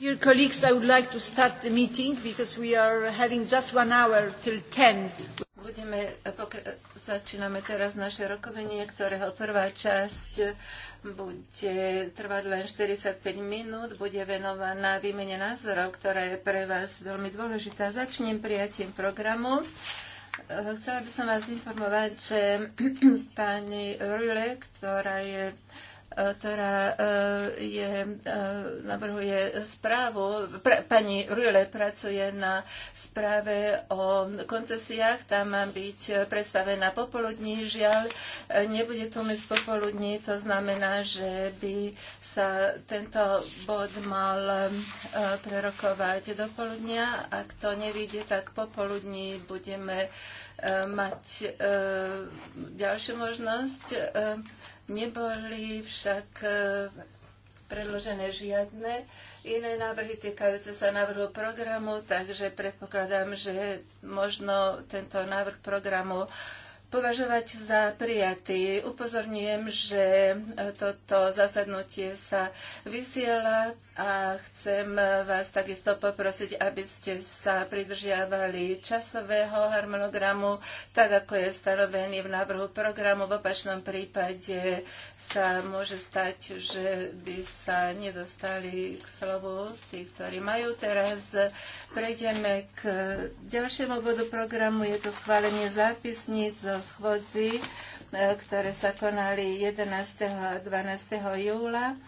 Dear colleagues, I would like to start the meeting because we are having just one hour till 10. Budeme eh, eh, začíname teraz naše rokovanie, ktorého prvá časť eh, bude trvať len 45 minút, bude venovaná výmene názorov, ktorá je pre vás veľmi dôležitá. Začnem prijatím programu. Chcela by som vás informovať, že pani Rule, ktorá je E, ktorá e, je, e, navrhuje správu. Pra, pani Rüle pracuje na správe o koncesiách. Tam má byť predstavená popoludní. Žiaľ, nebude to dnes popoludní. To znamená, že by sa tento bod mal prerokovať do poludnia. Ak to nevíde, tak popoludní budeme mať ďalšiu možnosť Neboli však e, predložené žiadne iné návrhy týkajúce sa návrhu programu, takže predpokladám, že možno tento návrh programu považovať za prijatý. Upozorňujem, že e, toto zasadnutie sa vysiela a chcem vás takisto poprosiť, aby ste sa pridržiavali časového harmonogramu, tak ako je stanovený v návrhu programu. V opačnom prípade sa môže stať, že by sa nedostali k slovu tí, ktorí majú. Teraz prejdeme k ďalšiemu bodu programu. Je to schválenie zápisníc zo schôdzi, e, ktoré sa konali 11. a 12. júla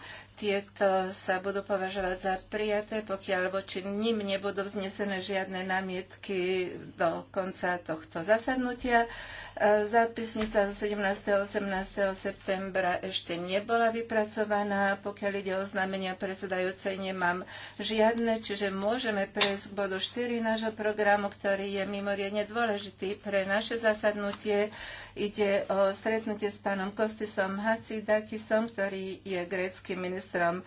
tieto sa budú považovať za prijaté, pokiaľ voči ním nebudú vznesené žiadne námietky do konca tohto zasadnutia. Zápisnica zo 17. a 18. septembra ešte nebola vypracovaná. Pokiaľ ide o znamenia predsedajúcej, nemám žiadne, čiže môžeme prejsť k bodu 4 nášho programu, ktorý je mimoriadne dôležitý pre naše zasadnutie. Ide o stretnutie s pánom Kostisom Hacidakisom, ktorý je gréckým ministrom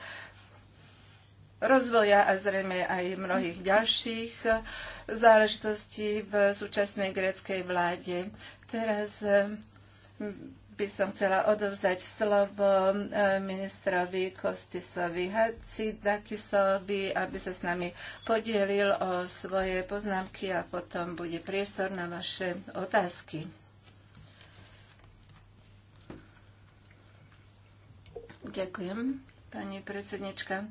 rozvoja a zrejme aj mnohých ďalších záležitostí v súčasnej gréckej vláde. Teraz eh, by som chcela odovzdať slovo eh, ministrovi Kostisovi Hacidakisovi, aby sa s nami podielil o svoje poznámky a potom bude priestor na vaše otázky. Ďakujem, pani predsednička.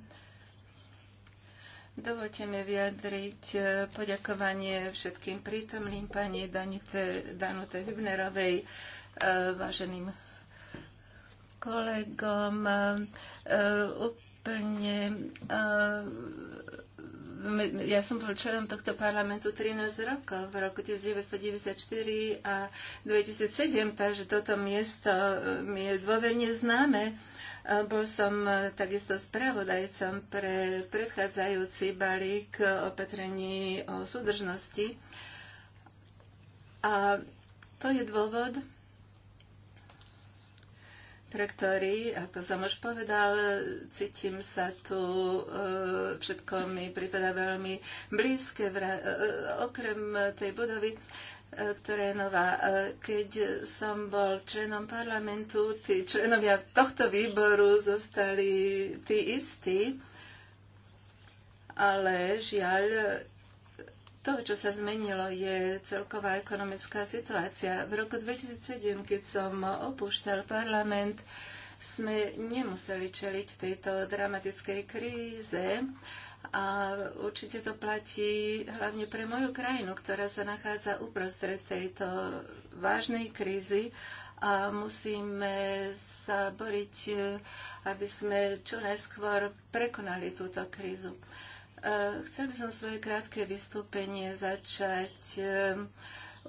Dovolte mi vyjadriť e, poďakovanie všetkým prítomným pani Danute, Danute Hübnerovej, e, váženým kolegom. E, úplne ja som bol členom tohto parlamentu 13 rokov, v roku 1994 a 2007, takže toto miesto mi je dôverne známe. Bol som e, takisto spravodajcom pre predchádzajúci balík opatrení o súdržnosti. A to je dôvod, pre ktorý, ako som už povedal, cítim sa tu, e, všetko mi prípada veľmi blízke, e, okrem tej budovy E, ktorá je nová. E, keď som bol členom parlamentu, tí členovia tohto výboru zostali tí istí, ale žiaľ, to, čo sa zmenilo, je celková ekonomická situácia. V roku 2007, keď som opúšťal parlament, sme nemuseli čeliť tejto dramatickej kríze, a určite to platí hlavne pre moju krajinu, ktorá sa nachádza uprostred tejto vážnej krízy a musíme sa boriť, e, aby sme čo najskôr prekonali túto krízu. E, chcel by som svoje krátke vystúpenie začať e,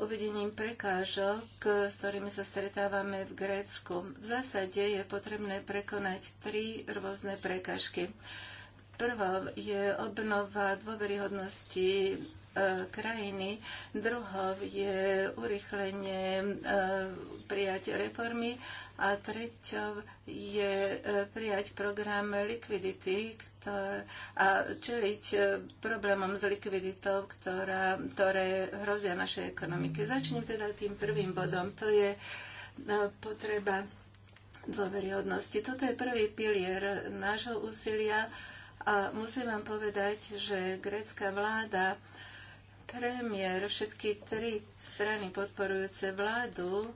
uvedením prekážok, s ktorými sa stretávame v Grécku. V zásade je potrebné prekonať tri rôzne prekážky. Prvou je obnova dôveryhodnosti e, krajiny. Druhou je urychlenie e, prijať reformy a treťou je e, prijať program likvidity a čeliť problémom s likviditou, ktorá, ktoré hrozia našej ekonomike. Začnem teda tým prvým bodom. To je potreba dôveryhodnosti. Toto je prvý pilier nášho úsilia a musím vám povedať, že grécka vláda, premiér, všetky tri strany podporujúce vládu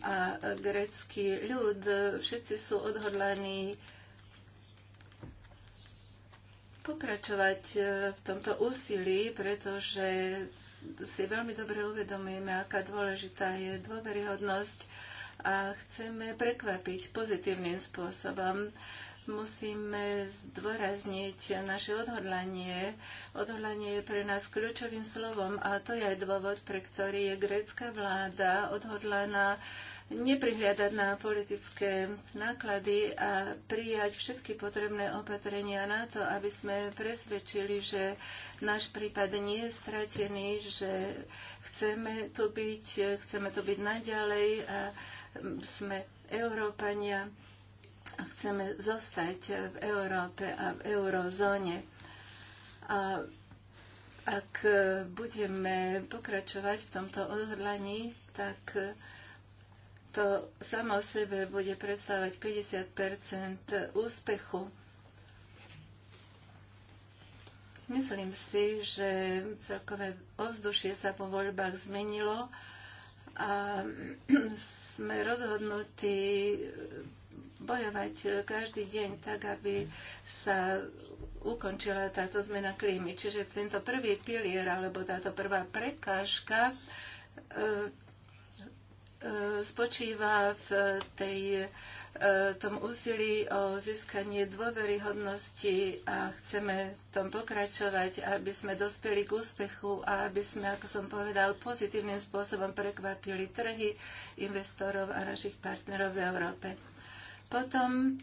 a grécky ľud, všetci sú odhodlaní pokračovať e, v tomto úsilí, pretože si veľmi dobre uvedomujeme, aká dôležitá je dôveryhodnosť a chceme prekvapiť pozitívnym spôsobom musíme zdôrazniť naše odhodlanie. Odhodlanie je pre nás kľúčovým slovom a to je aj dôvod, pre ktorý je grécka vláda odhodlaná neprihliadať na politické náklady a prijať všetky potrebné opatrenia na to, aby sme presvedčili, že náš prípad nie je stratený, že chceme tu byť, chceme tu byť naďalej a sme Európania chceme zostať v Európe a v eurozóne. A ak budeme pokračovať v tomto odhodlaní, tak to samo o sebe bude predstavovať 50 úspechu. Myslím si, že celkové ovzdušie sa po voľbách zmenilo a sme rozhodnutí bojovať eh, každý deň tak, aby sa ukončila táto zmena klímy. Čiže tento prvý pilier alebo táto prvá prekážka eh, eh, spočíva v tej v tom úsilí o získanie dôveryhodnosti a chceme tom pokračovať, aby sme dospeli k úspechu a aby sme, ako som povedal, pozitívnym spôsobom prekvapili trhy investorov a našich partnerov v Európe. Potom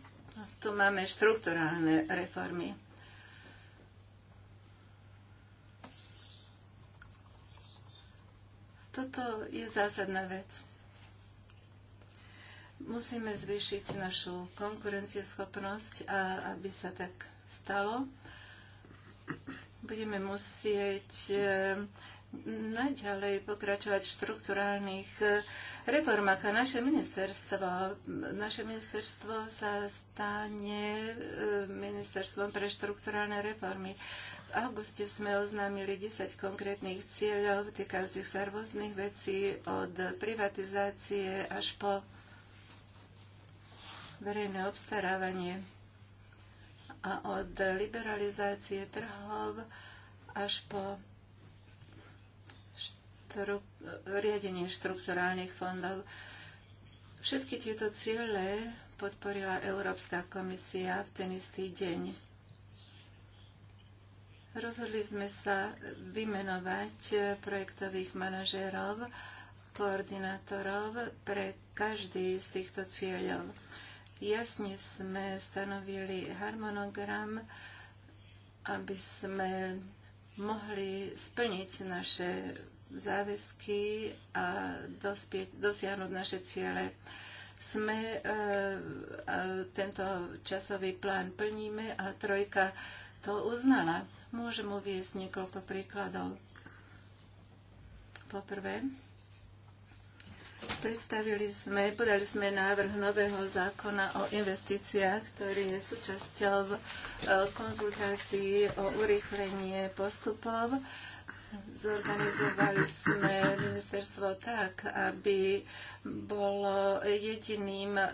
tu máme štrukturálne reformy. Toto je zásadná vec. Musíme zvýšiť našu konkurencieschopnosť a aby sa tak stalo, budeme musieť naďalej pokračovať v štruktúrálnych eh, reformách a naše ministerstvo, naše ministerstvo sa stane eh, ministerstvom pre štruktúrálne reformy. V auguste sme oznámili 10 konkrétnych cieľov týkajúcich sa rôznych vecí od privatizácie až po verejné obstarávanie a od liberalizácie trhov až po štru, riadenie štrukturálnych fondov. Všetky tieto ciele podporila Európska komisia v ten istý deň. Rozhodli sme sa vymenovať projektových manažérov, koordinátorov pre každý z týchto cieľov. Jasne sme stanovili harmonogram, aby sme mohli splniť naše záväzky a dospieť, dosiahnuť naše ciele. Sme, e, e, tento časový plán plníme a trojka to uznala. Môžem uviezť niekoľko príkladov. Poprvé, Predstavili sme, podali sme návrh nového zákona o investíciách, ktorý je súčasťou e, konzultácií o urýchlenie postupov Zorganizovali sme ministerstvo tak, aby bolo jediným e,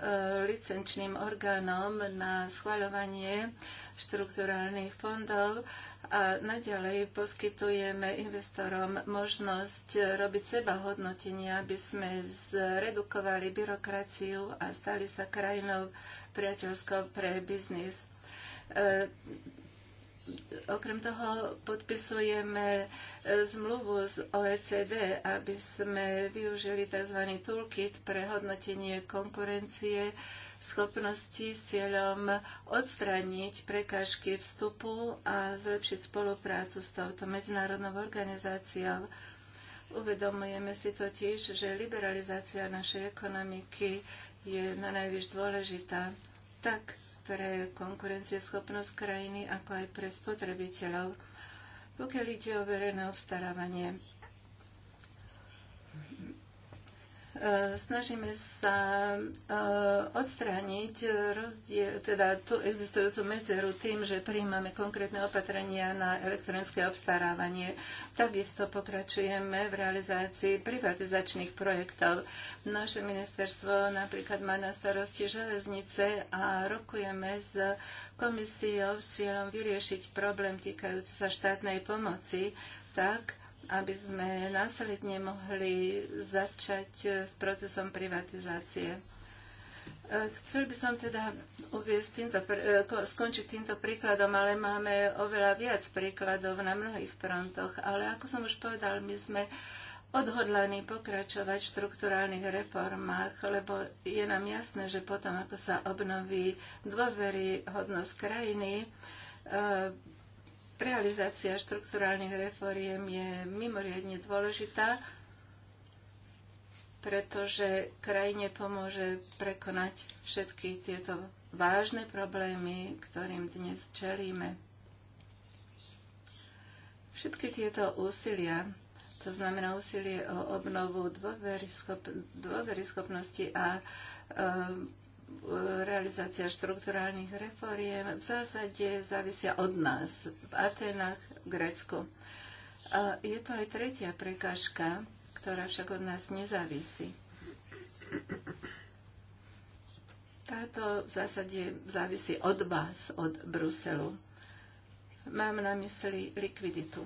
licenčným orgánom na schváľovanie štrukturálnych fondov a naďalej poskytujeme investorom možnosť robiť seba hodnotenia, aby sme zredukovali byrokraciu a stali sa krajinou priateľskou pre biznis e, Okrem toho podpisujeme e, zmluvu z OECD, aby sme využili tzv. toolkit pre hodnotenie konkurencie schopnosti s cieľom odstrániť prekážky vstupu a zlepšiť spoluprácu s touto medzinárodnou organizáciou. Uvedomujeme si totiž, že liberalizácia našej ekonomiky je na najvyššie dôležitá tak, pre konkurencieschopnosť krajiny, ako aj pre spotrebiteľov. Pokiaľ ide o verejné obstarávanie, E, snažíme sa e, odstrániť rozdiel, teda tú existujúcu medzeru tým, že prijímame konkrétne opatrenia na elektronické obstarávanie. Takisto pokračujeme v realizácii privatizačných projektov. Naše ministerstvo napríklad má na starosti železnice a rokujeme s komisiou s cieľom vyriešiť problém týkajúci sa štátnej pomoci tak, aby sme následne mohli začať s procesom privatizácie. E, chcel by som teda týmto, e, skončiť týmto príkladom, ale máme oveľa viac príkladov na mnohých frontoch. Ale ako som už povedal, my sme odhodlaní pokračovať v štruktúrálnych reformách, lebo je nám jasné, že potom, ako sa obnoví dôveryhodnosť krajiny, e, realizácia štrukturálnych reforiem je mimoriadne dôležitá, pretože krajine pomôže prekonať všetky tieto vážne problémy, ktorým dnes čelíme. Všetky tieto úsilia, to znamená úsilie o obnovu dôveryschopnosti a realizácia štrukturálnych reforiem v zásade závisia od nás v Atenách, v Grécku. A je to aj tretia prekážka, ktorá však od nás nezávisí. Táto v zásade závisí od vás, od Bruselu. Mám na mysli likviditu.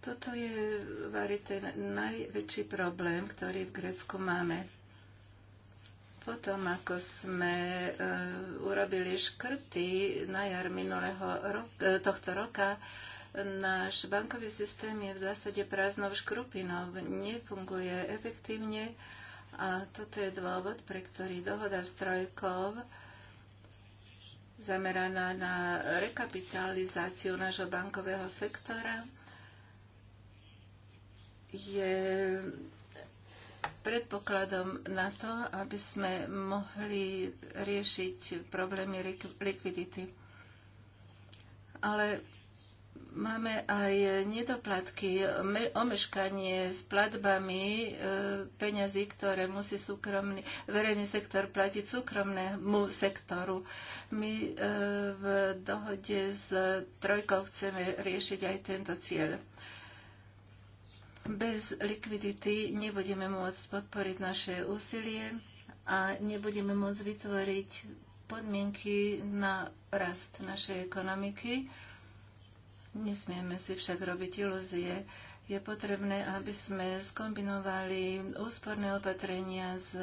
Toto je vári ten najväčší problém, ktorý v Grécku máme. Potom, ako sme e, urobili škrty na jar minulého roka, e, tohto roka, náš bankový systém je v zásade prázdnou škrupinou, nefunguje efektívne a toto je dôvod, pre ktorý dohoda s trojkov zameraná na rekapitalizáciu nášho bankového sektora je predpokladom na to, aby sme mohli riešiť problémy likvidity. Ale máme aj nedoplatky, omeškanie s platbami e, peňazí, ktoré musí súkromný, verejný sektor platiť súkromnému sektoru. My e, v dohode s trojkou chceme riešiť aj tento cieľ. Bez likvidity nebudeme môcť podporiť naše úsilie a nebudeme môcť vytvoriť podmienky na rast našej ekonomiky. Nesmieme si však robiť ilúzie. Je potrebné, aby sme skombinovali úsporné opatrenia s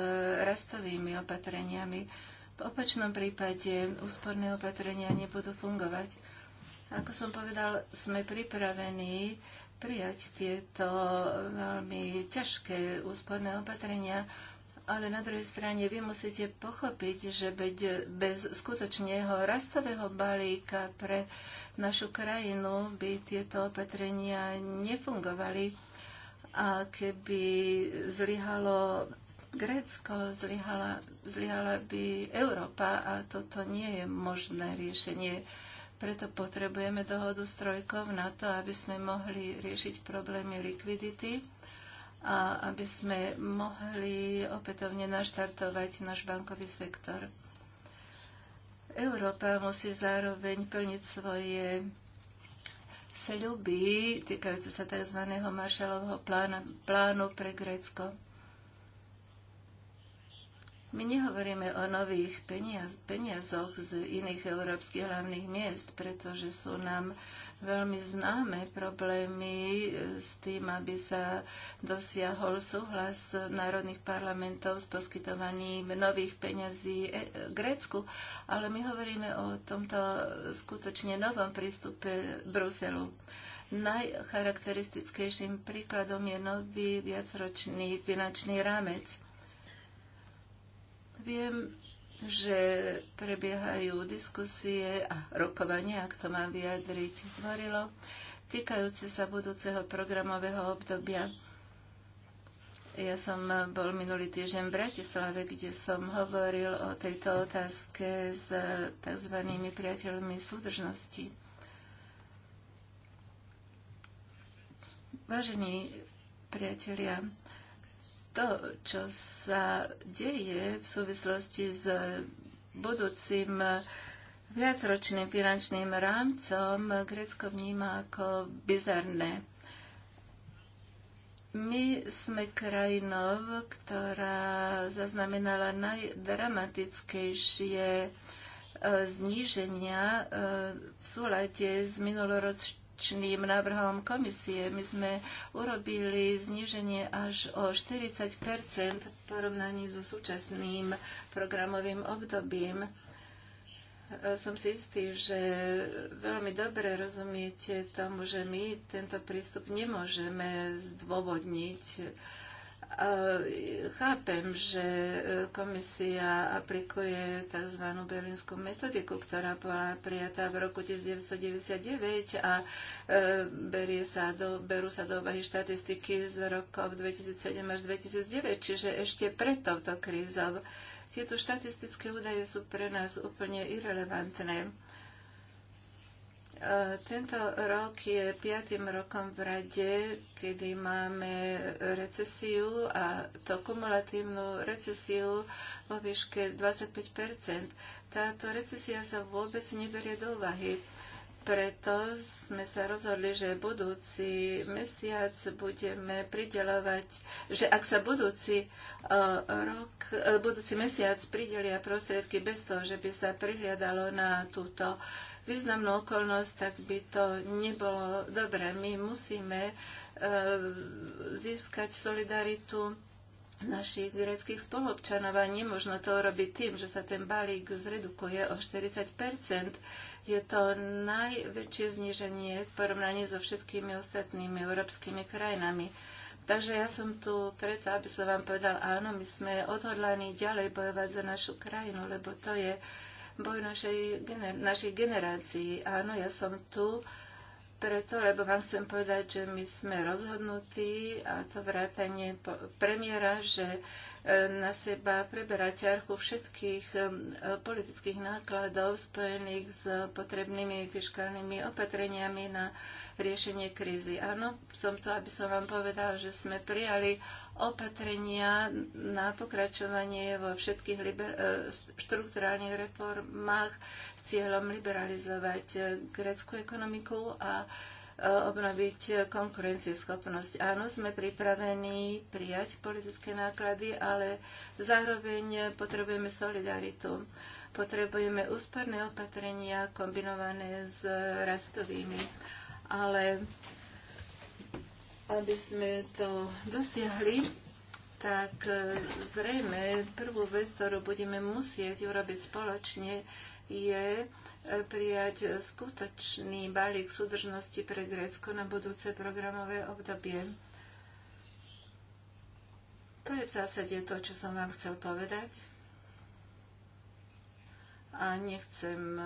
rastovými opatreniami. V opačnom prípade úsporné opatrenia nebudú fungovať. Ako som povedal, sme pripravení prijať tieto veľmi ťažké úsporné opatrenia, ale na druhej strane vy musíte pochopiť, že bez skutočného rastového balíka pre našu krajinu by tieto opatrenia nefungovali. A keby zlyhalo Grécko, zlyhala, zlyhala by Európa a toto nie je možné riešenie preto potrebujeme dohodu s trojkou na to, aby sme mohli riešiť problémy likvidity a aby sme mohli opätovne naštartovať náš bankový sektor. Európa musí zároveň plniť svoje sľuby týkajúce sa tzv. Marshallovho plánu pre Grécko. My nehovoríme o nových peniaz, peniazoch z iných európskych hlavných miest, pretože sú nám veľmi známe problémy e, s tým, aby sa dosiahol súhlas národných parlamentov s poskytovaním nových peňazí e, e, Grécku. Ale my hovoríme o tomto skutočne novom prístupe Bruselu. Najcharakteristickejším príkladom je nový viacročný finančný rámec Viem, že prebiehajú diskusie a rokovania, ak to mám vyjadriť, zdvorilo, týkajúce sa budúceho programového obdobia. Ja som bol minulý týždeň v Bratislave, kde som hovoril o tejto otázke s tzv. priateľmi súdržnosti. Vážení priatelia, to, čo sa deje v súvislosti s budúcim viacročným finančným rámcom, Grécko vníma ako bizarné. My sme krajinou, ktorá zaznamenala najdramatickejšie e, zníženia e, v súlade s minuloročným pôvodným návrhom komisie. My sme urobili zniženie až o 40 v porovnaní so súčasným programovým obdobím e, som si istý, že veľmi dobre rozumiete tomu, že my tento prístup nemôžeme zdôvodniť E, chápem, že e, komisia aplikuje tzv. berlínsku metodiku, ktorá bola prijatá v roku 1999 a e, berie sa do, berú sa do obahy štatistiky z rokov 2007 až 2009, čiže ešte pred touto krízou. Tieto štatistické údaje sú pre nás úplne irrelevantné tento rok je piatým rokom v rade, kedy máme recesiu a to kumulatívnu recesiu vo výške 25 Táto recesia sa vôbec neberie do úvahy. Preto sme sa rozhodli, že budúci mesiac budeme pridelovať, že ak sa budúci e, rok, e, budúci mesiac pridelia prostriedky bez toho, že by sa prihliadalo na túto významnú okolnosť, tak by to nebolo dobré. My musíme e, získať solidaritu našich greckých spolobčanov a nemožno to urobiť tým, že sa ten balík zredukuje o 40 je to najväčšie zníženie v porovnaní so všetkými ostatnými európskymi krajinami. Takže ja som tu preto, aby som vám povedal, áno, my sme odhodlaní ďalej bojovať za našu krajinu, lebo to je boj našej, našej generácii. Áno, ja som tu preto, lebo vám chcem povedať, že my sme rozhodnutí a to vrátanie premiéra, že e, na seba preberá ťarchu všetkých e, politických nákladov spojených s potrebnými fiskálnymi opatreniami na riešenie krízy. Áno, som to, aby som vám povedala, že sme prijali opatrenia na pokračovanie vo všetkých liber- e, štruktúrálnych reformách s cieľom liberalizovať e, greckú ekonomiku a e, obnoviť konkurencieschopnosť. Áno, sme pripravení prijať politické náklady, ale zároveň potrebujeme solidaritu. Potrebujeme úsporné opatrenia kombinované s rastovými. Ale aby sme to dosiahli, tak e, zrejme prvú vec, ktorú budeme musieť urobiť spoločne, je e, prijať skutočný balík súdržnosti pre Grécko na budúce programové obdobie. To je v zásade to, čo som vám chcel povedať. A nechcem e,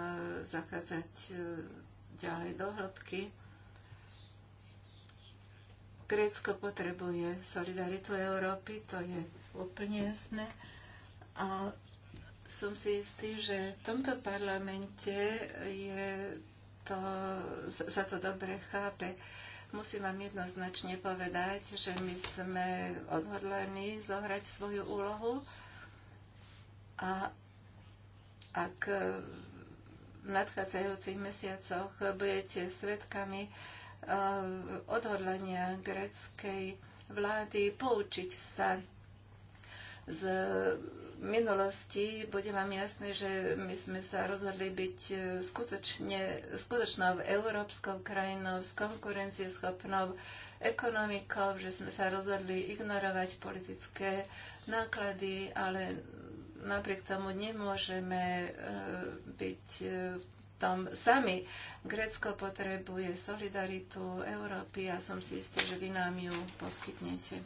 zachádzať ďalej do hĺbky. Grécko potrebuje solidaritu Európy, to je úplne jasné. A som si istý, že v tomto parlamente je to, sa to dobre chápe. Musím vám jednoznačne povedať, že my sme odhodlení zohrať svoju úlohu a ak v nadchádzajúcich mesiacoch budete svedkami Eh, odhodlania greckej vlády poučiť sa z minulosti. Bude vám jasné, že my sme sa rozhodli byť eh, skutočne, skutočnou európskou krajinou s konkurencieschopnou ekonomikou, že sme sa rozhodli ignorovať politické náklady, ale napriek tomu nemôžeme eh, byť tom sami. Grécko potrebuje solidaritu Európy a som si istý, že vy nám ju poskytnete.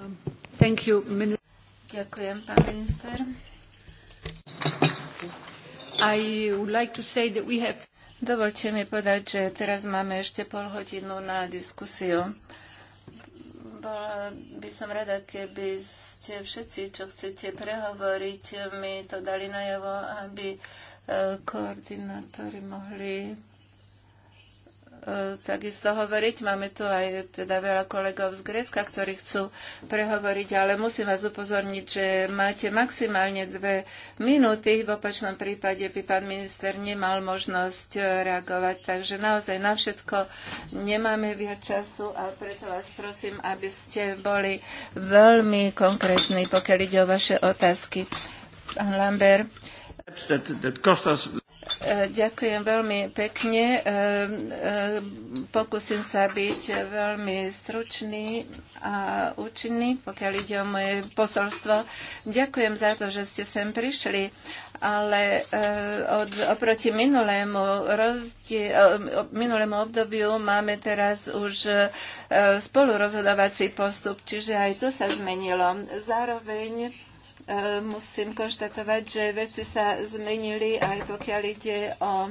Um, thank you. Ďakujem, pán minister. I would like to say that we have... Dovolte mi povedať, že teraz máme ešte pol hodinu na diskusiu. Bola by som rada, keby ste všetci, čo chcete prehovoriť, mi to dali najavo, aby E, koordinátori mohli e, takisto hovoriť. Máme tu aj teda veľa kolegov z Grécka, ktorí chcú prehovoriť, ale musím vás upozorniť, že máte maximálne dve minúty. V opačnom prípade by pán minister nemal možnosť e, reagovať. Takže naozaj na všetko nemáme viac času a preto vás prosím, aby ste boli veľmi konkrétni, pokiaľ ide o vaše otázky. Pán Lambert. E, ďakujem veľmi pekne. E, e, pokúsim sa byť veľmi stručný a účinný, pokiaľ ide o moje posolstvo. Ďakujem za to, že ste sem prišli, ale od, oproti minulému, rozdie, minulému obdobiu máme teraz už spolurozhodovací postup, čiže aj to sa zmenilo. Zároveň E, musím konštatovať, že veci sa zmenili aj pokiaľ ide o e,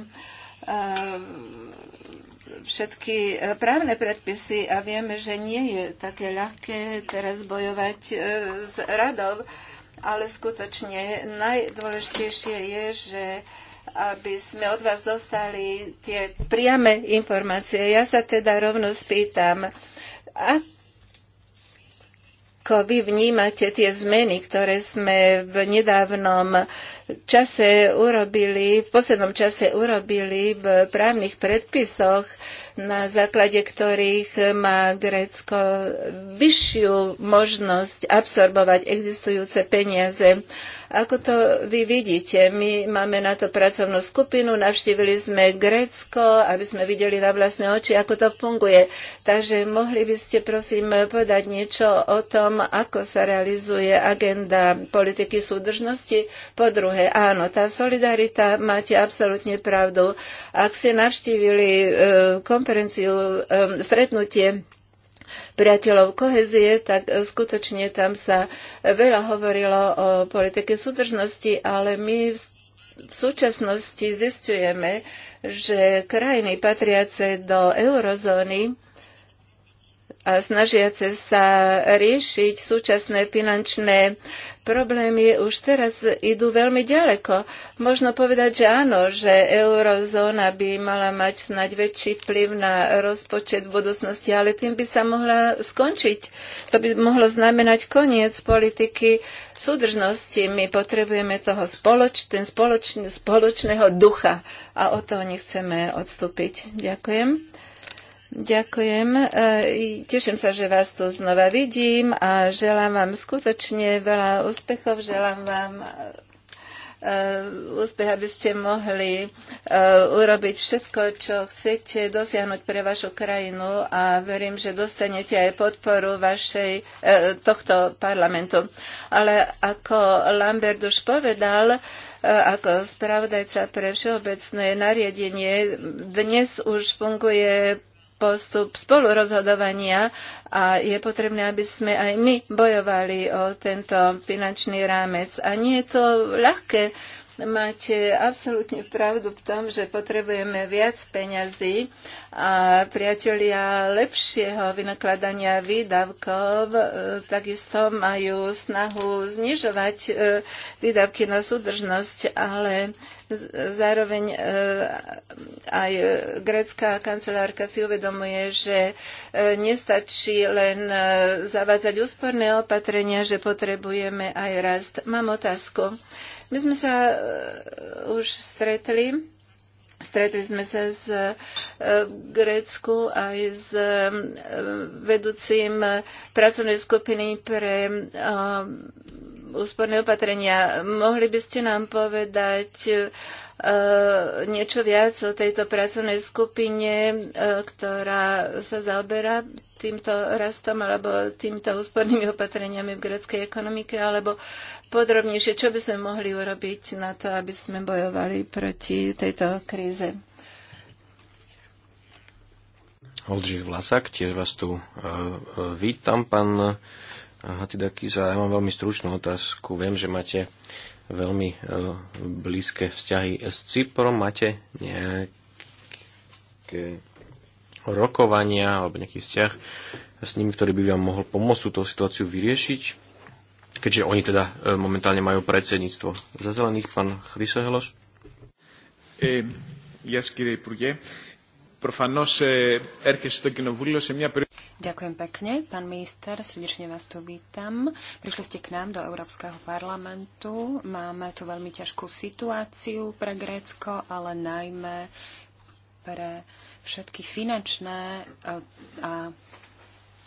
všetky právne predpisy a vieme, že nie je také ľahké teraz bojovať e, s radou, ale skutočne najdôležitejšie je, že aby sme od vás dostali tie priame informácie. Ja sa teda rovno spýtam, ako vy vnímate tie zmeny, ktoré sme v nedávnom čase urobili, v poslednom čase urobili v právnych predpisoch, na základe ktorých má Grécko vyššiu možnosť absorbovať existujúce peniaze ako to vy vidíte? My máme na to pracovnú skupinu, navštívili sme Grécko, aby sme videli na vlastné oči, ako to funguje. Takže mohli by ste prosím povedať niečo o tom, ako sa realizuje agenda politiky súdržnosti? Po druhé, áno, tá solidarita, máte absolútne pravdu. Ak ste navštívili e, konferenciu, e, stretnutie priateľov kohezie, tak e, skutočne tam sa veľa hovorilo o politike súdržnosti, ale my v súčasnosti zistujeme, že krajiny patriace do eurozóny a snažiace sa riešiť súčasné finančné problémy už teraz idú veľmi ďaleko. Možno povedať, že áno, že eurozóna by mala mať snať väčší vplyv na rozpočet v budúcnosti, ale tým by sa mohla skončiť. To by mohlo znamenať koniec politiky súdržnosti. My potrebujeme toho spoloč, ten spoloč, spoločného ducha a o to nechceme odstúpiť. Ďakujem. Ďakujem. E, teším sa, že vás tu znova vidím a želám vám skutočne veľa úspechov. Želám vám e, e, úspech, aby ste mohli urobiť všetko, čo chcete dosiahnuť pre vašu krajinu a verím, že dostanete aj podporu vašej, tohto parlamentu. Ale ako Lambert už povedal, ako spravodajca pre všeobecné nariadenie. Dnes už funguje postup spolurozhodovania a je potrebné, aby sme aj my bojovali o tento finančný rámec. A nie je to ľahké, Máte absolútne pravdu v tom, že potrebujeme viac peňazí a priatelia lepšieho vynakladania výdavkov e, takisto majú snahu znižovať e, výdavky na súdržnosť, ale Zároveň e, aj grécka kancelárka si uvedomuje, že nestačí len zavádzať úsporné opatrenia, že potrebujeme aj rast. Mám otázku. My sme sa e, už stretli Stretli sme sa z e, Grécku aj s e, vedúcim e, pracovnej skupiny pre e, úsporné opatrenia. Mohli by ste nám povedať niečo viac o tejto pracovnej skupine, ktorá sa zaoberá týmto rastom alebo týmito úspornými opatreniami v greckej ekonomike, alebo podrobnejšie, čo by sme mohli urobiť na to, aby sme bojovali proti tejto kríze. Oldřich Vlasak, tiež vás tu e, e, vítam, pán e, Hatidakis, a ja mám veľmi stručnú otázku. Viem, že máte veľmi blízke vzťahy s Cyprom. Máte nejaké rokovania alebo nejaký vzťah s nimi, ktorý by vám mohol pomôcť túto situáciu vyriešiť, keďže oni teda e, momentálne majú predsedníctvo. Za zelených pán Chryso E, Ďakujem pekne, pán minister, srdečne vás tu vítam. Prišli ste k nám do Európskeho parlamentu. Máme tu veľmi ťažkú situáciu pre Grécko, ale najmä pre všetky finančné eh, a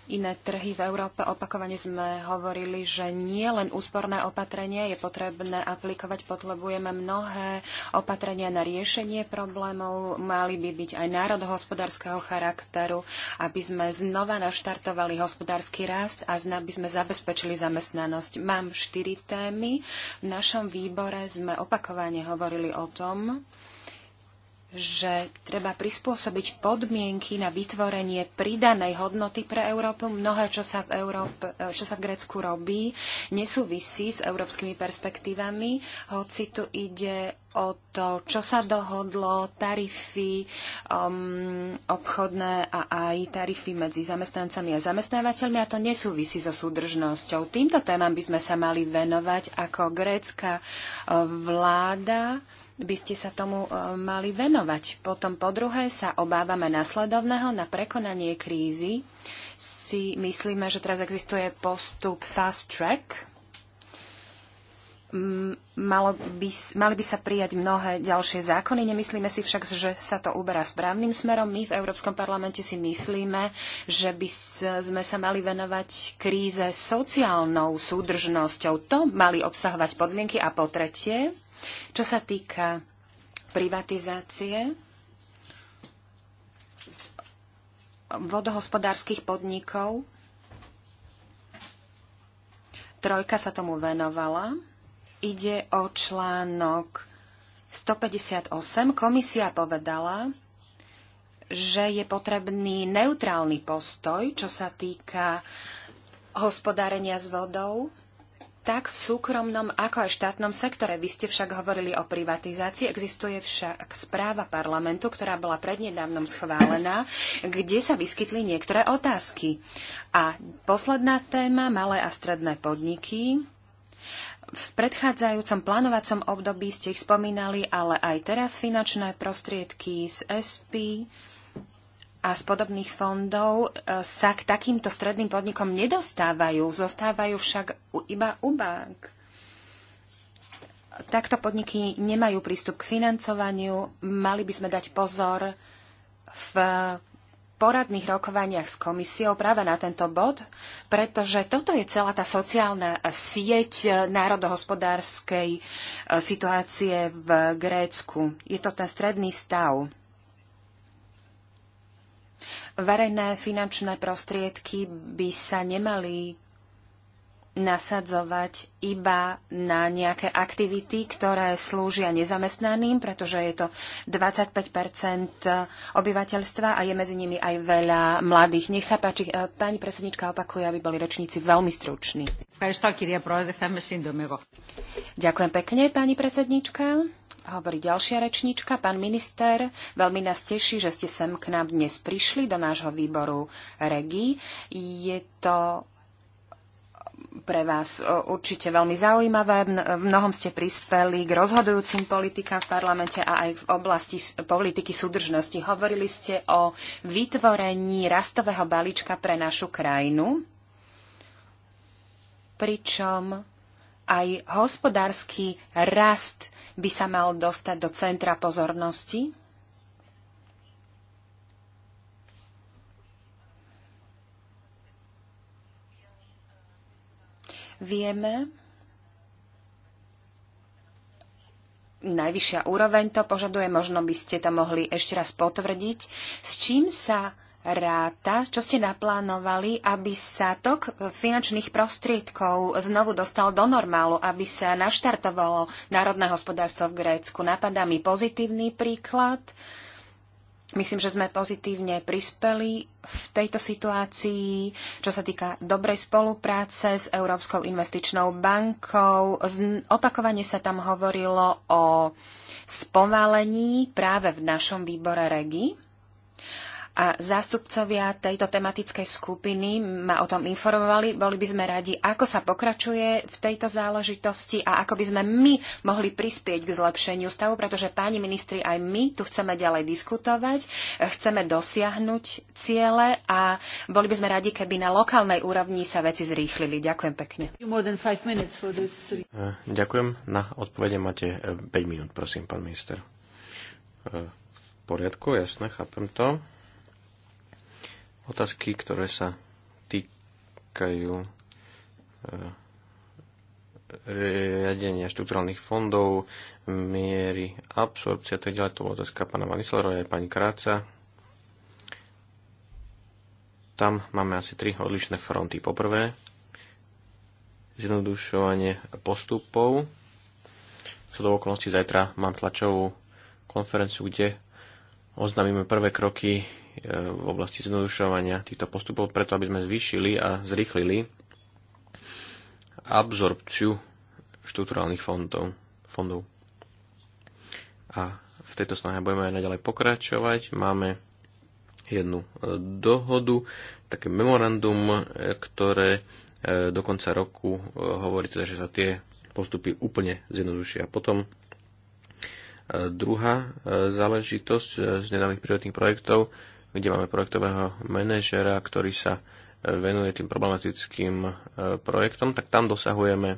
iné trhy v Európe. Opakovane sme hovorili, že nie len úsporné opatrenie je potrebné aplikovať, potrebujeme mnohé opatrenia na riešenie problémov, mali by byť aj národohospodárskeho charakteru, aby sme znova naštartovali hospodársky rast a aby sme zabezpečili zamestnanosť. Mám štyri témy. V našom výbore sme opakovane hovorili o tom, že treba prispôsobiť podmienky na vytvorenie pridanej hodnoty pre Európu. Mnohé, čo sa v, Európe, e, čo sa v Grécku robí, nesúvisí s európskymi perspektívami, hoci tu ide o to, čo sa dohodlo, tarify um, obchodné a aj tarify medzi zamestnancami a zamestnávateľmi a to nesúvisí so súdržnosťou. Týmto témam by sme sa mali venovať ako grécka e, vláda by ste sa tomu e, mali venovať. Potom po druhé sa obávame nasledovného na prekonanie krízy. Si myslíme, že teraz existuje postup fast track. Malo by, mali by sa prijať mnohé ďalšie zákony. Nemyslíme si však, že sa to uberá správnym smerom. My v Európskom parlamente si myslíme, že by sme sa mali venovať kríze sociálnou súdržnosťou. To mali obsahovať podmienky. A po tretie, čo sa týka privatizácie vodohospodárskych podnikov, trojka sa tomu venovala. Ide o článok 158. Komisia povedala, že je potrebný neutrálny postoj, čo sa týka hospodárenia s vodou tak v súkromnom ako aj štátnom sektore. Vy ste však hovorili o privatizácii. Existuje však správa parlamentu, ktorá bola prednedávnom schválená, kde sa vyskytli niektoré otázky. A posledná téma, malé a stredné podniky. V predchádzajúcom plánovacom období ste ich spomínali, ale aj teraz finančné prostriedky z SP a z podobných fondov e, sa k takýmto stredným podnikom nedostávajú, zostávajú však iba u bank. Takto podniky nemajú prístup k financovaniu, mali by sme dať pozor v poradných rokovaniach s komisiou práve na tento bod, pretože toto je celá tá sociálna sieť národohospodárskej e, situácie v Grécku. Je to ten stredný stav verejné finančné prostriedky by sa nemali nasadzovať iba na nejaké aktivity, ktoré slúžia nezamestnaným, pretože je to 25 obyvateľstva a je medzi nimi aj veľa mladých. Nech sa páči, eh, pani predsednička opakuje, aby boli rečníci veľmi struční. Ďakujem pekne, pani predsednička. Hovorí ďalšia rečníčka, pán minister. Veľmi nás teší, že ste sem k nám dnes prišli do nášho výboru regí. Je to pre vás e, určite veľmi zaujímavé. V mnohom ste prispeli k rozhodujúcim politikám v parlamente a aj v oblasti politiky súdržnosti. Hovorili ste o vytvorení rastového balíčka pre našu krajinu, pričom aj hospodársky rast by sa mal dostať do centra pozornosti Vieme, najvyššia úroveň to požaduje, možno by ste to mohli ešte raz potvrdiť. S čím sa ráta, čo ste naplánovali, aby sa tok finančných prostriedkov znovu dostal do normálu, aby sa naštartovalo národné hospodárstvo v Grécku. Napadá mi pozitívny príklad. Uh, Myslím, že sme pozitívne prispeli v tejto situácii, čo sa týka dobrej spolupráce s Európskou investičnou bankou. Opakovane sa tam hovorilo o spomalení práve v našom výbore REGI a zástupcovia tejto tematickej skupiny ma o tom informovali. Boli by sme radi, ako sa pokračuje v tejto záležitosti a ako by sme my mohli prispieť k zlepšeniu stavu, pretože páni ministri, aj my tu chceme ďalej diskutovať, chceme dosiahnuť ciele a boli by sme radi, keby na lokálnej úrovni sa veci zrýchlili. Ďakujem pekne. Eh, ďakujem. Na odpovede máte 5 eh, minút, prosím, pán minister. Eh, v poriadku, jasne, chápem to otázky, ktoré sa týkajú e, riadenia štrukturálnych fondov, miery absorpcia, tak ďalej. To bola otázka pána Vanislerova aj pani Kráca. Tam máme asi tri odlišné fronty. Poprvé, zjednodušovanie postupov. Sú do okolností zajtra mám tlačovú konferenciu, kde oznámime prvé kroky v oblasti zjednodušovania týchto postupov, preto aby sme zvýšili a zrýchlili absorpciu štruktúrálnych fondov. fondov. A v tejto snahe budeme aj naďalej pokračovať. Máme jednu e, dohodu, také memorandum, e, ktoré e, do konca roku hovorí teda, že sa tie postupy úplne zjednodušia. Potom druhá záležitosť z nedávnych prioritných projektov kde máme projektového manažera, ktorý sa e, venuje tým problematickým e, projektom, tak tam dosahujeme e,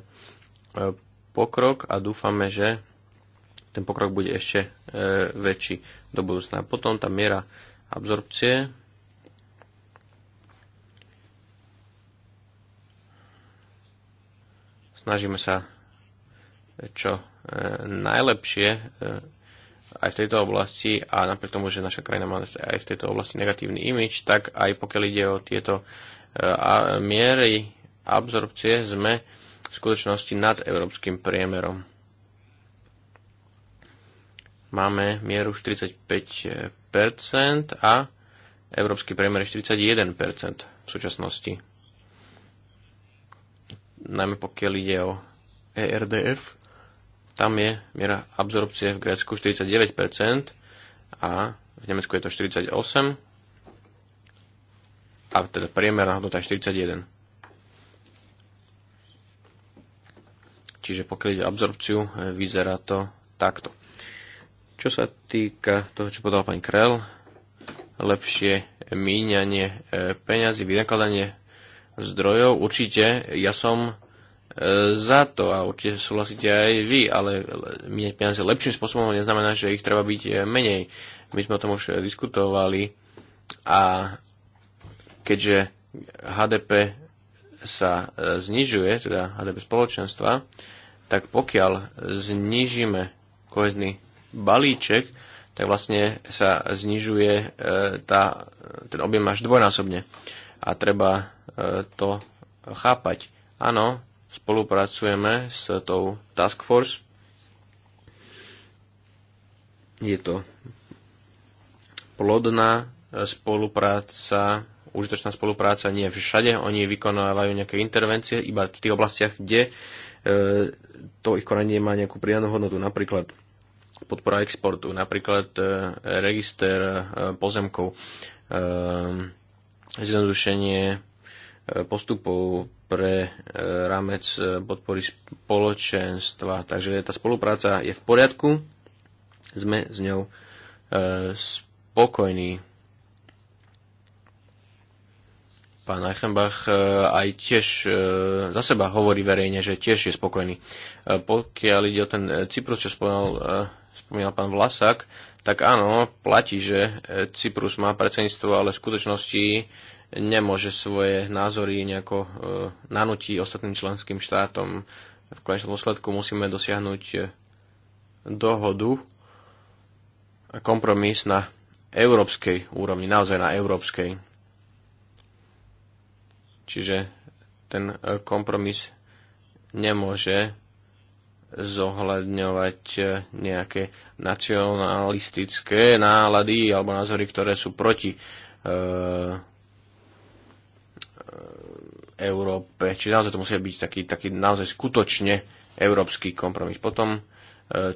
pokrok a dúfame, že ten pokrok bude ešte väčší do budúcna. Potom tá miera absorpcie. Snažíme sa čo najlepšie aj v tejto oblasti a napriek tomu, že naša krajina má aj v tejto oblasti negatívny imič, tak aj pokiaľ ide o tieto eh, miery absorpcie, sme v skutočnosti nad európskym priemerom. Máme mieru 45% a európsky priemer je 41% v súčasnosti. Najmä pokiaľ ide o ERDF, tam je miera absorpcie v Grécku 49% a v Nemecku je to 48% a teda priemerná hodnota je 41. Čiže pokiaľ ide absorpciu, e, vyzerá to takto. Čo sa týka toho, čo podala pani Krell, lepšie míňanie e, peňazí, vynakladanie zdrojov, určite ja som za to a určite súhlasíte aj vy, ale mieť peniaze lepším spôsobom neznamená, že ich treba byť menej. My sme o tom už diskutovali a keďže HDP sa e, znižuje, teda HDP spoločenstva, tak pokiaľ znižíme kohezný balíček, tak vlastne sa znižuje e, tá, ten objem až dvojnásobne. A treba e, to chápať. Áno, Spolupracujeme s tou Task Force. Je to plodná spolupráca, užitočná spolupráca, nie všade. Oni vykonávajú nejaké intervencie iba v tých oblastiach, kde e, to ich konanie má nejakú pridanú hodnotu. Napríklad podpora exportu, napríklad e, register e, pozemkov, zjednodušenie postupov, pre e, rámec e, podpory spoločenstva. Takže tá spolupráca je v poriadku, sme s ňou e, spokojní. Pán Eichenbach aj tiež za seba hovorí verejne, že tiež je spokojný. Pokiaľ ide o ten Cyprus, čo spomínal, spomínal pán Vlasák, tak áno, platí, že Cyprus má predsedníctvo, ale v skutočnosti nemôže svoje názory nejako e, nanúti ostatným členským štátom. V konečnom dôsledku musíme dosiahnuť e, dohodu a kompromis na európskej úrovni, naozaj na európskej. Čiže ten e, kompromis nemôže zohľadňovať nejaké nacionalistické nálady alebo názory, ktoré sú proti Európe. Čiže naozaj to musí byť taký, taký naozaj skutočne európsky kompromis. Potom e,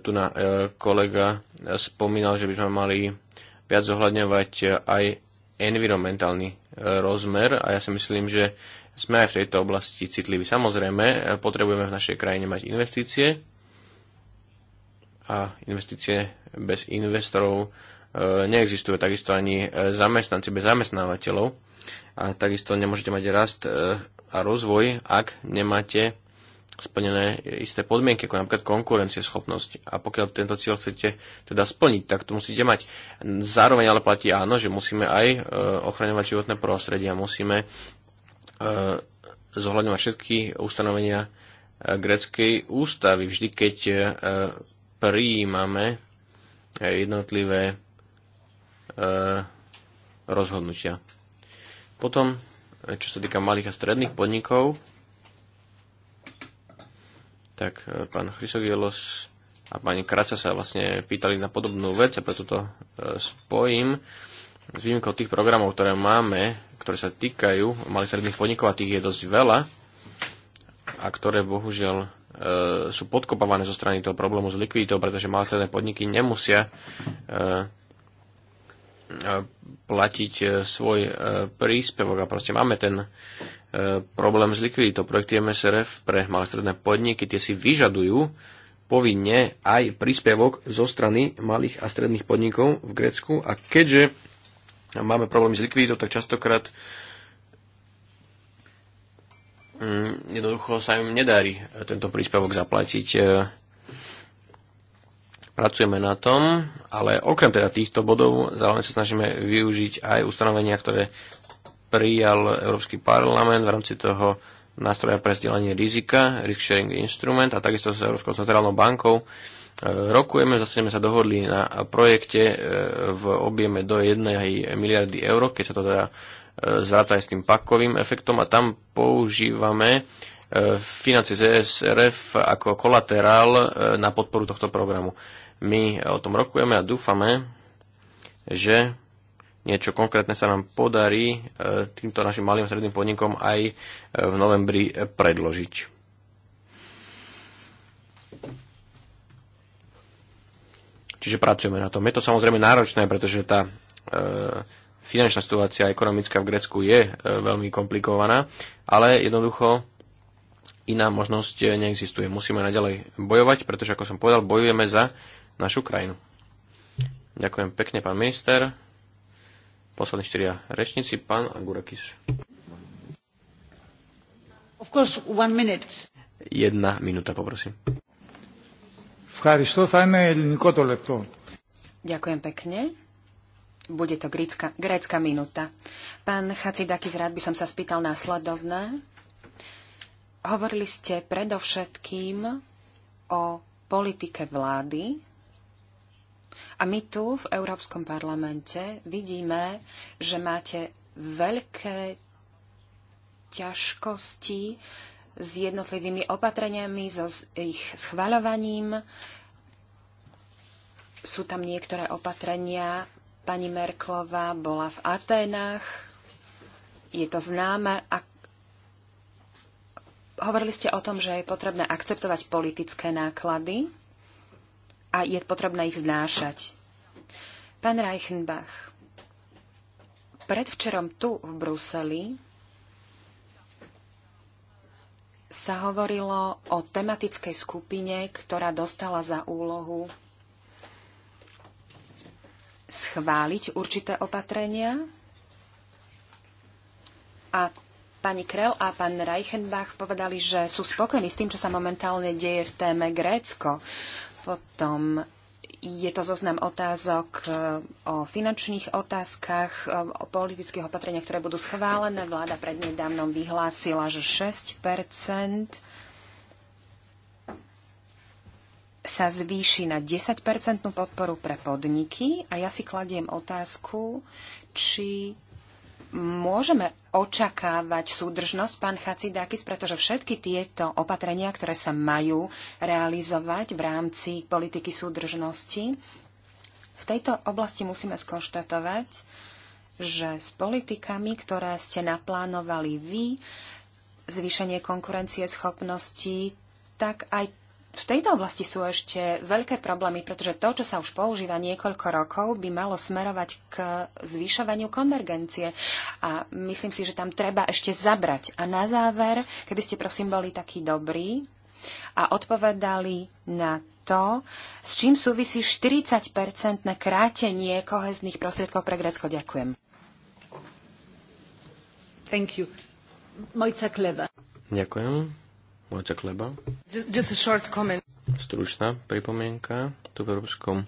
tu na e, kolega spomínal, že by sme mali viac zohľadňovať e, aj environmentálny rozmer a ja si myslím, že sme aj v tejto oblasti citliví. Samozrejme, potrebujeme v našej krajine mať investície a investície bez investorov neexistuje takisto ani zamestnanci bez zamestnávateľov a takisto nemôžete mať rast e, a rozvoj, ak nemáte splnené isté podmienky, ako napríklad konkurencieschopnosť. A pokiaľ tento cieľ chcete teda splniť, tak to musíte mať. Zároveň ale platí áno, že musíme aj e, ochraňovať životné prostredie a musíme e, zohľadňovať všetky ustanovenia greckej ústavy. Vždy, keď prijímame jednotlivé rozhodnutia. Potom, eh, čo sa týka malých a stredných podnikov, tak eh, pán Chrysogielos a pani Kraca sa vlastne pýtali na podobnú vec a preto to eh, spojím s výnimkou tých programov, ktoré máme, ktoré sa týkajú malých stredných podnikov a tých je dosť veľa a ktoré bohužiaľ e, sú podkopávané zo strany toho problému s likviditou, pretože malé stredné podniky nemusia e, platiť e, svoj e, príspevok a proste máme ten e, problém s likviditou. Projekty MSRF pre malé stredné podniky tie si vyžadujú povinne aj príspevok zo strany malých a stredných podnikov v Grécku a keďže máme problémy s likviditou, tak častokrát mm, jednoducho sa im nedarí tento príspevok zaplatiť Pracujeme na tom, ale okrem teda týchto bodov zároveň sa snažíme využiť aj ustanovenia, ktoré prijal Európsky parlament v rámci toho nástroja pre zdieľanie rizika, risk sharing instrument a takisto s Európskou centrálnou bankou e, rokujeme, zase sme sa dohodli na projekte e, v objeme do 1 miliardy eur, keď sa to teda e, zráta aj s tým pakovým efektom a tam používame financie z ESRF ako kolaterál na podporu tohto programu. My o tom rokujeme a dúfame, že niečo konkrétne sa nám podarí e, týmto našim malým a stredným podnikom aj e, v novembri predložiť. Čiže pracujeme na tom. Je to samozrejme náročné, pretože tá e, finančná situácia ekonomická v Grécku je veľmi komplikovaná, ale jednoducho iná možnosť neexistuje. Musíme naďalej bojovať, pretože ako som povedal, bojujeme za našu krajinu. Ďakujem pekne, pán minister. Poslední štyria rečníci, pán Agurakis. Of course, one minute. Jedna minúta, poprosím. Ďakujem pekne. Bude to grécka, grécka minúta. Pán Chacidakis, rád by som sa spýtal následovné. Hovorili ste predovšetkým o politike vlády a my tu v Európskom parlamente vidíme, že máte veľké ťažkosti s jednotlivými opatreniami, so ich schvaľovaním. Sú tam niektoré opatrenia. Pani Merklova, bola v Aténach. Je to známe. A hovorili ste o tom, že je potrebné akceptovať politické náklady a je potrebné ich znášať. Pán Reichenbach, predvčerom tu v Bruseli sa hovorilo o tematickej skupine, ktorá dostala za úlohu schváliť určité opatrenia. A pani Krell a pán Reichenbach povedali, že sú spokojní s tým, čo sa momentálne deje v téme Grécko. Potom je to zoznam otázok e, o finančných otázkach, e, o politických opatreniach, ktoré budú schválené. Vláda prednedávnom vyhlásila, že 6 sa zvýši na 10 podporu pre podniky a ja si kladiem otázku, či môžeme očakávať súdržnosť, pán Chacidakis, pretože všetky tieto opatrenia, ktoré sa majú realizovať v rámci politiky súdržnosti, v tejto oblasti musíme skonštatovať, že s politikami, ktoré ste naplánovali vy, zvýšenie konkurencie schopností, tak aj v tejto oblasti sú ešte veľké problémy, pretože to, čo sa už používa niekoľko rokov, by malo smerovať k zvyšovaniu konvergencie. A myslím si, že tam treba ešte zabrať. A na záver, keby ste prosím boli takí dobrí a odpovedali na to, s čím súvisí 40-percentné krátenie kohezných prostriedkov pre Grécko. Ďakujem. Thank you. Mojca Kleva. Ďakujem. Máte Kleba. Just, a short comment. Stručná pripomienka. Tu v Európskom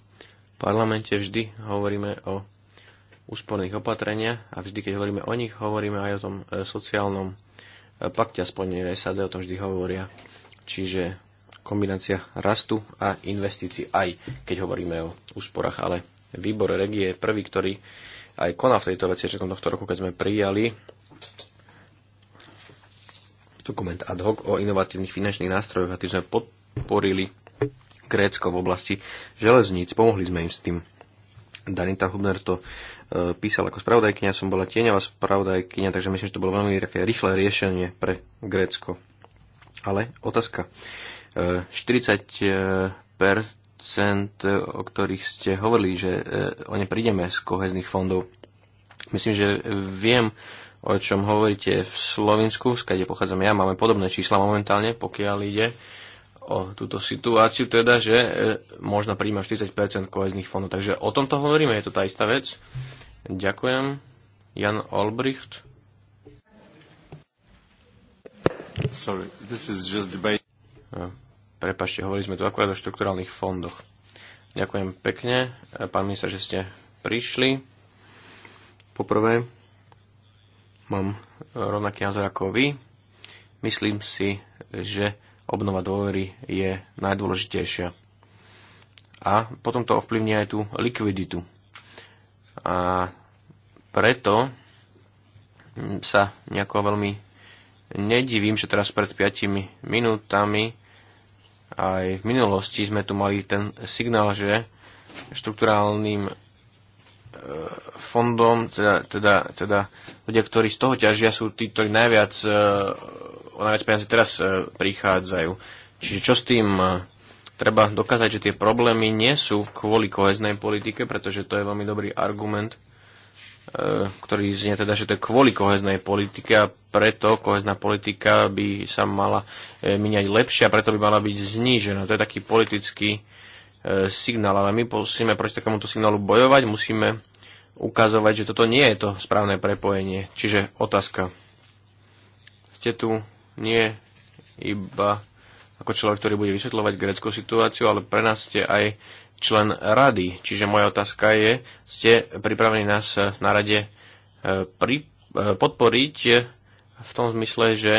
parlamente vždy hovoríme o úsporných opatreniach a vždy, keď hovoríme o nich, hovoríme aj o tom e, sociálnom e, pakte, aspoň SAD o tom vždy hovoria. Čiže kombinácia rastu a investícií, aj keď hovoríme o úsporách, ale výbor regie je prvý, ktorý aj koná v tejto veci, že tohto roku, keď sme prijali dokument ad hoc o inovatívnych finančných nástrojoch a tým sme podporili Grécko v oblasti železníc. Pomohli sme im s tým. Danita Hubner to e, písala ako spravodajkynia, som bola tieňová spravodajkynia, takže myslím, že to bolo veľmi také rýchle riešenie pre Grécko. Ale otázka. E, 40 e, e, o ktorých ste hovorili, že e, o ne prídeme z kohezných fondov. Myslím, že e, viem o čom hovoríte v Slovensku, skade pochádzam ja, máme podobné čísla momentálne, pokiaľ ide o túto situáciu, teda, že e, možno príjma 40% kohezných fondov. Takže o tomto hovoríme, je to tá istá vec. Ďakujem. Jan Olbricht. Sorry, this is just debate. E, Prepašte, hovorili sme tu akurát o štrukturálnych fondoch. Ďakujem pekne, e, pán minister, že ste prišli. Poprvé, Mám rovnaký názor ako vy. Myslím si, že obnova dôvery je najdôležitejšia. A potom to ovplyvní aj tú likviditu. A preto sa nejako veľmi nedivím, že teraz pred 5 minútami aj v minulosti sme tu mali ten signál, že štruktúrálnym fondom, teda, teda, teda ľudia, ktorí z toho ťažia, sú tí, ktorí najviac, uh, najviac peniazy teraz e, prichádzajú. Čiže čo s tým e, treba dokázať, že tie problémy nie sú kvôli koheznej politike, pretože to je veľmi dobrý argument, ktorý znie teda, že to je kvôli koheznej politike a preto kohezná politika by sa mala miniať lepšie a preto by mala byť znížená. To je taký politický signál, ale my musíme proti takémuto signálu bojovať, musíme ukazovať, že toto nie je to správne prepojenie. Čiže otázka. Ste tu nie iba ako človek, ktorý bude vysvetľovať greckú situáciu, ale pre nás ste aj člen rady. Čiže moja otázka je, ste pripravení nás na rade e, pri, e, podporiť v tom zmysle, že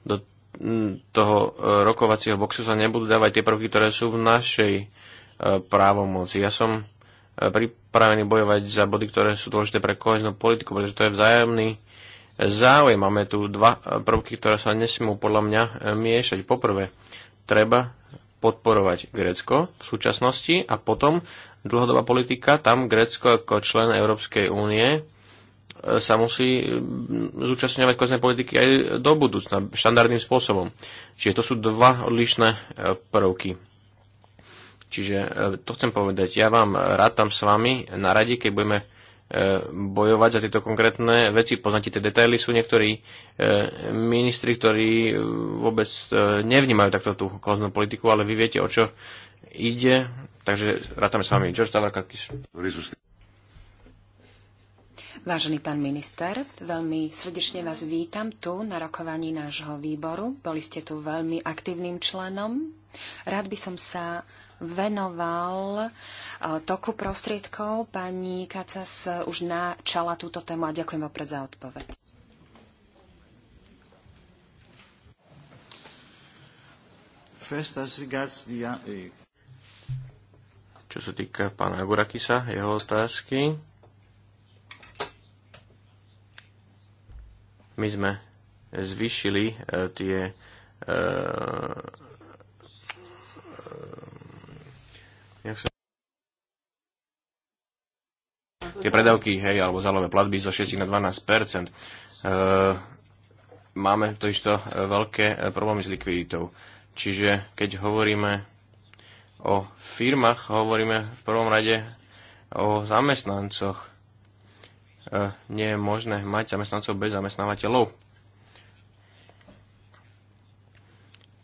do toho e, rokovacieho boxu sa nebudú dávať tie prvky, ktoré sú v našej právomoci. Ja som pri, pripravení bojovať za body, ktoré sú dôležité pre koheznú politiku, pretože to je vzájomný záujem. Máme tu dva prvky, ktoré sa nesmú podľa mňa miešať. Poprvé, treba podporovať Grécko v súčasnosti a potom dlhodobá politika, tam Grécko ako člen Európskej únie e, sa musí mm, zúčastňovať kozné politiky aj do budúcna štandardným spôsobom. Čiže to sú dva odlišné e, prvky. Čiže e, to chcem povedať. Ja vám rátam s vami na radi, keď budeme e, bojovať za tieto konkrétne veci. Poznáte tie detaily, sú niektorí e, ministri, ktorí vôbec nevnímajú takto tú kozmú politiku, ale vy viete, o čo ide. Takže rátame s vami. George Tavrakakis. Vážený pán minister, veľmi srdečne vás vítam tu na rokovaní nášho výboru. Boli ste tu veľmi aktívnym členom. Rád by som sa venoval e, toku prostriedkov. Pani Kacas e, už načala túto tému a ďakujem opred za odpoveď. Uh, čo sa týka pána Eburakisa, jeho otázky. My sme zvyšili e, tie Tie predavky, hej, alebo zálové platby zo 6 na 12 e, máme totižto e, veľké e, problémy s likviditou. Čiže keď hovoríme o firmách, hovoríme v prvom rade o zamestnancoch. E, nie je možné mať zamestnancov bez zamestnávateľov.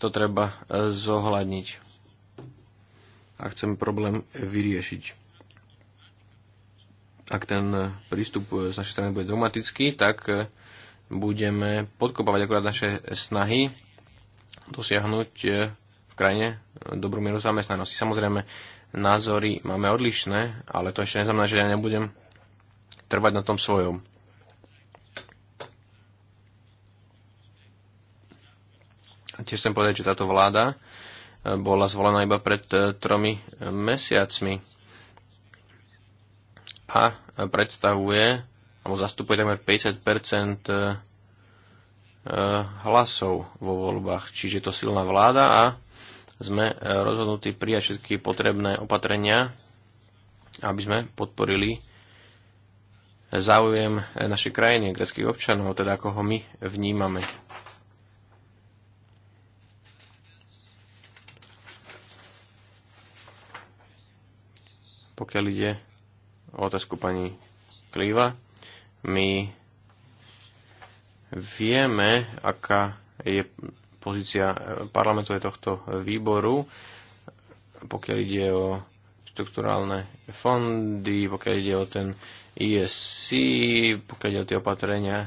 To treba e, zohľadniť a chceme problém vyriešiť. Ak ten prístup z našej strany bude dogmatický, tak budeme podkopávať akurát naše snahy dosiahnuť eh, v krajine dobrú mieru zamestnanosti. Samozrejme, názory máme odlišné, ale to ešte neznamená, že ja nebudem trvať na tom svojom. A tiež chcem povedať, že táto vláda bola zvolená iba pred e, tromi e, mesiacmi a predstavuje alebo zastupuje takmer 50 e, hlasov vo voľbách. Čiže je to silná vláda a sme rozhodnutí prijať všetky potrebné opatrenia, aby sme podporili záujem našej krajiny greckých občanov, teda ako ho my vnímame. Pokiaľ ide o otázku pani Klíva, my vieme, aká je pozícia eh, parlamentu tohto výboru, pokiaľ ide o štruktúrálne fondy, pokiaľ ide o ten ISC, e pokiaľ ide o tie opatrenia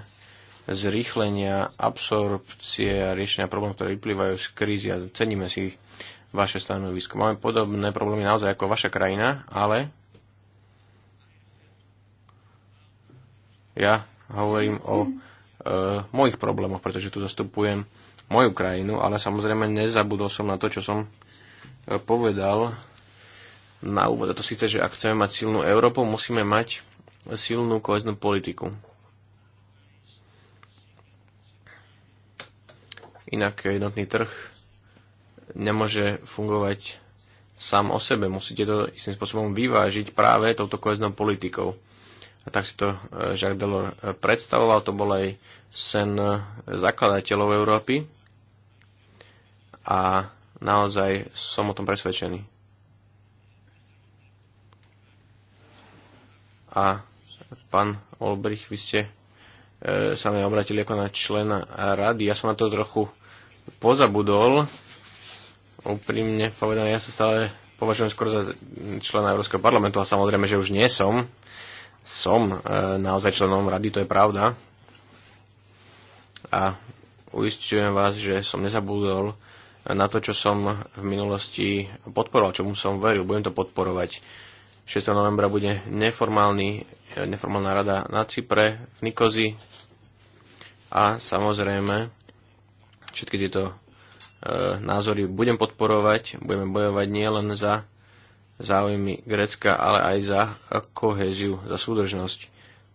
zrýchlenia, absorpcie a riešenia problémov, ktoré vyplývajú z krízy a ceníme si ich vaše stanovisko. Máme podobné problémy naozaj ako vaša krajina, ale ja hovorím o e, mojich problémoch, pretože tu zastupujem moju krajinu, ale samozrejme nezabudol som na to, čo som e, povedal na úvod. A to síce, že ak chceme mať silnú Európu, musíme mať silnú koheznú politiku. Inak jednotný trh nemôže fungovať sám o sebe. Musíte to istým spôsobom vyvážiť práve touto koheznou politikou. A tak si to e, Jacques Delors e, predstavoval, to bol aj sen e, zakladateľov Európy. A naozaj som o tom presvedčený. A pán Olbrich, vy ste sa na obratili ako na člena rady. Ja som na to trochu pozabudol, úprimne povedané, ja sa stále považujem skôr za člena Európskeho parlamentu a samozrejme, že už nie som. Som e, naozaj členom rady, to je pravda. A uistujem vás, že som nezabudol na to, čo som v minulosti podporoval, čomu som veril. Budem to podporovať. 6. novembra bude neformálny, e, neformálna rada na Cypre, v Nikozi a samozrejme všetky tieto E, názory budem podporovať, budeme bojovať nielen za záujmy Grécka, ale aj za koheziu, za súdržnosť,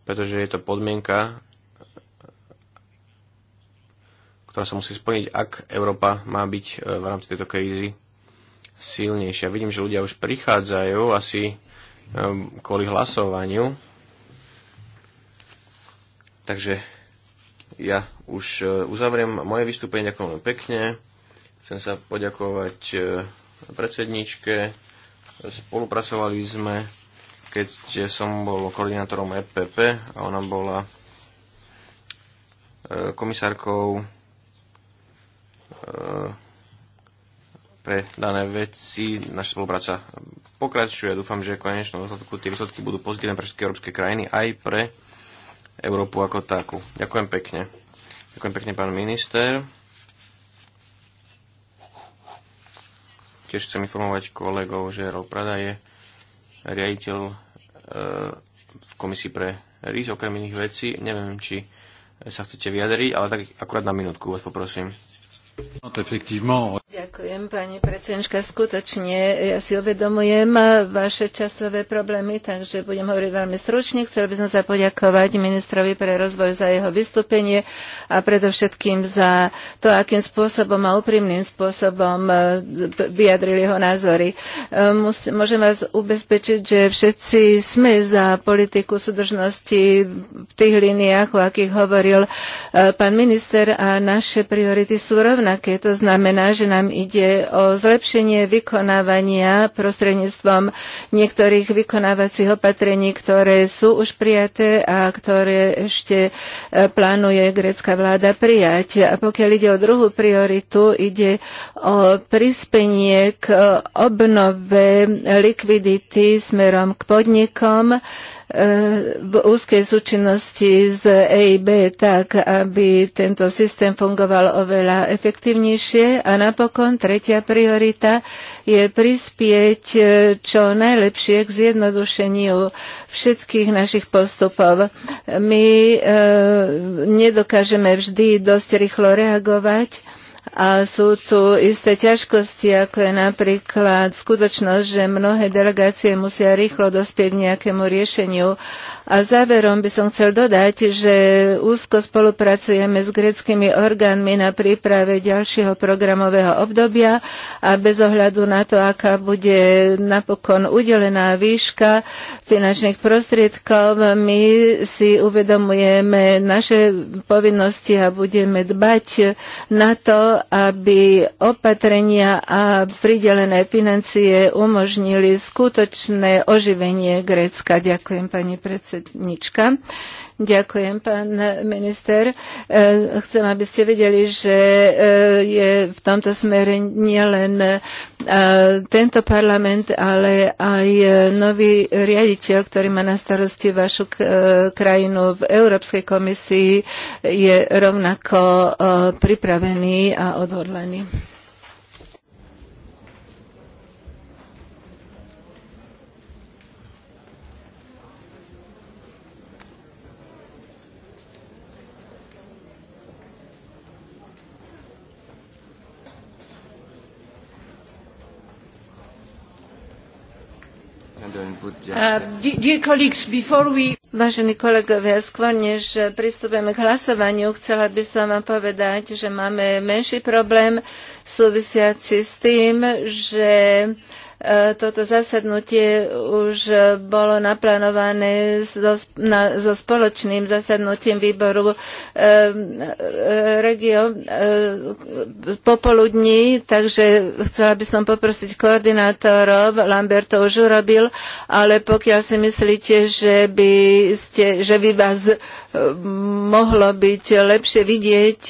pretože je to podmienka, ktorá sa musí splniť, ak Európa má byť e, v rámci tejto krízy silnejšia. Vidím, že ľudia už prichádzajú asi e, kvôli hlasovaniu, takže ja už uzavriem moje vystúpenie, ďakujem pekne. Chcem sa poďakovať e, predsedničke. Spolupracovali sme, keď som bol koordinátorom EPP a ona bola e, komisárkou e, pre dané veci. Naša spolupráca pokračuje. Dúfam, že konečno konečnom tie výsledky budú pozitívne pre všetky európske krajiny, aj pre Európu ako takú. Ďakujem pekne. Ďakujem pekne, pán minister. Tiež chcem informovať kolegov, že Rol Prada je riaditeľ e, v komisii pre RIS, okrem iných vecí. Neviem, či sa chcete vyjadriť, ale tak akurát na minútku vás poprosím. No, Efectivement, Ďakujem, pani predsednička. Skutočne ja si uvedomujem vaše časové problémy, takže budem hovoriť veľmi stručne. Chcel by som sa poďakovať ministrovi pre rozvoj za jeho vystúpenie a predovšetkým za to, akým spôsobom a úprimným spôsobom e, vyjadrili jeho názory. E, môžem vás ubezpečiť, že všetci sme za politiku súdržnosti v tých líniách, o akých hovoril e, pán minister a naše priority sú rovnaké. To znamená, že nám nám ide o zlepšenie vykonávania prostredníctvom niektorých vykonávacích opatrení, ktoré sú už prijaté a ktoré ešte e, plánuje grécka vláda prijať. A pokiaľ ide o druhú prioritu, ide o prispenie k obnove likvidity smerom k podnikom, v úzkej súčinnosti z EIB tak, aby tento systém fungoval oveľa efektívnejšie. A napokon tretia priorita je prispieť e, čo najlepšie k zjednodušeniu všetkých našich postupov. My e, nedokážeme vždy dosť rýchlo reagovať a sú tu isté ťažkosti, ako je napríklad skutočnosť, že mnohé delegácie musia rýchlo dospieť k nejakému riešeniu. A záverom by som chcel dodať, že úzko spolupracujeme s greckými orgánmi na príprave ďalšieho programového obdobia a bez ohľadu na to, aká bude napokon udelená výška finančných prostriedkov, my si uvedomujeme naše povinnosti a budeme dbať na to, aby opatrenia a pridelené financie umožnili skutočné oživenie Grécka. Ďakujem, pani predsednička. Ďakujem, pán minister. E, chcem, aby ste vedeli, že e, je v tomto smere nielen e, tento parlament, ale aj nový riaditeľ, ktorý má na starosti vašu krajinu v Európskej komisii, je rovnako pripravený a odhodlaní. Uh, dear colleagues, before we Vážení kolegovia, skôr než pristúpime k hlasovaniu, chcela by som vám povedať, že máme menší problém súvisiaci s tým, že toto zasadnutie už bolo naplánované so, na, so spoločným zasadnutím výboru eh, eh, regio eh, popoludní, takže chcela by som poprosiť koordinátorov, Lambert to už urobil, ale pokiaľ si myslíte, že by, ste, že by vás mohlo byť lepšie vidieť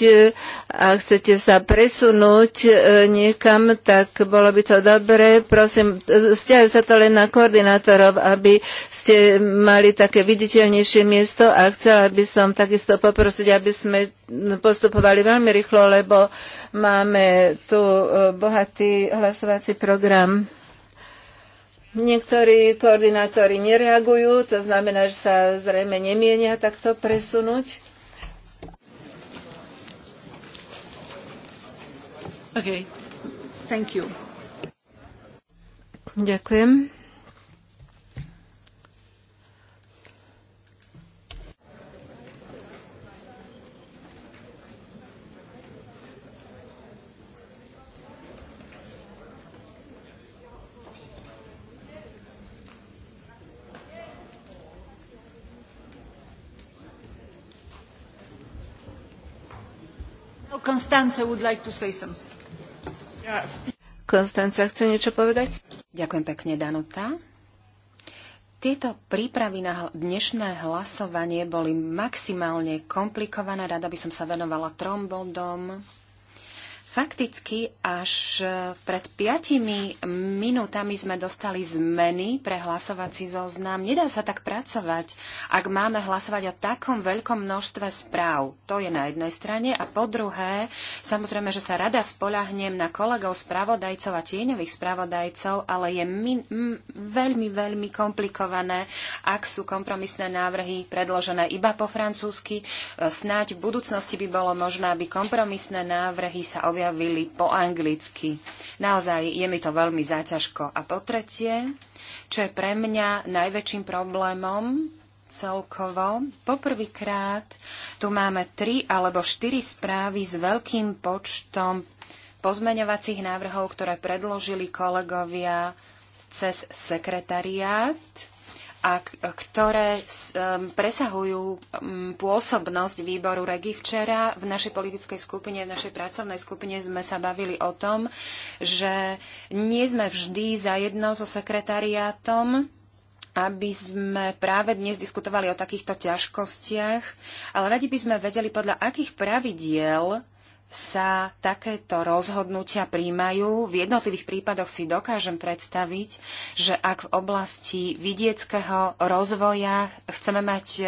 a chcete sa presunúť niekam, tak bolo by to dobre. Prosím, že sa to len na koordinátorov, aby ste mali také viditeľnejšie miesto a chcela by som takisto poprosiť, aby sme postupovali veľmi rýchlo, lebo máme tu e, bohatý hlasovací program. Niektorí koordinátori nereagujú, to znamená, že sa zrejme nemienia takto presunúť. Okay. Thank you. Ďakujem. Constanze would like to say something. Yeah. Konstanca chce niečo povedať? Ďakujem pekne, Danuta. Tieto prípravy na dnešné hlasovanie boli maximálne komplikované. Rada by som sa venovala trom bodom. Fakticky až e, pred piatimi minútami sme dostali zmeny pre hlasovací zoznam. Nedá sa tak pracovať, ak máme hlasovať o takom veľkom množstve správ. To je na jednej strane. A po druhé, samozrejme, že sa rada spolahnem na kolegov spravodajcov a tieňových spravodajcov, ale je min- m- veľmi, veľmi komplikované, ak sú kompromisné návrhy predložené iba po francúzsky. E, snáď v budúcnosti by bolo možné, aby kompromisné návrhy sa objavili objavili po anglicky. Naozaj je mi to veľmi záťažko. A po tretie, čo je pre mňa najväčším problémom celkovo, poprvýkrát tu máme tri alebo štyri správy s veľkým počtom pozmeňovacích návrhov, ktoré predložili kolegovia cez sekretariát a ktoré presahujú pôsobnosť výboru REGI. Včera v našej politickej skupine, v našej pracovnej skupine sme sa bavili o tom, že nie sme vždy zajedno so sekretariátom, aby sme práve dnes diskutovali o takýchto ťažkostiach, ale radi by sme vedeli, podľa akých pravidiel sa takéto rozhodnutia príjmajú. V jednotlivých prípadoch si dokážem predstaviť, že ak v oblasti vidieckého rozvoja chceme mať e,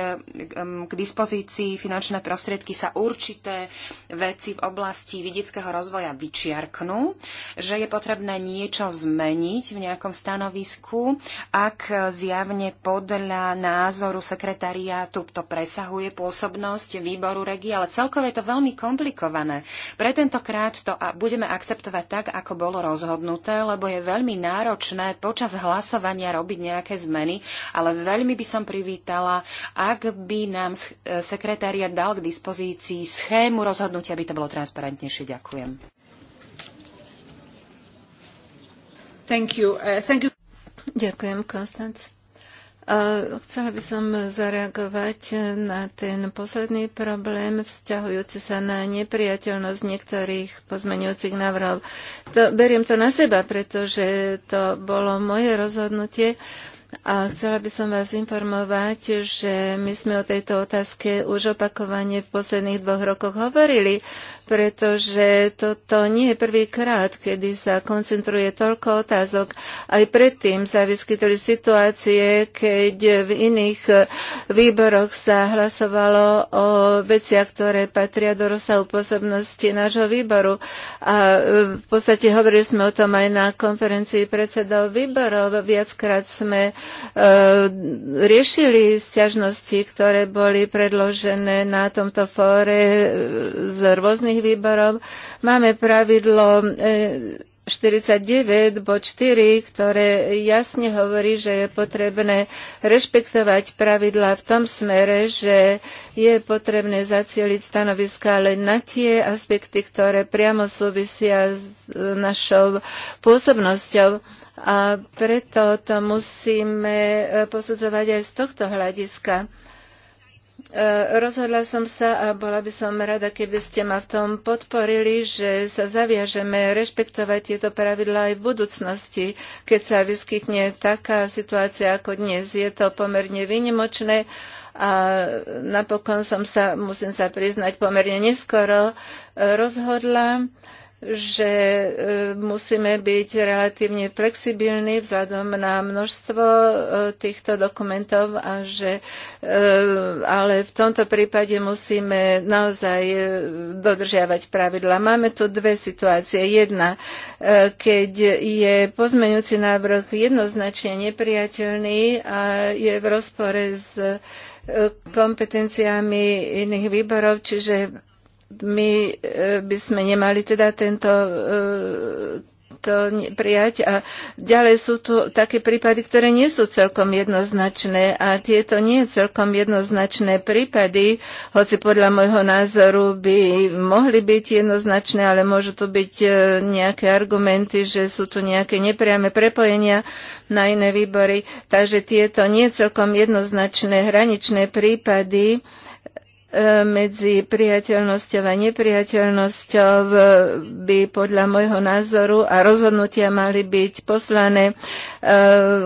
k dispozícii finančné prostriedky, sa určité veci v oblasti vidieckého rozvoja vyčiarknú, že je potrebné niečo zmeniť v nejakom stanovisku, ak zjavne podľa názoru sekretariátu to presahuje pôsobnosť výboru regie, ale celkovo je to veľmi komplikované pre tentokrát to budeme akceptovať tak, ako bolo rozhodnuté, lebo je veľmi náročné počas hlasovania robiť nejaké zmeny, ale veľmi by som privítala, ak by nám sekretariat dal k dispozícii schému rozhodnutia, aby to bolo transparentnejšie. Ďakujem. Thank you. Uh, thank you. Ďakujem, Konstantin. Chcela by som zareagovať na ten posledný problém vzťahujúci sa na nepriateľnosť niektorých pozmeňujúcich návrhov. To, beriem to na seba, pretože to bolo moje rozhodnutie. A chcela by som vás informovať, že my sme o tejto otázke už opakovane v posledných dvoch rokoch hovorili pretože toto nie je prvýkrát, kedy sa koncentruje toľko otázok. Aj predtým sa vyskytli situácie, keď v iných výboroch sa hlasovalo o veciach, ktoré patria do rozsahu pôsobnosti nášho výboru. A e, v podstate hovorili sme o tom aj na konferencii predsedov výborov. Viackrát sme e, riešili sťažnosti, ktoré boli predložené na tomto fóre e, z rôznych právnych výborov. Máme pravidlo 49 bo 4, ktoré jasne hovorí, že je potrebné rešpektovať pravidlá v tom smere, že je potrebné zacieliť stanoviska len na tie aspekty, ktoré priamo súvisia s e, našou pôsobnosťou. A preto to musíme e, posudzovať aj z tohto hľadiska. E, rozhodla som sa a bola by som rada, keby ste ma v tom podporili, že sa zaviažeme rešpektovať tieto pravidlá aj v budúcnosti, keď sa vyskytne taká situácia ako dnes. Je to pomerne vynimočné a napokon som sa, musím sa priznať, pomerne neskoro e, rozhodla že e, musíme byť relatívne flexibilní vzhľadom na množstvo e, týchto dokumentov a že e, ale v tomto prípade musíme naozaj dodržiavať pravidla. Máme tu dve situácie. Jedna, keď je pozmeňujúci návrh jednoznačne nepriateľný a je v rozpore s kompetenciami iných výborov, čiže my e, by sme nemali teda tento e, to prijať. A ďalej sú tu také prípady, ktoré nie sú celkom jednoznačné a tieto nie celkom jednoznačné prípady, hoci podľa môjho názoru by mohli byť jednoznačné, ale môžu tu byť e, nejaké argumenty, že sú tu nejaké nepriame prepojenia na iné výbory. Takže tieto nie celkom jednoznačné hraničné prípady E, medzi priateľnosťou a nepriateľnosťou e, by podľa môjho názoru a rozhodnutia mali byť poslané e,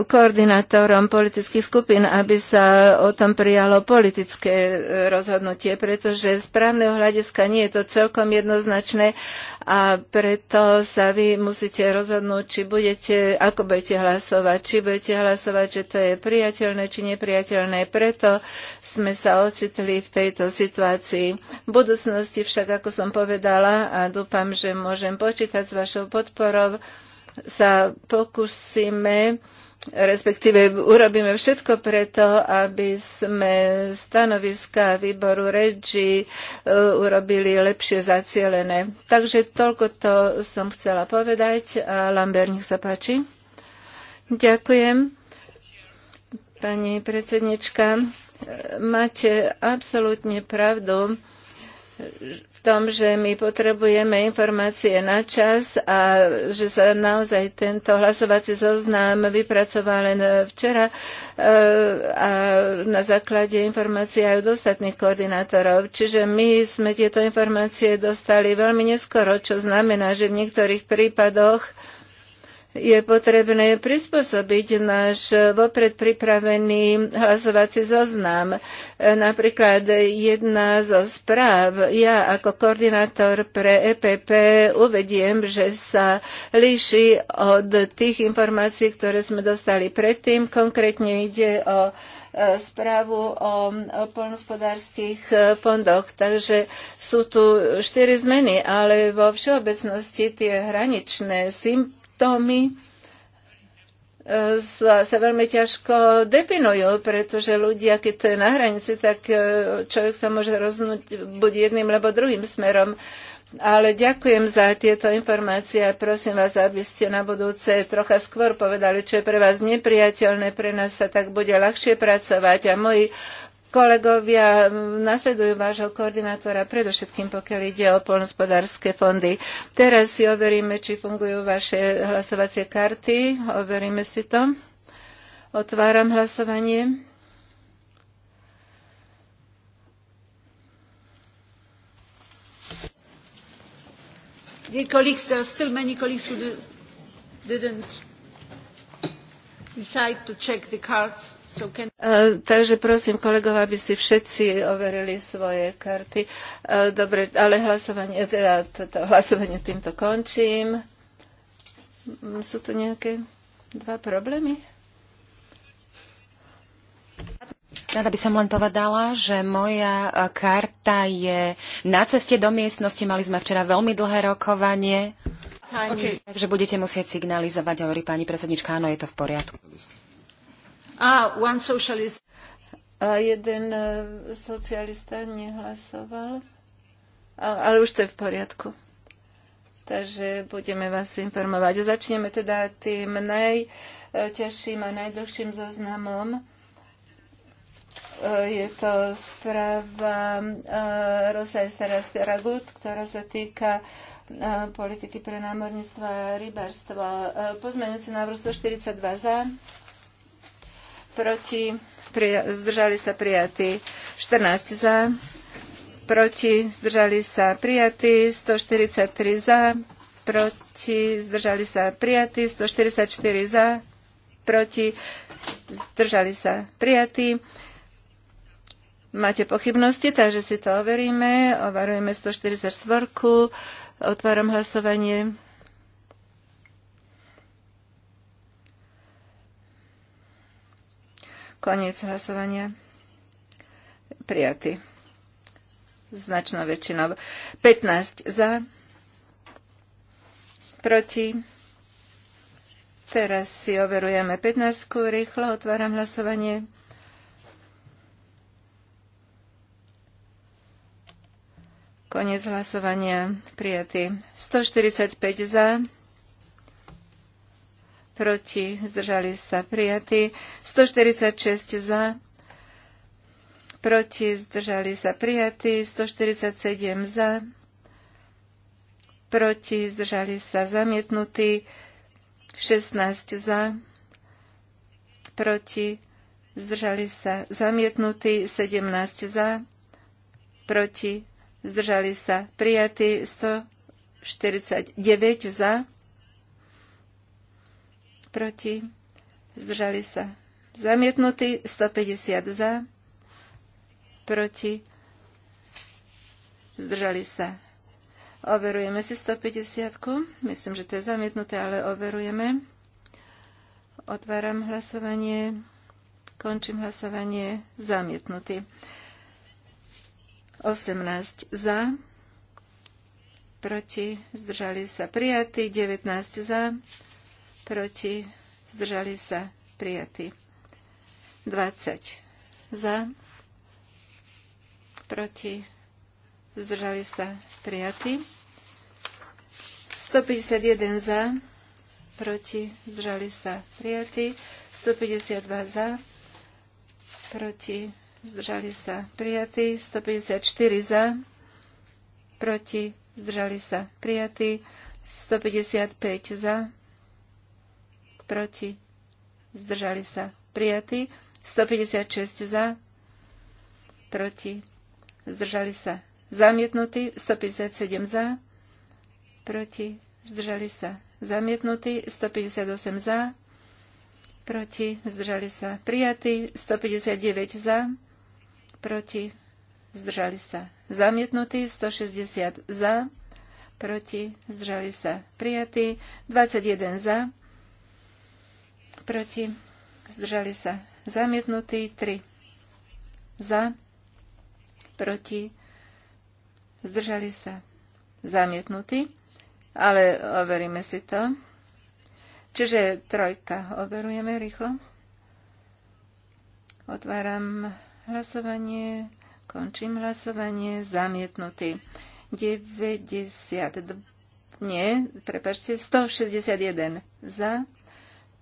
koordinátorom politických skupín, aby sa o tom prijalo politické rozhodnutie, pretože z právneho hľadiska nie je to celkom jednoznačné a preto sa vy musíte rozhodnúť, či budete, ako budete hlasovať, či budete hlasovať, že to je priateľné či nepriateľné. Preto sme sa ocitli v tejto situácii. V budúcnosti však, ako som povedala, a dúfam, že môžem počítať s vašou podporou, sa pokúsime respektíve urobíme všetko preto, aby sme stanoviska výboru REGI e, urobili lepšie zacielené. Takže toľko to som chcela povedať. A Lambert, nech sa páči. Ďakujem, pani predsednička máte absolútne pravdu v tom, že my potrebujeme informácie na čas a že sa naozaj tento hlasovací zoznam vypracoval len včera e, a na základe informácií aj od ostatných koordinátorov. Čiže my sme tieto informácie dostali veľmi neskoro, čo znamená, že v niektorých prípadoch je potrebné prispôsobiť náš vopred pripravený hlasovací zoznam. Napríklad jedna zo správ, ja ako koordinátor pre EPP uvediem, že sa líši od tých informácií, ktoré sme dostali predtým. Konkrétne ide o e, správu o polnospodárských e, fondoch. Takže sú tu štyri zmeny, ale vo všeobecnosti tie hraničné symptómy, symptómy e, sa veľmi ťažko definujú, pretože ľudia, keď to je na hranici, tak e, človek sa môže roznúť buď jedným, alebo druhým smerom. Ale ďakujem za tieto informácie a prosím vás, aby ste na budúce trocha skôr povedali, čo je pre vás nepriateľné. Pre nás sa tak bude ľahšie pracovať a moji kolegovia nasledujú vášho koordinátora, predovšetkým pokiaľ ide o polnospodárske fondy. Teraz si overíme, či fungujú vaše hlasovacie karty. Overíme si to. Otváram hlasovanie. Dear colleagues, there are still many colleagues who didn't decide to check the cards E, takže prosím kolegov, aby si všetci overili svoje karty. E, dobre, ale hlasovanie, e, teda, toto, hlasovanie týmto končím. Sú tu nejaké dva problémy? Rada by som len povedala, že moja karta je na ceste do miestnosti. Mali sme včera veľmi dlhé rokovanie. Okay. Takže budete musieť signalizovať, hovorí pani predsednička, áno, je to v poriadku. Ah, a jeden e, socialista nehlasoval. Ale už to je v poriadku. Takže budeme vás informovať. Začneme teda tým najťažším a najdlhším zoznamom. E, je to správa e, Rosa Estera ktorá sa týka politiky pre námorníctvo a rybárstvo. Pozmeňujúci návrh 142 za, proti, prija, zdržali sa prijatí 14 za, proti, zdržali sa prijatí 143 za, proti, zdržali sa prijatí 144 za, proti, zdržali sa prijatí. Máte pochybnosti, takže si to overíme. Ovarujeme 144. Otváram hlasovanie. Koniec hlasovania. Prijatý. Značná väčšina. 15 za. Proti. Teraz si overujeme 15. Rýchlo otváram hlasovanie. Konec hlasovania. Prijatý. 145 za proti, zdržali sa prijatí, 146 za, proti, zdržali sa prijatí, 147 za, proti, zdržali sa zamietnutí, 16 za, proti, zdržali sa zamietnutí, 17 za, proti, zdržali sa prijatí, 149 za, proti, zdržali sa zamietnutí, 150 za, proti, zdržali sa. Overujeme si 150. -ku. Myslím, že to je zamietnuté, ale overujeme. Otváram hlasovanie. Končím hlasovanie. Zamietnutý. 18 za. Proti. Zdržali sa prijatí. 19 za proti, zdržali sa prijatí. 20 za, proti, zdržali sa prijatí. 151 za, proti, zdržali sa prijatí. 152 za, proti, zdržali sa prijatí. 154 za, proti, zdržali sa prijatí. 155 za, proti, zdržali sa prijatí, 156 za, proti, zdržali sa zamietnutí, 157 za, proti, zdržali sa zamietnutí, 158 za, proti, zdržali sa prijatí, 159 za, proti, zdržali sa zamietnutí, 160 za, proti, zdržali sa prijatí, 21 za, proti, zdržali sa zamietnutí, 3 za, proti, zdržali sa zamietnutí, ale overíme si to. Čiže trojka overujeme rýchlo. Otváram hlasovanie, končím hlasovanie, zamietnutý. 90 nie, prepačte, 161 za,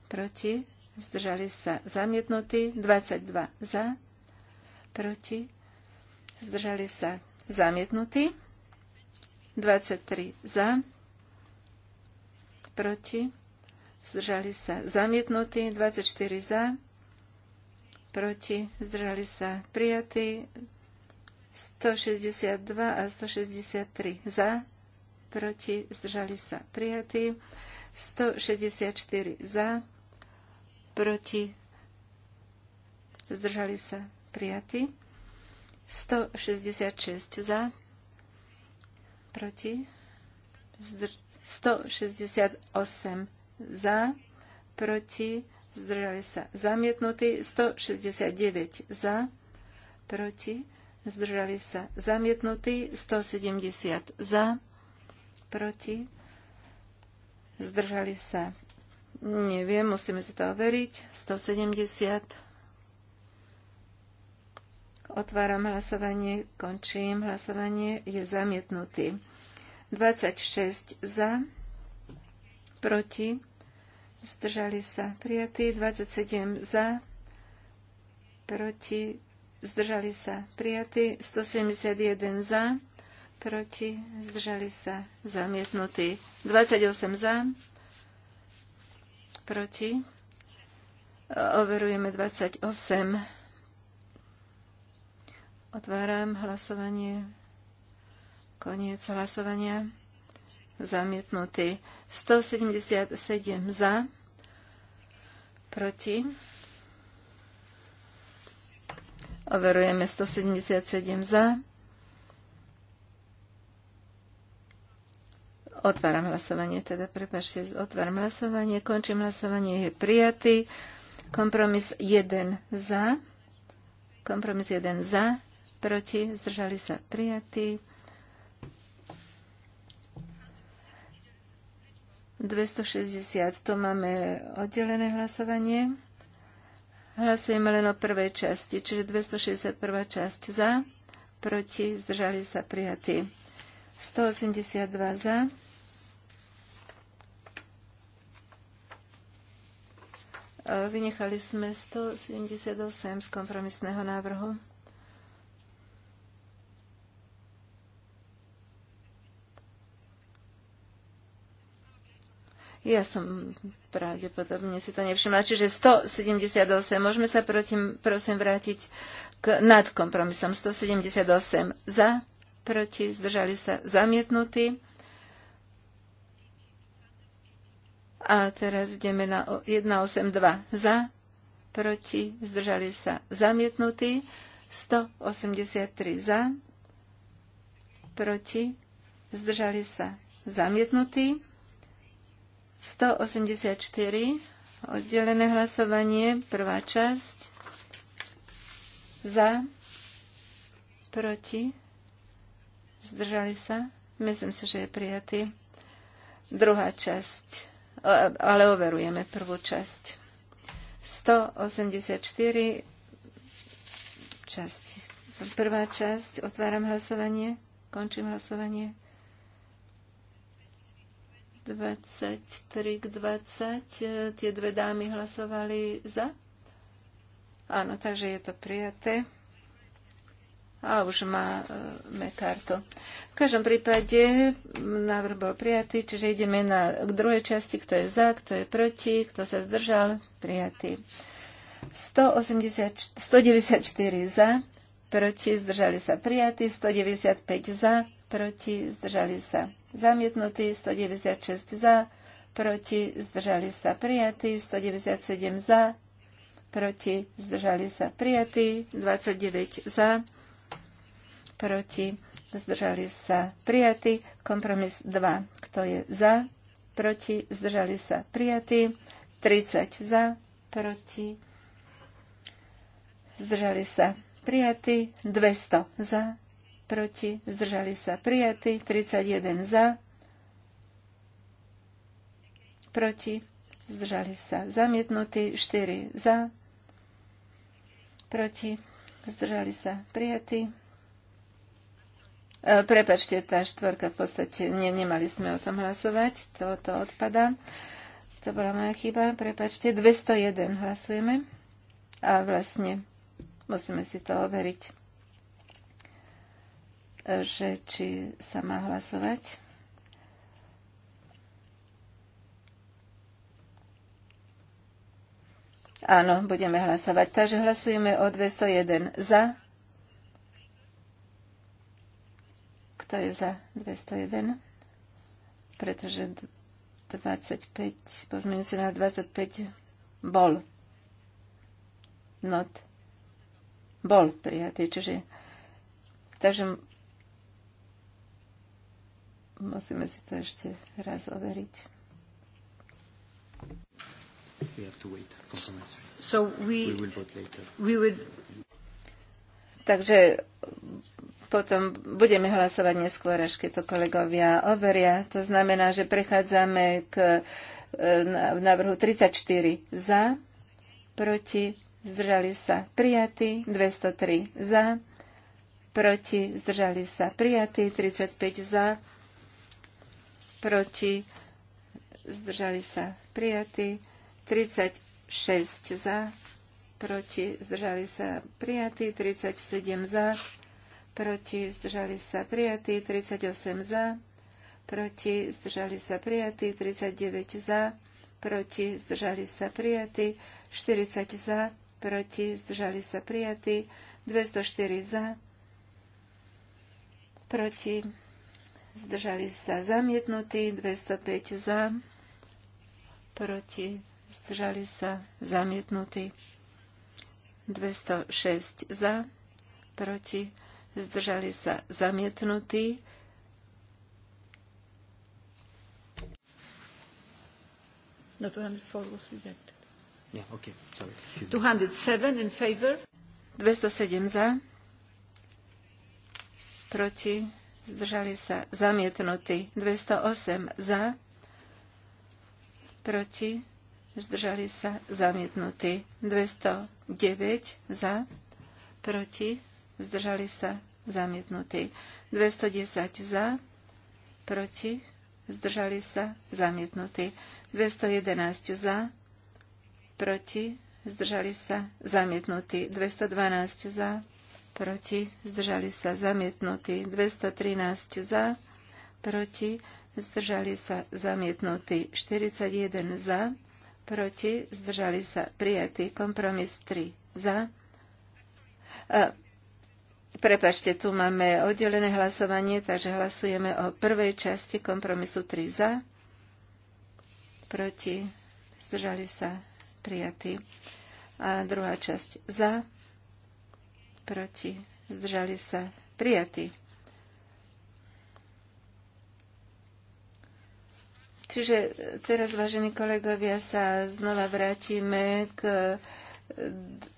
proti, zdržali sa zamietnutí, 22 za, proti, zdržali sa zamietnutí, 23 za, proti, zdržali sa zamietnutí, 24 za, proti, zdržali sa prijatí, 162 a 163 za, proti, zdržali sa prijatí, 164 za, proti, zdržali sa prijatí. 166 za, proti, zdr- 168 za, proti, zdržali sa zamietnutí, 169 za, proti, zdržali sa zamietnutí, 170 za, proti, zdržali sa Neviem, musíme si to overiť. 170. Otváram hlasovanie, končím hlasovanie, je zamietnutý. 26 za, proti, zdržali sa prijatí, 27 za, proti, zdržali sa prijatí, 171 za, proti, zdržali sa zamietnutí, 28 za, proti. Overujeme 28. Otváram hlasovanie. Koniec hlasovania. Zamietnutý. 177 za. Proti. Overujeme 177 za. Otváram hlasovanie, teda prepašte, otváram hlasovanie, končím hlasovanie, je prijatý. Kompromis 1 za, kompromis 1 za, proti, zdržali sa prijatí. 260, to máme oddelené hlasovanie. Hlasujeme len o prvej časti, čiže 261. časť za, proti, zdržali sa prijatí. 182 za, Vynechali sme 178 z kompromisného návrhu. Ja som pravdepodobne si to nevšimla. Čiže 178. Môžeme sa proti, prosím vrátiť k nad kompromisom. 178 za, proti, zdržali sa zamietnutí. A teraz ideme na 182 za, proti, zdržali sa zamietnutí, 183 za, proti, zdržali sa zamietnutí, 184 oddelené hlasovanie, prvá časť, za, proti, zdržali sa, myslím si, že je prijatý, druhá časť, ale overujeme prvú časť. 184, časť, prvá časť, otváram hlasovanie, končím hlasovanie. 23 k 20, e, tie dve dámy hlasovali za. Áno, takže je to prijaté. A už máme kartu. V každom prípade návrh bol prijatý, čiže ideme na, k druhej časti, kto je za, kto je proti, kto sa zdržal, prijatý. 180, 194 za, proti, zdržali sa prijatí, 195 za, proti, zdržali sa zamietnutí, 196 za, proti, zdržali sa prijatí, 197 za, proti, zdržali sa prijatí, 29 za, proti, zdržali sa prijatí. Kompromis 2, kto je za, proti, zdržali sa prijatí. 30 za, proti, zdržali sa prijatí. 200 za, proti, zdržali sa prijatí. 31 za, proti, zdržali sa zamietnutí. 4 za, proti, zdržali sa prijatí. E, prepačte, tá štvorka v podstate, nie, nemali sme o tom hlasovať, toto odpadá. To bola moja chyba, prepačte. 201 hlasujeme a vlastne musíme si to overiť, e, že či sa má hlasovať. Áno, budeme hlasovať. Takže hlasujeme o 201 za, Kto je za 201? Pretože 25, pozmeňujúci na 25 bol not bol prijatý, čiže takže musíme si to ešte raz overiť. We have to wait for so we, we will vote later. We would... Takže potom budeme hlasovať neskôr, až keď to kolegovia overia. To znamená, že prechádzame k e, návrhu 34 za, proti, zdržali sa prijatí, 203 za, proti, zdržali sa prijatí, 35 za, proti, zdržali sa prijatí, 36 za, proti, zdržali sa prijatí, 37 za, proti zdržali sa prijatí, 38 za, proti zdržali sa prijatí, 39 za, proti zdržali sa prijatí, 40 za, proti zdržali sa prijatí, 204 za, proti zdržali sa zamietnutí, 205 za, proti zdržali sa zamietnutí, 206 za, proti zdržali sa zamietnutí. No, 204 was 207 in favor. 207 za. Proti. Zdržali sa zamietnutí. 208 za. Proti. Zdržali sa zamietnutí. 209 za. Proti zdržali sa, zamietnutý. 210 za, proti, zdržali sa, zamietnutý. 211 za, proti, zdržali sa, zamietnutý. 212 za, proti, zdržali sa, zamietnutý. 213 za, proti, zdržali sa, zamietnutý. 41 za, proti, zdržali sa, prijatý. Kompromis 3 za, e, Prepačte, tu máme oddelené hlasovanie, takže hlasujeme o prvej časti kompromisu 3 za, proti, zdržali sa prijatí. A druhá časť za, proti, zdržali sa prijatí. Čiže teraz, vážení kolegovia, sa znova vrátime k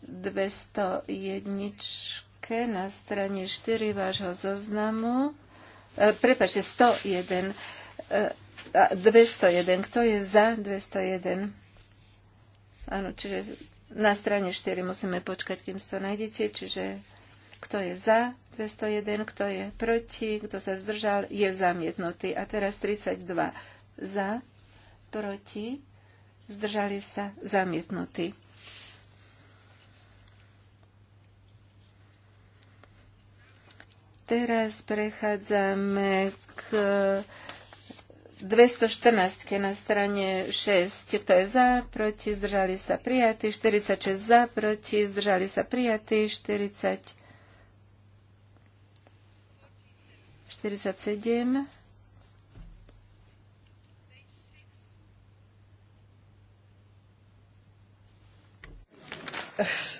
201 jednotke na strane 4 vášho zoznamu. E, prepačte, 101. E, 201. Kto je za 201? Áno, čiže na strane 4 musíme počkať, kým to nájdete. Čiže kto je za 201, kto je proti, kto sa zdržal, je zamietnutý. A teraz 32. Za, proti, zdržali sa, zamietnutý. Teraz prechádzame k 214 na strane 6. Kto je za, proti, zdržali sa prijatí. 46 za, proti, zdržali sa prijatí. 40, 47.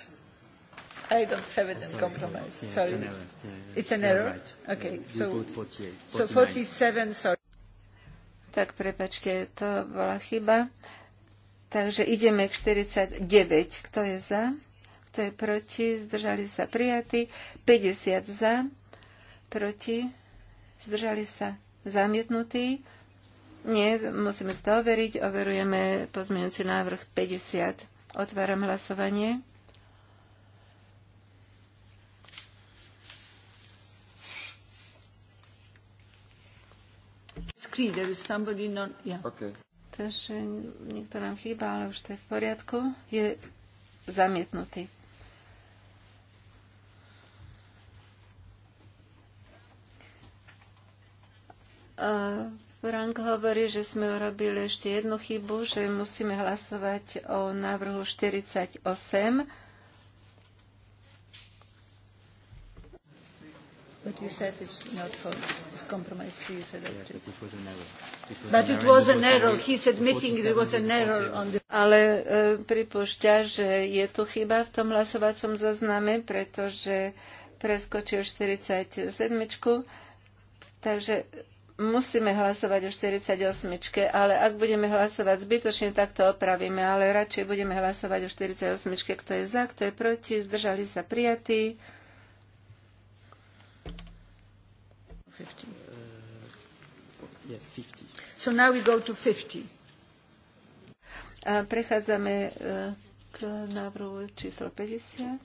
I don't have it in compromise. Sorry. It's an error. Yeah, it's an error? Right. Okay. Yeah, So, 48, so 47, sorry. Tak prepačte, to bola chyba. Takže ideme k 49. Kto je za? Kto je proti? Zdržali sa prijatí. 50 za. Proti? Zdržali sa zamietnutí. Nie, musíme si to overiť. Overujeme pozmeňujúci návrh 50. Otváram hlasovanie. screen. There is somebody not... Yeah. Okay. Takže niekto nám chýba, ale už to je v poriadku. Je zamietnutý. Frank hovorí, že sme urobili ešte jednu chybu, že musíme hlasovať o návrhu 48 But you said it's not for compromise. You said yeah, but it was an error. but it was an error. He's admitting it was an error on the... Ale e, pripúšťa, že je tu chyba v tom hlasovacom zozname, pretože preskočil 47. Takže musíme hlasovať o 48, ale ak budeme hlasovať zbytočne, tak to opravíme, ale radšej budeme hlasovať o 48, kto je za, kto je proti, zdržali sa prijatí. 50. Uh, yes, 50. So now we go to 50. A prechádzame uh, k návrhu číslo 50.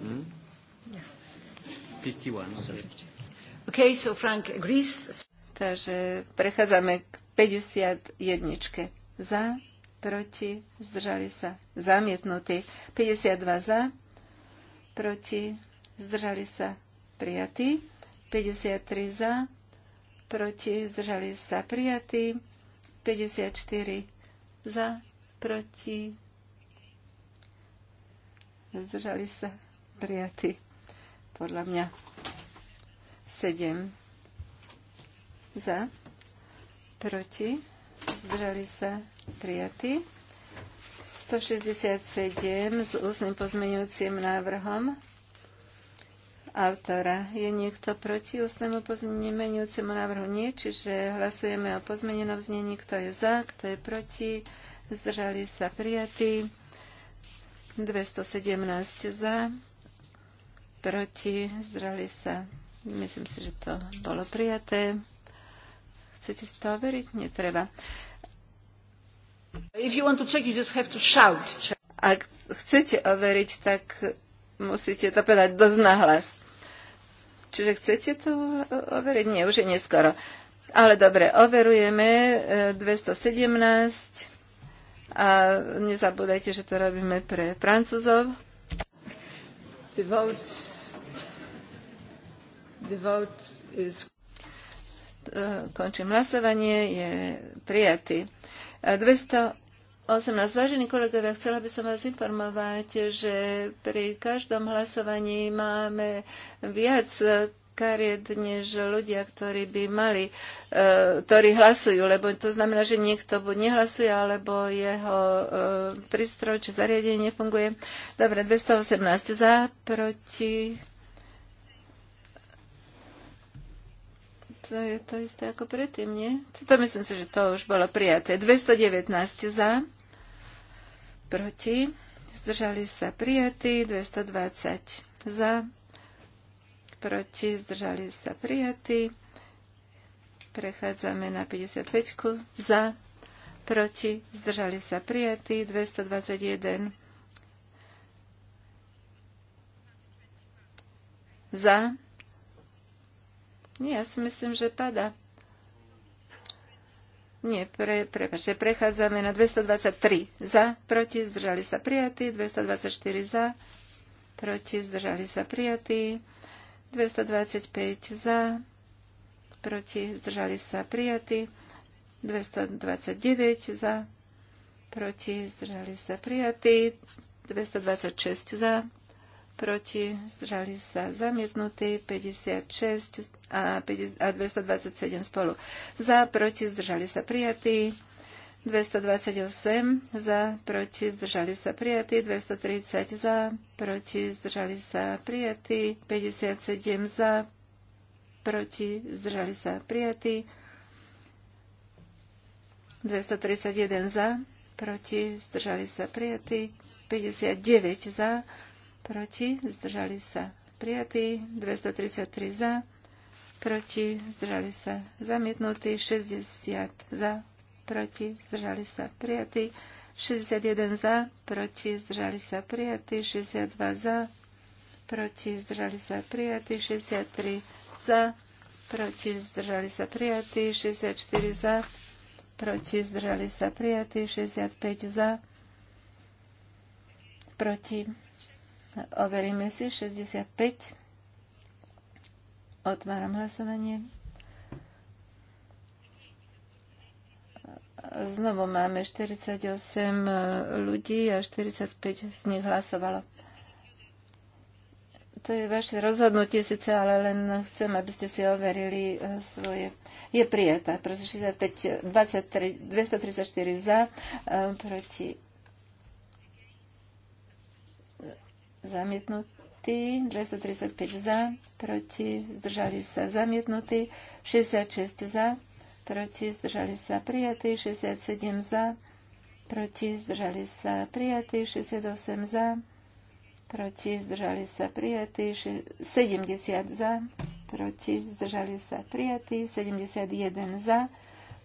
Mm. Yeah. 51. Sorry. Okay, so Frank agrees. Takže prechádzame k 51. Za, proti, zdržali sa, zamietnutí. 52 za, proti, zdržali sa, prijatí. 53 za, proti, zdržali sa prijatí, 54 za, proti, zdržali sa prijatí, podľa mňa 7 za, proti, zdržali sa prijatí, 167 s ústnym pozmeňujúcim návrhom autora. Je niekto proti ústnemu pozmenujúcemu návrhu? Nie, čiže hlasujeme o pozmenenom znení, kto je za, kto je proti, zdržali sa prijatí, 217 za, proti, zdržali sa, myslím si, že to bolo prijaté. Chcete si to overiť? Netreba. If you want to check, you just have to shout. Ak chcete overiť, tak musíte to povedať dosť nahlas. Čiže chcete to overiť? Nie, už je neskoro. Ale dobre, overujeme 217 e, a nezabúdajte, že to robíme pre Francúzov. The vote, the vote is... E, končím hlasovanie, je prijatý. 218 e, 18. Vážení kolegovia, chcela by som vás informovať, že pri každom hlasovaní máme viac kariet, než ľudia, ktorí by mali, e, ktorí hlasujú, lebo to znamená, že niekto buď nehlasuje, alebo jeho e, prístroj či zariadenie nefunguje. Dobre, 218 za, proti To je to isté ako predtým, nie? To myslím si, že to už bolo prijaté. 219 za, proti, zdržali sa prijatí, 220 za, proti, zdržali sa prijatí. Prechádzame na 55 za, proti, zdržali sa prijatí, 221 za, nie, ja si myslím, že pada. Nie, pre, prepáčte, prechádzame na 223 za, proti, zdržali sa prijatí, 224 za, proti, zdržali sa prijatí, 225 za, proti, zdržali sa prijatí, 229 za, proti, zdržali sa prijatí, 226 za, proti, zdržali sa zamietnutí, 56 a, 50, a 227 spolu. Za, proti, zdržali sa prijatí, 228 za, proti, zdržali sa prijatí, 230 za, proti, zdržali sa prijatí, 57 za, proti, zdržali sa prijatí, 231 za, proti, zdržali sa prijatí, 59 za, proti, zdržali sa prijatí, 233 za, proti, zdržali sa zamietnutí, 60 za, proti, zdržali sa prijatí, 61 za, proti, zdržali sa prijatí, 62 za, proti, zdržali sa prijatí, 63 za, proti, zdržali sa prijatí, 64 za, proti, zdržali sa prijatí, 65 za, proti, Overíme si 65. Otváram hlasovanie. Znovu máme 48 e, ľudí a 45 z nich hlasovalo. To je vaše rozhodnutie síce, ale len chcem, aby ste si overili e, svoje. Je prijatá, Proste 65, 23, 234 za, e, proti zamietnutý, 235 za, proti, zdržali sa zamietnutý, 66 za, proti, zdržali sa prijatý, 67 za, proti, zdržali sa prijatý, 68 za, proti, zdržali sa prijatý, 70 za, proti, zdržali sa prijatý, 71 za,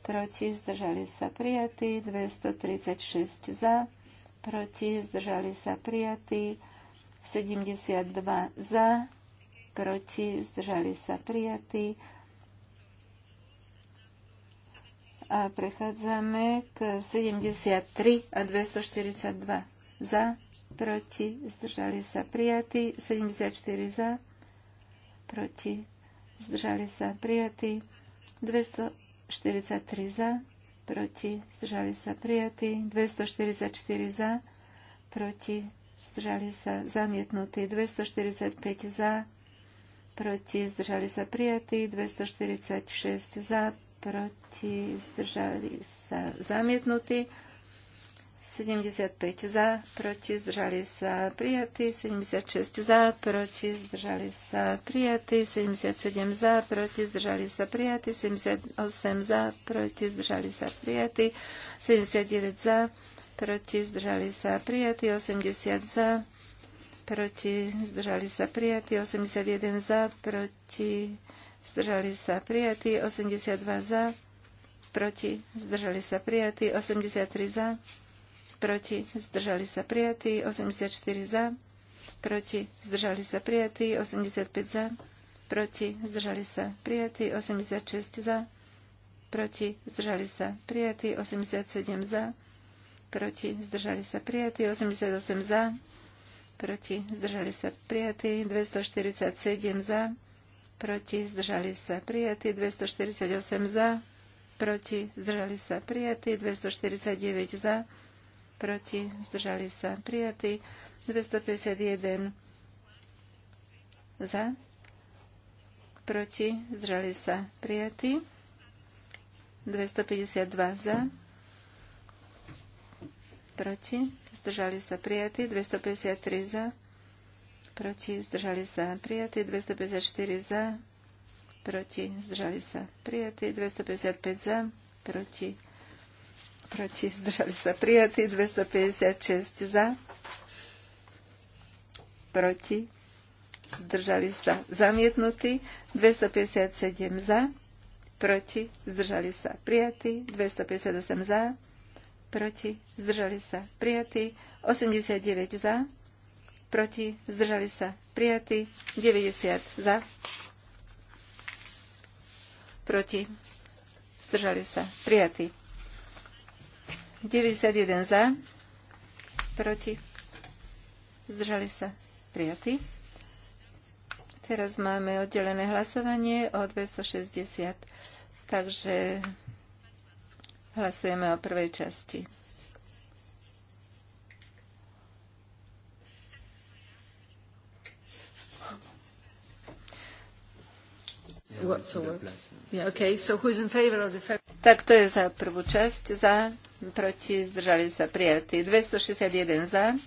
proti, zdržali sa prijatý, 236 za, proti, zdržali sa prijatý, 72 za, proti, zdržali sa prijatí. A prechádzame k 73 a 242 za, proti, zdržali sa prijatí. 74 za, proti, zdržali sa prijatí. 243 za, proti, zdržali sa prijatí. 244 za, proti, zdržali sa zamietnutí, 245 za, proti, zdržali sa prijatí, 246 za, proti, zdržali sa zamietnutí, 75 za, proti, zdržali sa prijatí, 76 za, proti, zdržali sa prijatí, 77 za, proti, zdržali sa prijatí, 78 za, proti, zdržali sa prijatí, 79 za, proti, zdržali sa prijatí, 80 za, proti, zdržali sa prijatí, 81 za, proti, zdržali sa prijatí, 82 za, proti, zdržali sa prijatí, 83 za, proti, zdržali sa prijatí, 84 za, proti, zdržali sa prijatí, 85 za, proti, zdržali sa prijatí, 86 za, proti, zdržali sa prijatí, 87 za, proti, zdržali sa prijatí, 88 za, proti, zdržali sa prijatí, 247 za, proti, zdržali sa prijatí, 248 za, proti, zdržali sa prijatí, 249 za, proti, zdržali sa prijatí, 251 za, proti, zdržali sa prijatí, 252 za, proti, zdržali sa prijatí, 253 za, proti, zdržali sa prijatí, 254 za, proti, zdržali sa prijatí, 255 za, proti, proti, zdržali sa prijatí, 256 za, proti, zdržali sa zamietnutí, 257 za, proti, zdržali sa prijatí, 258 za, proti, zdržali sa, prijatí. 89 za, proti, zdržali sa, prijatí. 90 za, proti, zdržali sa, prijatí. 91 za, proti, zdržali sa, prijatí. Teraz máme oddelené hlasovanie o 260. Takže Hlasujeme o prvej časti. Tak to je za prvú časť. Za, proti, zdržali sa prijatí. 261 za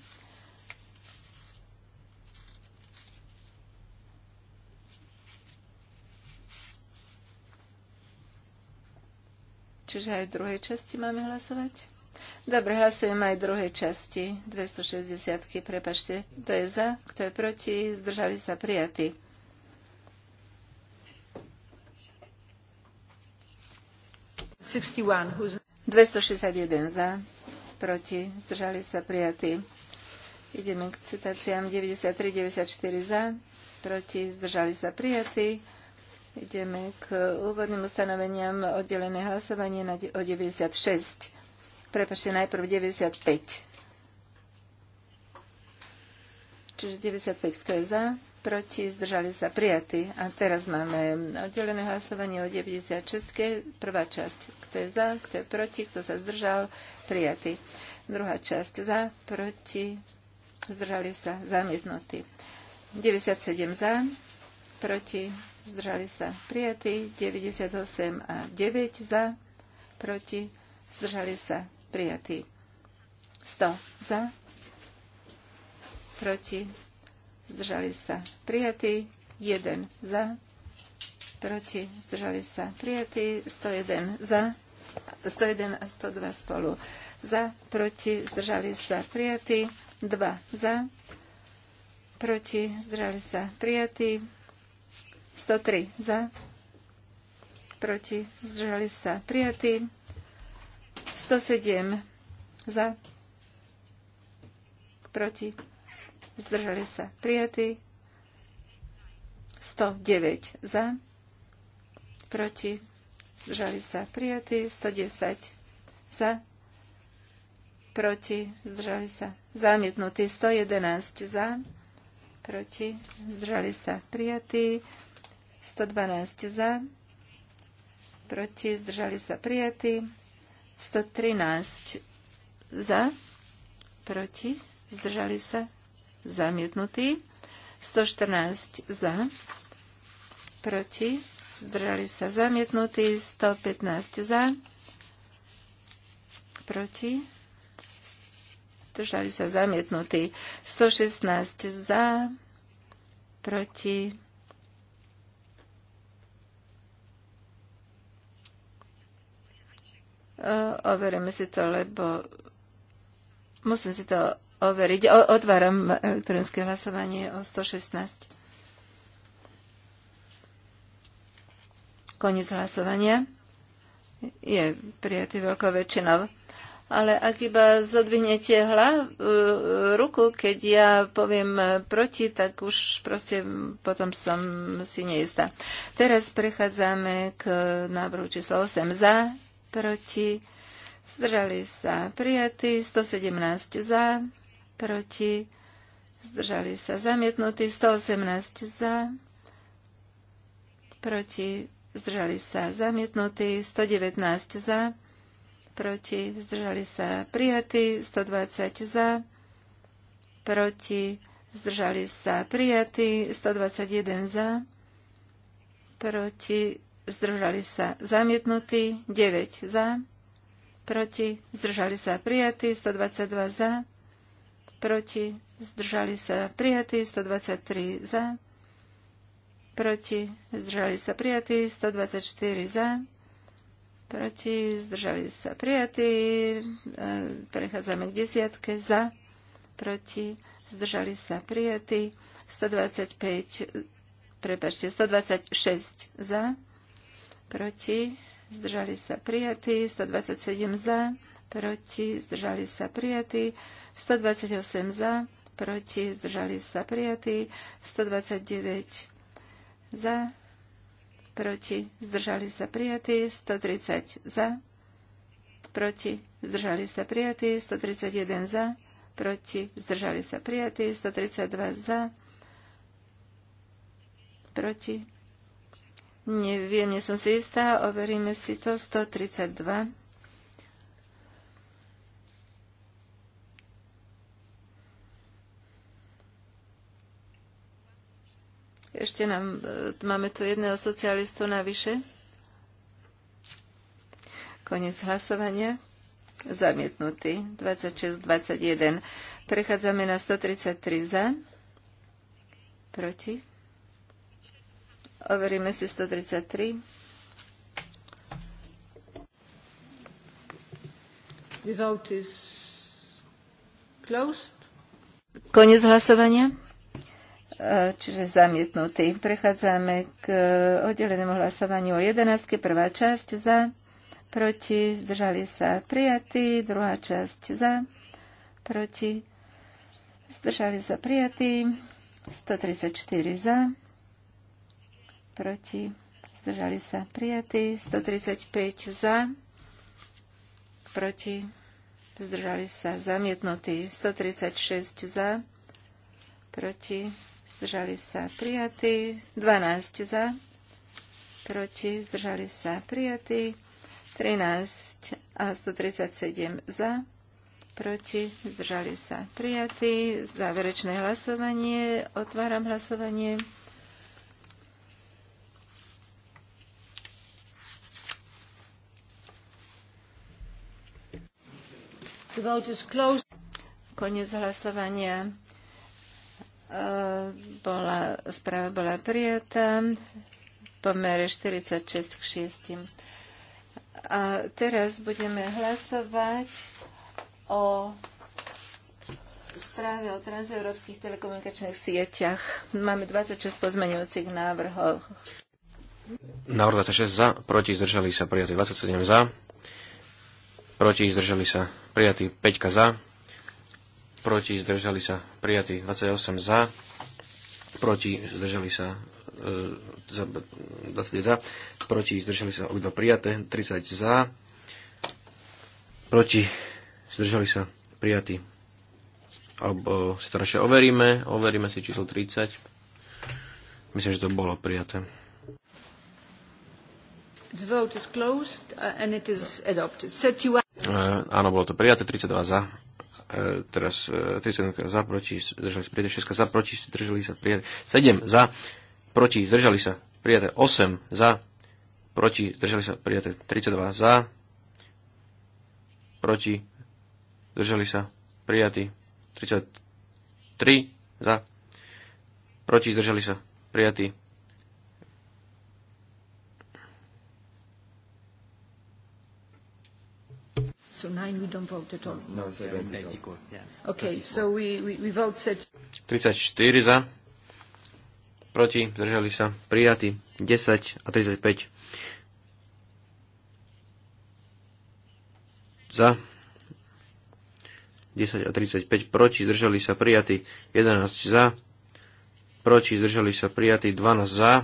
Čiže aj v druhej časti máme hlasovať? Dobre, hlasujeme aj v druhej časti 260. -ky, prepačte, kto je za, kto je proti, zdržali sa prijatí. Who's... 261 za, proti, zdržali sa prijatí. Ideme k citáciám 93-94 za, proti, zdržali sa prijatí. Ideme k úvodným ustanoveniam oddelené hlasovanie na, o 96. Prepašte, najprv 95. Čiže 95, kto je za? Proti, zdržali sa prijatí. A teraz máme oddelené hlasovanie o 96. Prvá časť, kto je za, kto je proti, kto sa zdržal, prijatí. Druhá časť za, proti, zdržali sa, zamietnutí. 97 za, proti, zdržali sa prijatí, 98 a 9 za, proti, zdržali sa prijatí, 100 za, proti, zdržali sa prijatí, 1 za, proti, zdržali sa prijatí, 101 za, 101 a 102 spolu za, proti, zdržali sa prijatí, 2 za, proti, zdržali sa prijatí, 103 za, proti, zdržali sa prijatí. 107 za, proti, zdržali sa prijatí. 109 za, proti, zdržali sa prijatí. 110 za, proti, zdržali sa zamietnutí. 111 za, proti, zdržali sa prijatí. 112 za, proti, zdržali sa prijatí. 113 za, proti, zdržali sa zamietnutí. 114 za, proti, zdržali sa zamietnutí. 115 za, proti, zdržali sa zamietnutí. 116 za, proti, Overíme si to, lebo musím si to overiť. O, otváram elektronické hlasovanie o 116. Koniec hlasovania. Je prijatý veľkou väčšinou. Ale ak iba zodvihnete e, ruku, keď ja poviem proti, tak už proste potom som si neistá. Teraz prechádzame k návrhu číslo 8 za, proti, zdržali sa prijatí, 117 za, proti, zdržali sa zamietnutí, 118 za, proti, zdržali sa zamietnutí, 119 za, proti, zdržali sa prijatí, 120 za, proti, zdržali sa prijatí, 121 za, proti, zdržali sa zamietnutí, 9 za, proti, zdržali sa prijatí, 122 za, proti, zdržali sa prijatí, 123 za, proti, zdržali sa prijatí, 124 za, proti, zdržali sa prijatí, e, prechádzame k desiatke, za, proti, zdržali sa prijatí, 125, prepačte, 126 za, proti, zdržali sa prijatí, 127 za, proti, zdržali sa prijatí, 128 za, proti, zdržali sa prijatí, 129 za, proti, zdržali sa prijatí, 130 za, proti, zdržali sa prijatí, 131 za, proti, zdržali sa prijatí, 132 za, proti, Neviem, nie som si istá, overíme si to. 132. Ešte nám, e, máme tu jedného socialistu navyše. Konec hlasovania. Zamietnutý. 26-21. Prechádzame na 133 za. Proti. Overíme si 133. The vote is closed. Konec hlasovania e, čiže zamietnutý. Prechádzame k e, oddelenému hlasovaniu o 11. Prvá časť za, proti, zdržali sa prijatí, druhá časť za, proti, zdržali sa prijatí, 134 za, proti, zdržali sa prijatí, 135 za, proti, zdržali sa zamietnutí, 136 za, proti, zdržali sa prijatí, 12 za, proti, zdržali sa prijatí, 13 a 137 za, proti, zdržali sa prijatí, záverečné hlasovanie, otváram hlasovanie. Koniec hlasovania. E, bola, správa bola prijatá v pomere 46 k 6. A teraz budeme hlasovať o správe o transeurópskych telekomunikačných sieťach. Máme 26 pozmeňujúcich návrhov. Návrh 26 za, proti zdržali sa prijatí 27 za, proti, zdržali sa, prijatí 5 za, proti, zdržali sa, prijatí 28 za, proti, zdržali sa, e, za, 20 za, proti, zdržali sa, obidva prijaté, 30 za, proti, zdržali sa, prijatí. Alebo si to radšej overíme, overíme si číslo 30. Myslím, že to bolo prijaté. The vote is closed uh, and it is adopted. 31 Eh, áno, bolo to prijaté, 32 za, eh, teraz 37 eh, za, proti, zdržali sa prijaté, 6 za, proti, zdržali sa prijaté, 7 za, proti, zdržali sa prijaté, 8 za, proti, zdržali sa prijaté, 32 za, proti, zdržali sa prijatí, 33 za, proti, zdržali sa prijatí, So nine we don't vote at all. No, no, so Yeah. Okay, so we, we, we vote set. 34 za, proti, držali, sa, prijatí, 10 a 35 za, 10 a 35 proti, zdržali sa prijatí, 11 za, proti, zdržali sa prijatí, 12 za,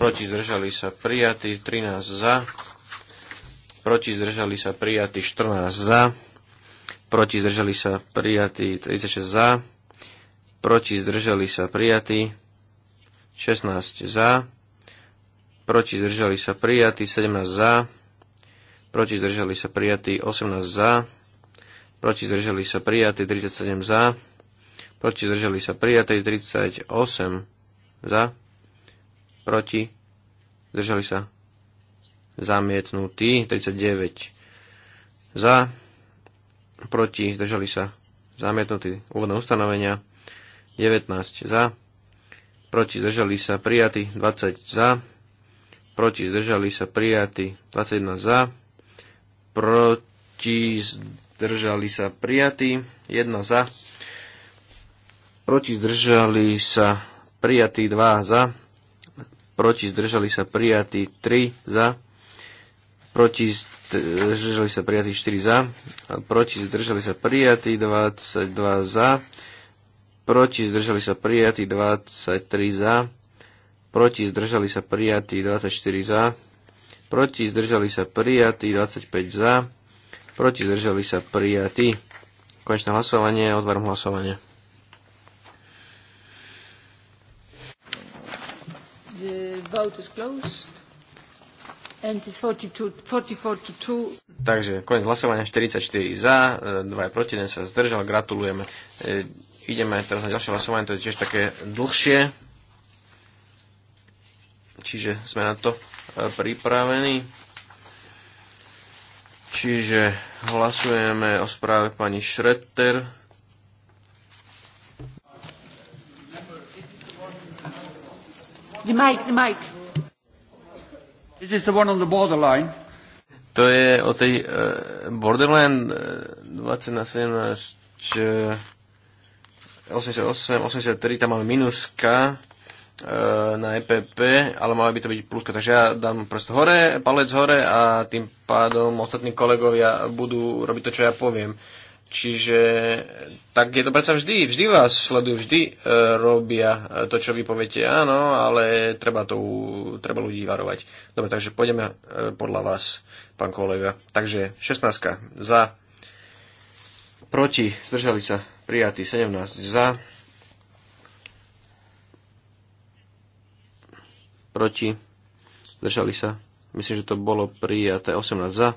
proti, zdržali sa prijatí, 13 za, proti zdržali sa prijatí 14 za, proti zdržali sa prijatí 36 za, proti zdržali sa prijatí 16 za, proti zdržali sa prijatí 17 za, proti zdržali sa prijatí 18 za, proti zdržali sa prijatí 37 za, proti zdržali sa prijatí 38 za, proti zdržali sa zamietnutý, 39 za, proti, zdržali sa, zamietnutí úvodné ustanovenia, 19 za, proti, zdržali sa, prijatí, 20 za, proti, zdržali sa, prijatí, 21 za, proti, zdržali sa, prijatí, 1 za, proti, zdržali sa, prijatí 2 za, proti, zdržali sa, prijatí, 3 za, proti zdržali sa prijatí 4 za, proti zdržali sa prijatí 22 za, proti zdržali sa prijatí 23 za, proti zdržali sa prijatí 24 za, proti zdržali sa prijatí 25 za, proti zdržali sa prijatí. Konečné hlasovanie, otváram hlasovanie. The vote is closed. Takže koniec hlasovania 44 za, 2 e, proti, 1 sa zdržal, gratulujeme. E, ideme teraz na ďalšie hlasovanie, to je tiež také dlhšie. Čiže sme na to e, pripravení. Čiže hlasujeme o správe pani Šretter. The mic, the mic. This is the one on the borderline. To je o tej uh, Borderland 20 na 88, 83, e, tam máme minuska uh, na EPP, ale mala by to byť pluska. Takže ja dám prst hore, palec hore a tým pádom ostatní kolegovia budú robiť to, čo ja poviem. Uh, Čiže tak je to predsa vždy, vždy vás sledujú, vždy e, robia e, to, čo vy poviete, áno, ale treba, to, treba ľudí varovať. Dobre, takže pôjdeme e, podľa vás, pán kolega. Takže 16 za, proti, zdržali sa, prijatí, 17 za, proti, zdržali sa, myslím, že to bolo prijaté, 18 za,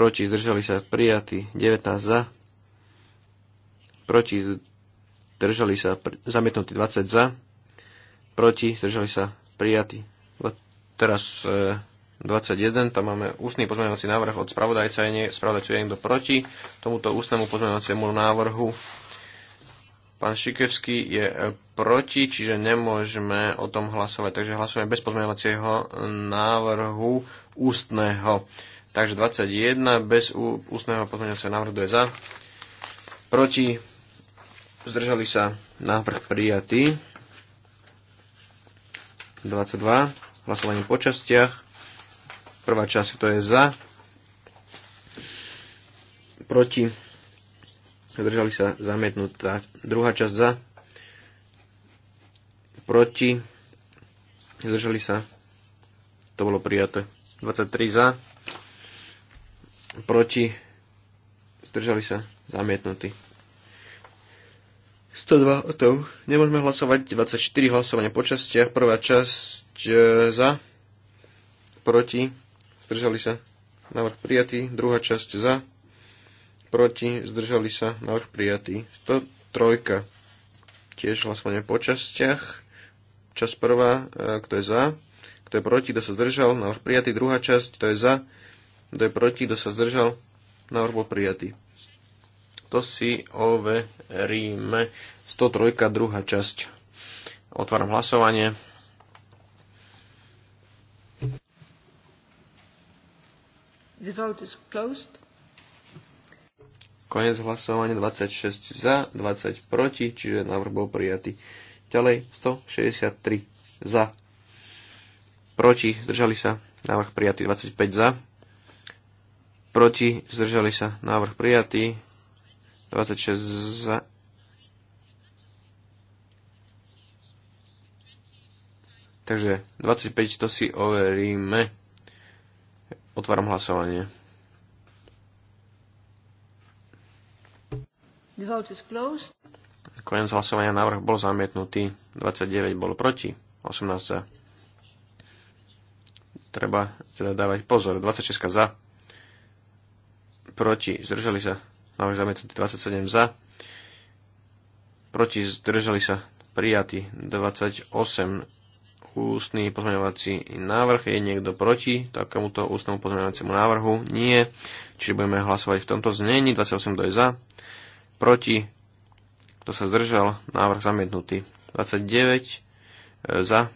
proti, zdržali sa prijatí, 19 za, proti, zdržali sa pr- zamietnutí 20 za, proti, zdržali sa prijatí. Teraz e, 21, tam máme ústny pozmeňovací návrh od spravodajca, je nie, spravodajcu je niekto proti tomuto ústnemu pozmeňovaciemu návrhu. Pán Šikevský je e, proti, čiže nemôžeme o tom hlasovať, takže hlasujeme bez pozmeňovacieho návrhu ústneho. Takže 21 bez ústneho pozmeňovacieho návrhu je za. Proti zdržali sa návrh prijatý. 22 hlasovanie po častiach. Prvá časť to je za. Proti zdržali sa zamietnutá. Druhá časť za. Proti zdržali sa. To bolo prijaté. 23 za proti, zdržali sa, zamietnutí. 102 o tom. Nemôžeme hlasovať 24 hlasovania po častiach. Prvá časť e, za, proti, zdržali sa, návrh prijatý. Druhá časť za, proti, zdržali sa, návrh prijatý. 103 tiež hlasovanie po častiach. Časť prvá, e, kto je za, kto je proti, kto sa zdržal, návrh prijatý. Druhá časť, kto je za, kto je proti? Kto sa zdržal? Návrh bol prijatý. To si overíme. 103. druhá časť. Otváram hlasovanie. The vote is closed. Konec hlasovania 26 za, 20 proti, čiže návrh bol prijatý. Ďalej 163 za, proti, zdržali sa, návrh prijatý 25 za, proti, zdržali sa, návrh prijatý, 26 za, Takže 25 to si overíme. Otváram hlasovanie. The vote is closed. Koniec hlasovania návrh bol zamietnutý. 29 bolo proti. 18 za. Treba teda dávať pozor. 26 za proti, zdržali sa, návrh zamietnutý 27 za, proti, zdržali sa, prijatý 28 ústny pozmeňovací návrh. Je niekto proti takémuto ústnemu pozmeňovaciemu návrhu? Nie. Čiže budeme hlasovať v tomto znení. 28 do je za, proti, kto sa zdržal, návrh zamietnutý. 29 e, za,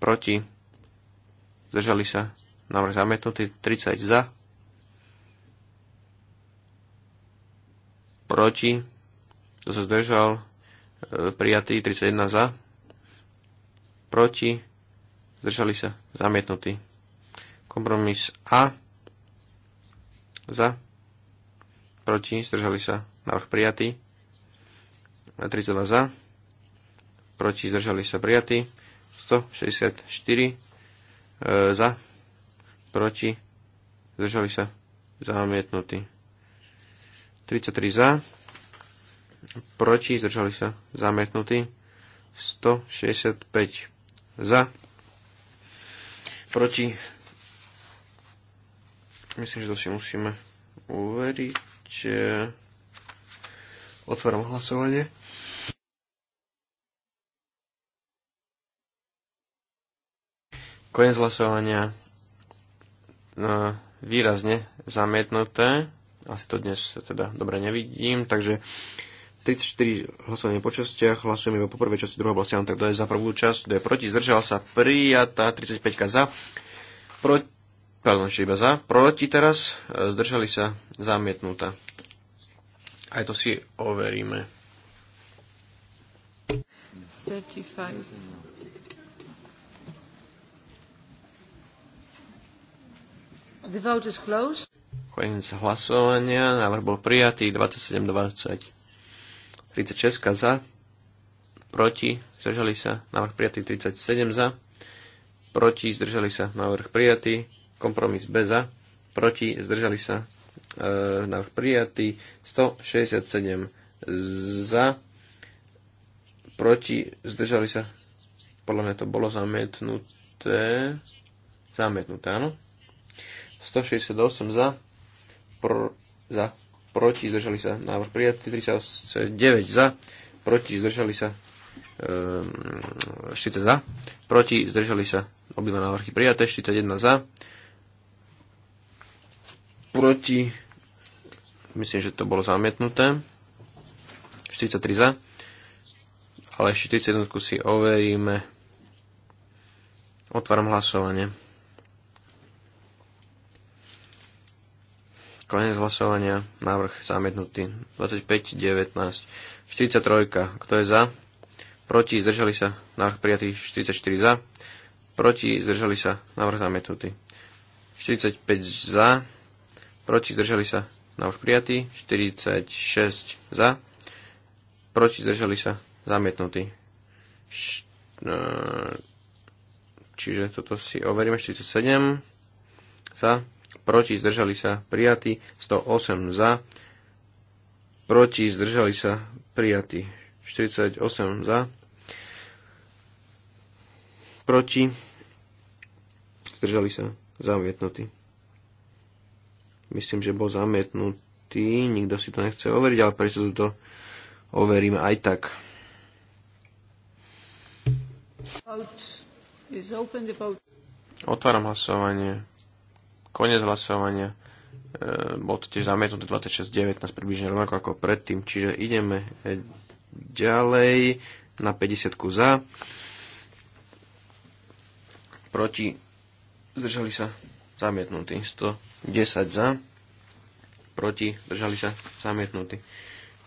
proti, zdržali sa, návrh zamietnutý. 30 za, proti, kto sa zdržal, e, prijatý, 31 za, proti, zdržali sa, zamietnutý. Kompromis A, za, proti, zdržali sa, návrh prijatý, 32 za, proti, zdržali sa, prijatý, 164 e, za, proti, zdržali sa, zamietnutý. 33 za, proti, zdržali sa, zamietnutí. 165 za, proti. Myslím, že to si musíme uveriť. Otváram hlasovanie. Koniec hlasovania no, výrazne zamietnuté. Asi to dnes teda dobre nevidím, takže 34 hlasovanie po častiach, hlasujeme iba po prvej časti, druhá bola tak to je za prvú časť, kto je proti, zdržal sa, prijatá, 35 za, proti, pardon, ešte iba za, proti teraz, e, zdržali sa, zamietnutá. Aj to si overíme. The vote is closed. Koniec hlasovania. Návrh bol prijatý. 27-20. 36 za. Proti. Zdržali sa. Návrh prijatý. 37 za. Proti. Zdržali sa. Návrh prijatý. Kompromis B za. Proti. Zdržali sa. E, návrh prijatý. 167 za. Proti. Zdržali sa. Podľa mňa to bolo zamietnuté. Zamietnuté, áno. 168 za pr- za, proti, zdržali sa, návrh prijatý, 39 za, proti, zdržali sa, e, ehm, 40 za, proti, zdržali sa, obidva návrhy prijaté, 41 za, proti, myslím, že to bolo zamietnuté, 43 za, ale 31 si overíme. Otváram hlasovanie. Konec hlasovania. Návrh zamietnutý. 25, 19. 43. Kto je za? Proti. Zdržali sa. Návrh prijatý. 44 za. Proti. Zdržali sa. Návrh zamietnutý. 45 za. Proti. Zdržali sa. Návrh prijatý. 46 za. Proti. Zdržali sa. Zamietnutý. E, čiže toto si overíme. 47 za proti, zdržali sa, prijatí. 108 za, proti, zdržali sa, prijatí. 48 za, proti, zdržali sa, zamietnutí. Myslím, že bol zamietnutý, nikto si to nechce overiť, ale prečo to overíme aj tak. Otváram hlasovanie. Konec hlasovania. E, bol to tiež zamietnuté 26.19 približne rovnako ako predtým. Čiže ideme e, ďalej na 50 za. Proti zdržali sa zamietnutí. 110 za. Proti držali sa zamietnutí.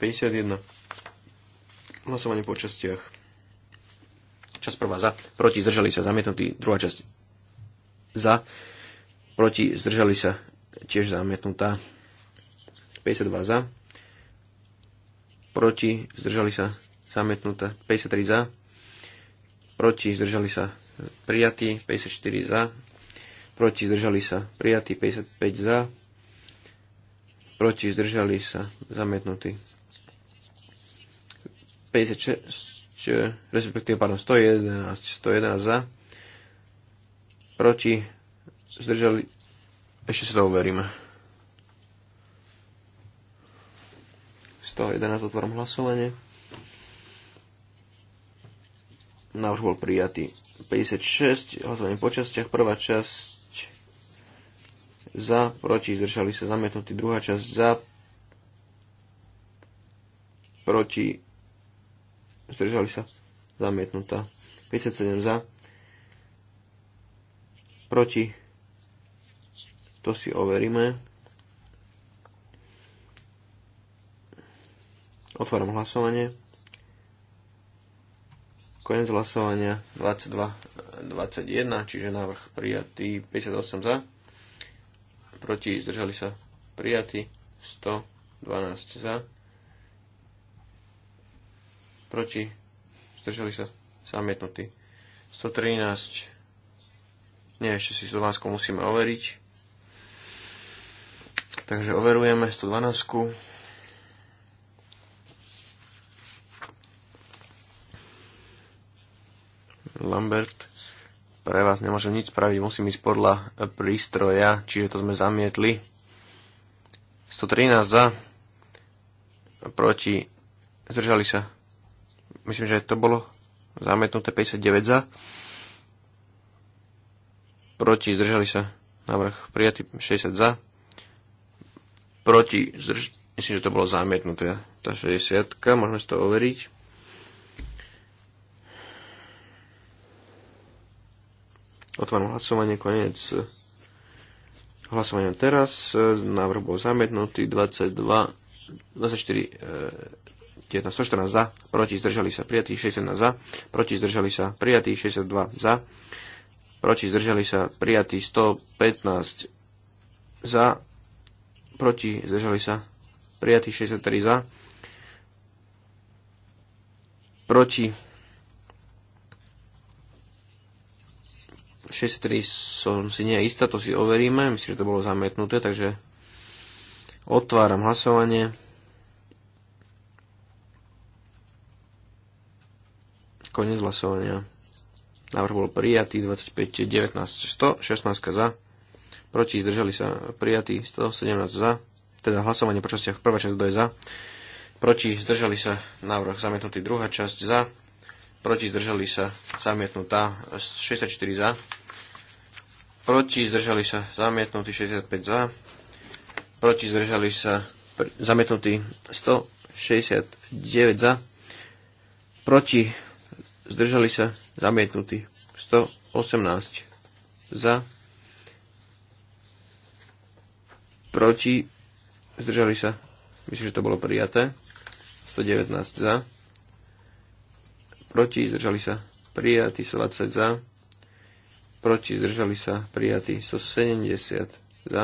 51. Hlasovanie po častiach. Čas prvá za. Proti zdržali sa zamietnutí. Druhá časť za proti, zdržali sa, tiež zamietnutá. 52 za, proti, zdržali sa, zamietnutá. 53 za, proti, zdržali sa, prijatí. 54 za, proti, zdržali sa, prijatí. 55 za, proti, zdržali sa, zamietnutí. 56, respektíve, pardon, 111, 111 za, proti, Zdržali? Ešte sa to overíme. 111 otvorom hlasovanie. Návrh bol prijatý. 56, hlasovanie po častiach. Prvá časť za, proti, zdržali sa zamietnutí. Druhá časť za, proti, zdržali sa zamietnutá. 57 za, proti, to si overíme. Otváram hlasovanie. Konec hlasovania 22, 21, čiže návrh prijatý 58 za. Proti zdržali sa prijatí 112 za. Proti zdržali sa zamietnutí 113. Nie, ešte si 112 musíme overiť. Takže overujeme 112. Lambert, pre vás nemôžem nič spraviť, musím ísť podľa prístroja, čiže to sme zamietli. 113 za, proti, zdržali sa. Myslím, že to bolo zamietnuté 59 za, proti, zdržali sa. Navrh prijatý 60 za, proti, zdrž... myslím, že to bolo zamietnuté, tá 60 môžeme si to overiť. Otváram hlasovanie, koniec Hlasovanie teraz. Návrh bol zamietnutý, 22, 24, 19, 114 za, proti zdržali sa prijatí, 61 za, proti zdržali sa prijatí, 62 za, proti zdržali sa prijatí, 115 za, proti, zdržali sa, prijatí 63 za, proti 63 som si neistá, to si overíme, myslím, že to bolo zametnuté, takže otváram hlasovanie. Konec hlasovania. Návrh bol prijatý, 25, 19, 100, 16 za proti, zdržali sa prijatí 117 za, teda hlasovanie po častiach prvá časť, kto je za, proti, zdržali sa návrh zamietnutý druhá časť za, proti, zdržali sa zamietnutá 64 za, proti, zdržali sa zamietnutý 65 za, proti, zdržali sa pr- zamietnutý 169 za, proti, zdržali sa zamietnutí 118 za, proti, zdržali sa, myslím, že to bolo prijaté, 119 za, proti, zdržali sa, prijatí 120 za, proti, zdržali sa, prijatí 170 za,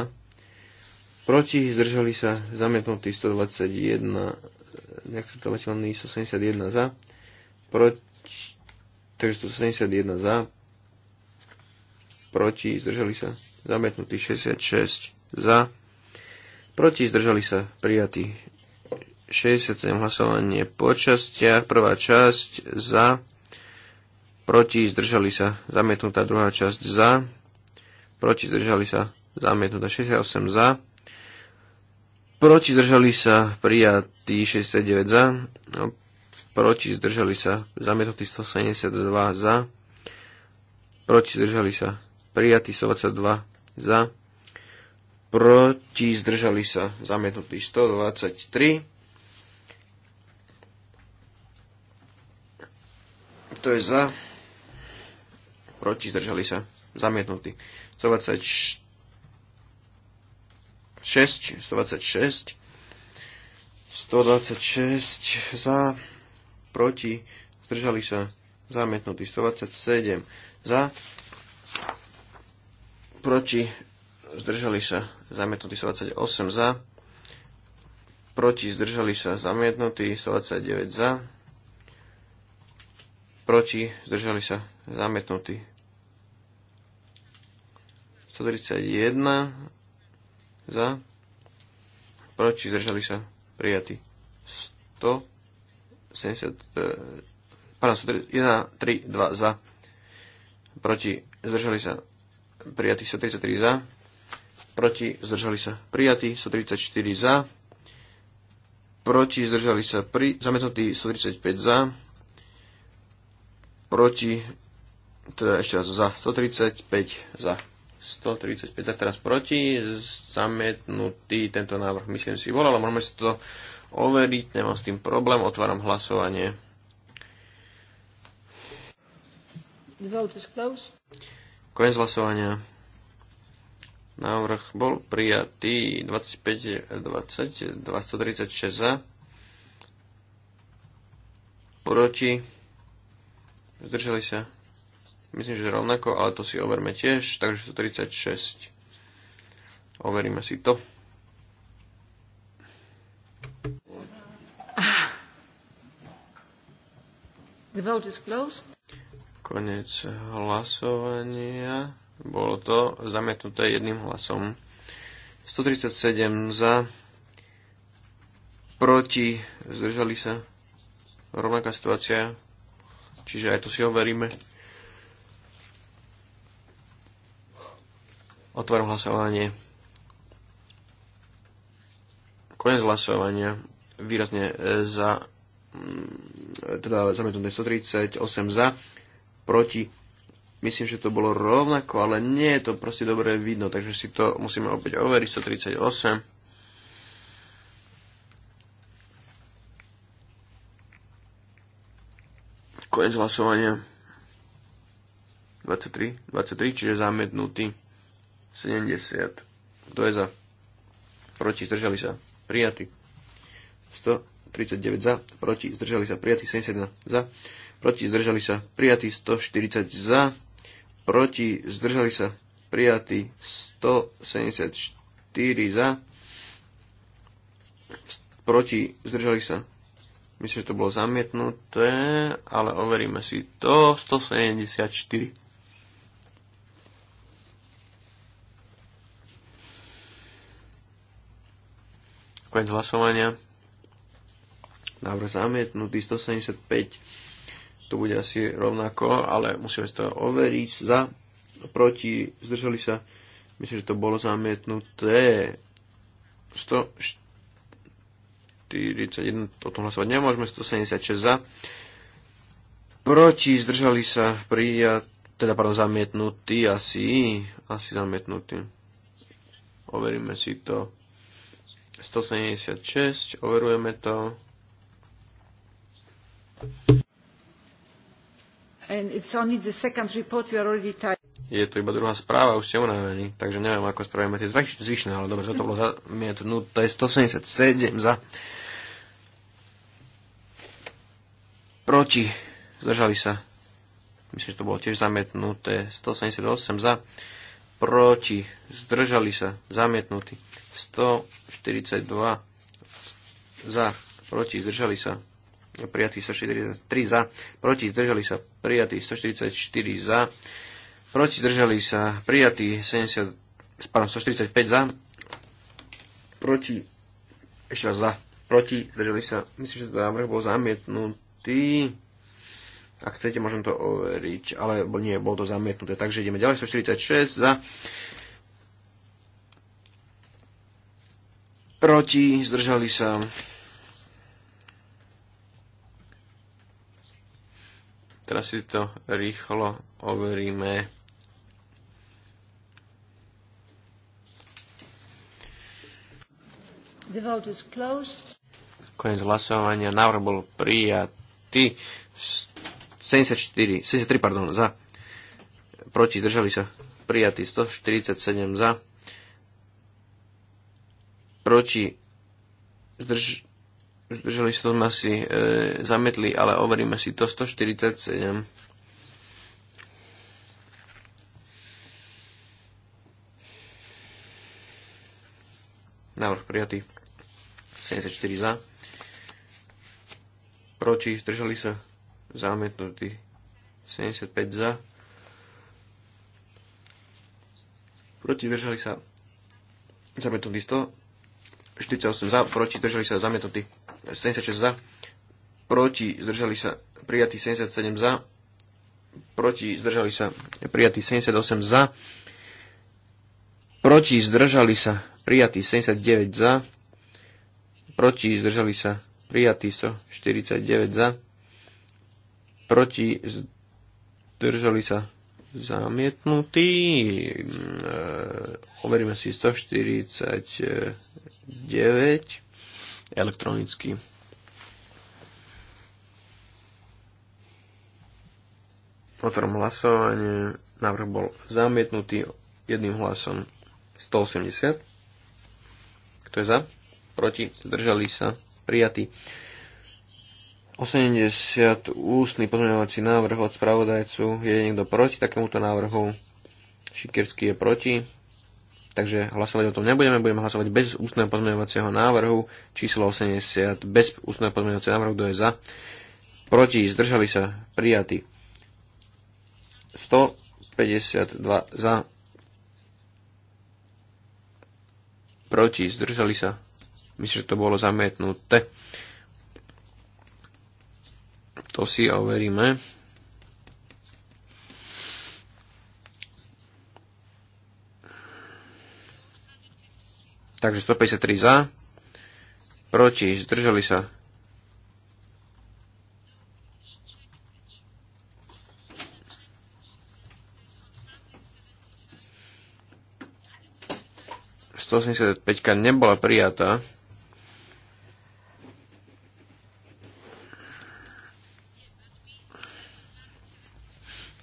proti, zdržali sa, zamietnutí 121, neakceptovateľný 171 za, proti, takže 171 za, proti, zdržali sa, zamietnutí 66 za, proti, zdržali sa prijatí 67 hlasovanie po častiach, prvá časť za, proti, zdržali sa zamietnutá, druhá časť za, proti, zdržali sa zamietnutá 68 za, proti, zdržali sa prijatí 69 za, no, proti, zdržali sa zamietnutí 172 za, proti, zdržali sa prijatí 122 za, proti, zdržali sa zamietnutí 123. To je za, proti, zdržali sa zamietnutí 126, 126, 126 za, proti, zdržali sa zamietnutí 127 za, proti, zdržali sa, zamietnutí 128 za, proti, zdržali sa, zamietnutí 129 za, proti, zdržali sa, zamietnutí 131 za, proti, zdržali sa, prijatí 170, 3, 2 za, proti, zdržali sa, prijatí 133 za, proti zdržali sa prijatí, 134 za, proti zdržali sa pri, zamietnutí 135 za, proti, teda ešte raz za, 135 za. 135 za teraz proti, zamietnutý tento návrh, myslím si, bol, ale môžeme si to overiť, nemám s tým problém, otváram hlasovanie. Koniec hlasovania. Návrh bol prijatý 25, 20, 236 za. Proti. Zdržali sa. Myslím, že rovnako, ale to si overme tiež. Takže 136. Overíme si to. The vote is closed. Konec hlasovania. Bolo to zamietnuté jedným hlasom. 137 za, proti, zdržali sa. Rovnaká situácia, čiže aj to si overíme. Otváram hlasovanie. Konec hlasovania. Výrazne e, za, mm, teda zamietnuté 138 za, proti, Myslím, že to bolo rovnako, ale nie je to proste dobre vidno, takže si to musíme opäť overiť. 138. Koniec hlasovania. 23, 23, čiže zamietnutý. 70. Kto je za? Proti, zdržali sa. Prijatý. 139 za, proti, zdržali sa. Prijatý. 71 za, proti, zdržali sa. Prijatý. 140 za, proti, zdržali sa prijatí 174 za, proti, zdržali sa. Myslím, že to bolo zamietnuté, ale overíme si to. 174. Koniec hlasovania. Návrh zamietnutý 175 to bude asi rovnako, ale musíme si to overiť. Za, proti, zdržali sa. Myslím, že to bolo zamietnuté. 141, o tom hlasovať nemôžeme, 176 za. Proti, zdržali sa, prijat, teda pardon, zamietnutý asi, asi zamietnutý. Overíme si to. 176, overujeme to. Je to iba druhá správa, už ste unavení, takže neviem, ako spravíme tie zvyš- zvyšné, ale dobre, toto bolo zamietnuté 177 za. Proti, zdržali sa. Myslím, že to bolo tiež zamietnuté 178 za. Proti, zdržali sa, zamietnutý 142 za. Proti, zdržali sa, prijatí 143 za, proti zdržali sa prijatý 144 za, proti zdržali sa prijatý 70, pardon, 145 za, proti, ešte raz za, proti zdržali sa, myslím, že ten teda návrh bol zamietnutý, ak chcete, môžem to overiť, ale nie, bolo to zamietnuté. Takže ideme ďalej, 146 za, proti, zdržali sa Teraz si to rýchlo overíme. The vote is closed. hlasovania. Návrh bol prijatý. 74, 73, pardon, za. Proti, držali sa. Prijatý 147 za. Proti, zdrž, Zdržali sa to sme asi e, zametli, ale overíme si to 147. Návrh prijatý. 74 za. Proti, zdržali sa. zametnutí. 75 za. Proti, zdržali sa. Zametnutí 100. 48 za. Proti, zdržali sa. Zametnutí. 76 za, proti zdržali sa prijatí 77 za, proti zdržali sa prijatí 78 za, proti zdržali sa prijatí 79 za, proti zdržali sa prijatí 149 za, proti zdržali sa zamietnutí, mm, e, overíme si 149, elektronicky. Otvorom hlasovanie. Návrh bol zamietnutý jedným hlasom 180. Kto je za? Proti? Zdržali sa? Prijatý. 80 ústny pozmeňovací návrh od spravodajcu. Je niekto proti takémuto návrhu? Šikersky je proti takže hlasovať o tom nebudeme, budeme hlasovať bez ústneho pozmeňovacieho návrhu, číslo 80, bez ústneho pozmeňovacieho návrhu, kto je za, proti, zdržali sa, prijatí. 152 za, proti, zdržali sa, myslím, že to bolo zamietnuté. To si overíme. Takže 153 za, proti, zdržali sa. ka nebola prijatá.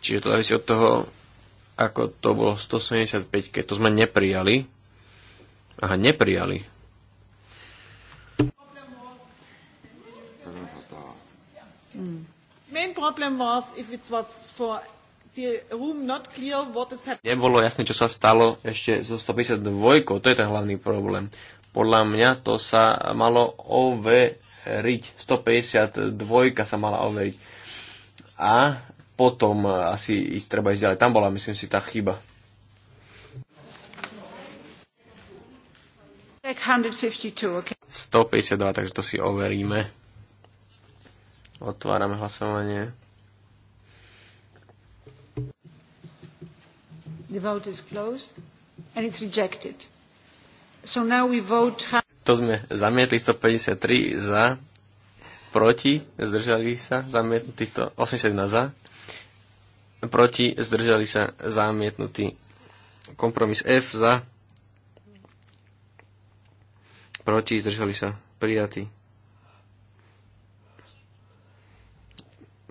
Čiže to závisí od toho, ako to bolo 175, keď to sme neprijali. Aha, neprijali. Nebolo jasné, čo sa stalo ešte so 152, to je ten hlavný problém. Podľa mňa to sa malo overiť, 152 sa mala overiť. A potom asi ísť treba ísť ďalej. Tam bola, myslím si, tá chyba. 152, takže to si overíme. Otvárame hlasovanie. The vote is closed and it's rejected. So now we vote... To sme zamietli 153 za, proti, zdržali sa, zamietnutí 181 za, proti, zdržali sa, zamietnutý kompromis F za, proti, zdržali sa, prijatí.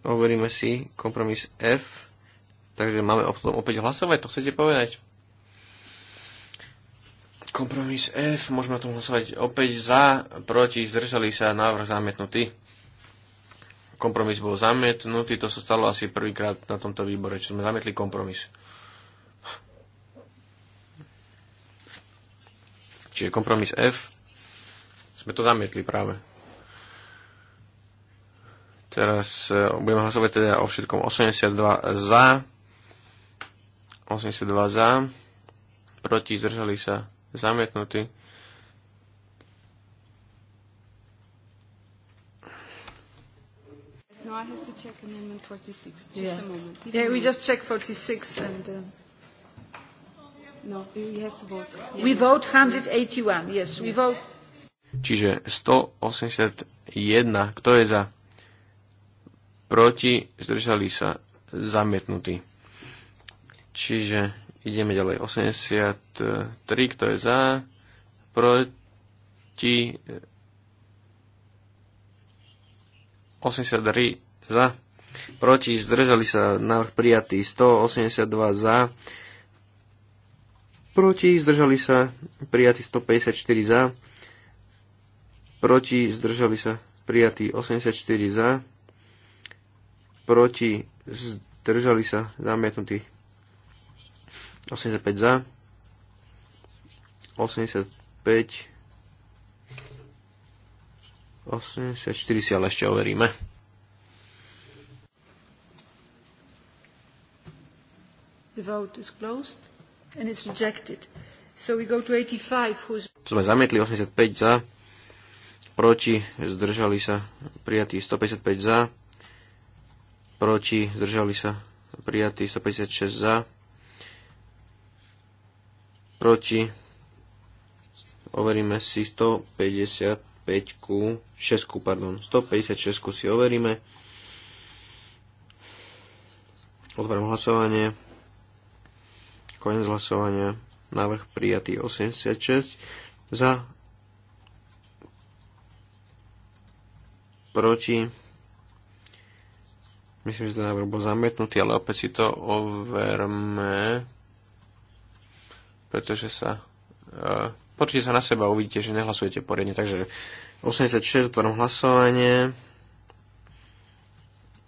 Overíme si kompromis F, takže máme opäť hlasovať, to chcete povedať? Kompromis F, môžeme o tom hlasovať opäť za, proti, zdržali sa, návrh zamietnutý. Kompromis bol zamietnutý, to sa stalo asi prvýkrát na tomto výbore, čo sme zamietli kompromis. Čiže kompromis F sme to zamietli práve. Teraz e, budeme hlasovať teda o všetkom 82 za, 82 za, proti zdržali sa zamietnutí. No, I have to check amendment 46. Just yeah. a moment. Yeah, we just check 46 and... Uh... No, you have to vote. Yeah. We vote 181, yes. We vote... Čiže 181, kto je za? Proti, zdržali sa, zamietnutí. Čiže ideme ďalej. 83, kto je za? Proti, 83 za, proti, zdržali sa, návrh prijatý 182 za, proti, zdržali sa, prijatý 154 za, proti, zdržali sa prijatí 84 za, proti, zdržali sa zamietnutí 85 za, 85 84 si ale ešte overíme. The vote is closed and it's rejected. So we go to 85 who's... Sme zamietli 85 za, proti, zdržali sa prijatí 155 za, proti, zdržali sa prijatí 156 za, proti, overíme si 155 ku 6, -ku, pardon, 156 -ku si overíme. Otváram hlasovanie. Koniec hlasovania. Návrh prijatý 86 za proti. Myslím, že ten návrh bol zamietnutý, ale opäť si to overme, pretože sa... Uh, e, Počujte sa na seba, uvidíte, že nehlasujete poriadne. Takže 86, otvorom hlasovanie.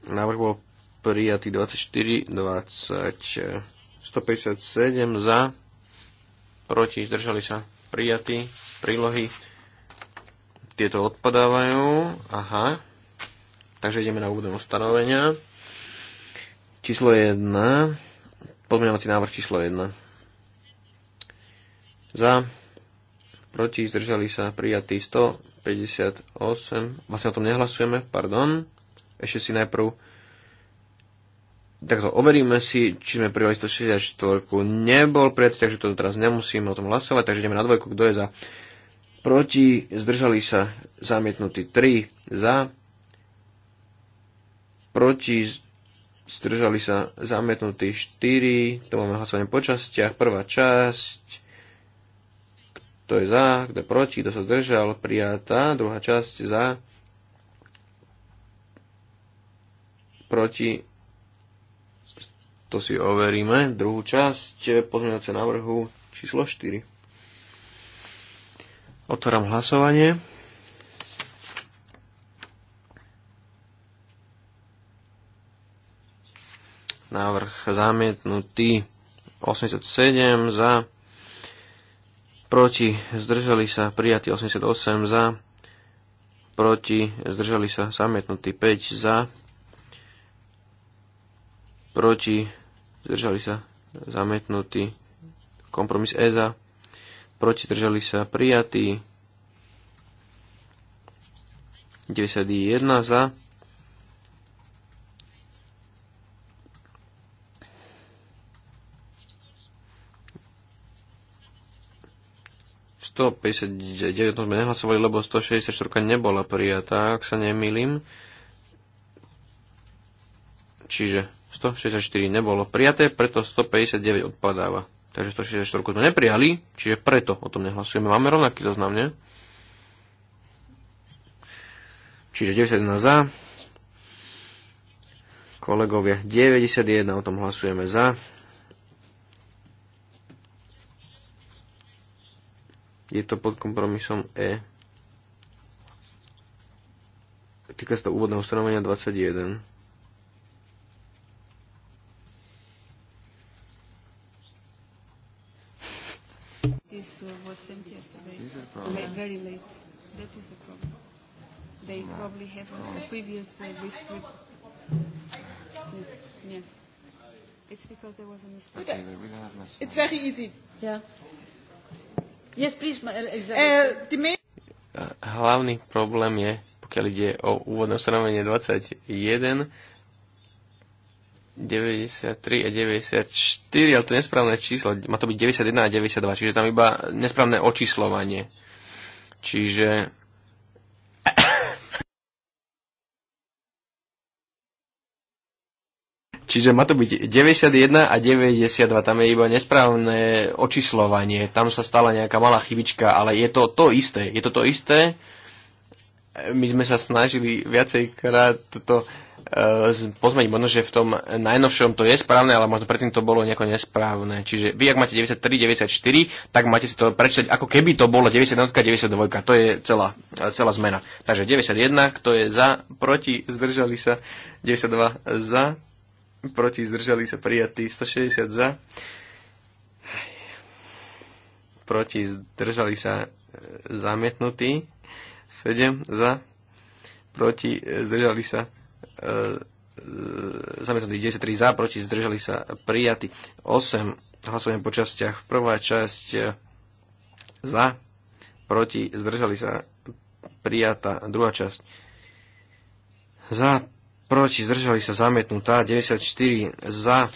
Návrh bol prijatý 24, 20, 157 za, proti, zdržali sa prijatý, prílohy tieto odpadávajú. Aha. Takže ideme na úvodné ustanovenia. Číslo 1. Podmienovací návrh číslo 1. Za. Proti. Zdržali sa. Prijatý 158. Vlastne o tom nehlasujeme. Pardon. Ešte si najprv Takto, overíme si, či sme prijali 164. Nebol pred, takže to teraz nemusíme o tom hlasovať, takže ideme na dvojku, kto je za proti, zdržali sa zamietnutí 3 za, proti, zdržali sa zamietnutí 4, to máme hlasovanie po častiach, prvá časť, kto je za, kto je proti, kto sa zdržal, prijatá, druhá časť za, proti, to si overíme, druhú časť pozmeňovacie návrhu číslo 4. Otváram hlasovanie. Návrh zamietnutý 87 za, proti zdržali sa prijatí 88 za, proti zdržali sa zamietnutí 5 za, proti zdržali sa zamietnutí kompromis E za proti držali sa prijatí, 91 za, to sme nehlasovali, lebo 164 nebola prijatá, ak sa nemýlim. Čiže 164 nebolo prijaté, preto 159 odpadáva. Takže 164 sme neprijali, čiže preto o tom nehlasujeme. Máme rovnaký zoznam, nie? Čiže 91 za. Kolegovia, 91 o tom hlasujeme za. Je to pod kompromisom E. Týka sa to úvodného stanovenia 21. very late. That is the problem. They probably have a oh. previous uh, risk. With... Yeah. It's because there was a mistake. Okay. It's very easy. Yeah. Yes, please. Exactly. Uh, uh, Hlavný problém je, pokiaľ ide o úvodné ustanovenie 21, 93 a 94, ale to je nesprávne číslo. Má to byť 91 a 92, čiže tam iba nesprávne očíslovanie. Čiže Čiže má to byť 91 a 92, tam je iba nesprávne očíslovanie, tam sa stala nejaká malá chybička, ale je to to isté, je to to isté. My sme sa snažili viacejkrát to pozmeň Možno, že v tom najnovšom to je správne, ale možno predtým to bolo nejako nesprávne. Čiže vy, ak máte 93, 94, tak máte si to prečítať, ako keby to bolo 91, 92. To je celá, celá zmena. Takže 91, kto je za, proti, zdržali sa, 92 za, proti, zdržali sa, prijatí, 160 za, proti, zdržali sa, zamietnutí, 7 za, proti, zdržali sa, E, e, zamietnutí 93 za, proti, zdržali sa prijatí 8 hlasovania po častiach. Prvá časť e, za, proti, zdržali sa prijatá druhá časť. Za, proti, zdržali sa zamietnutá 94 za,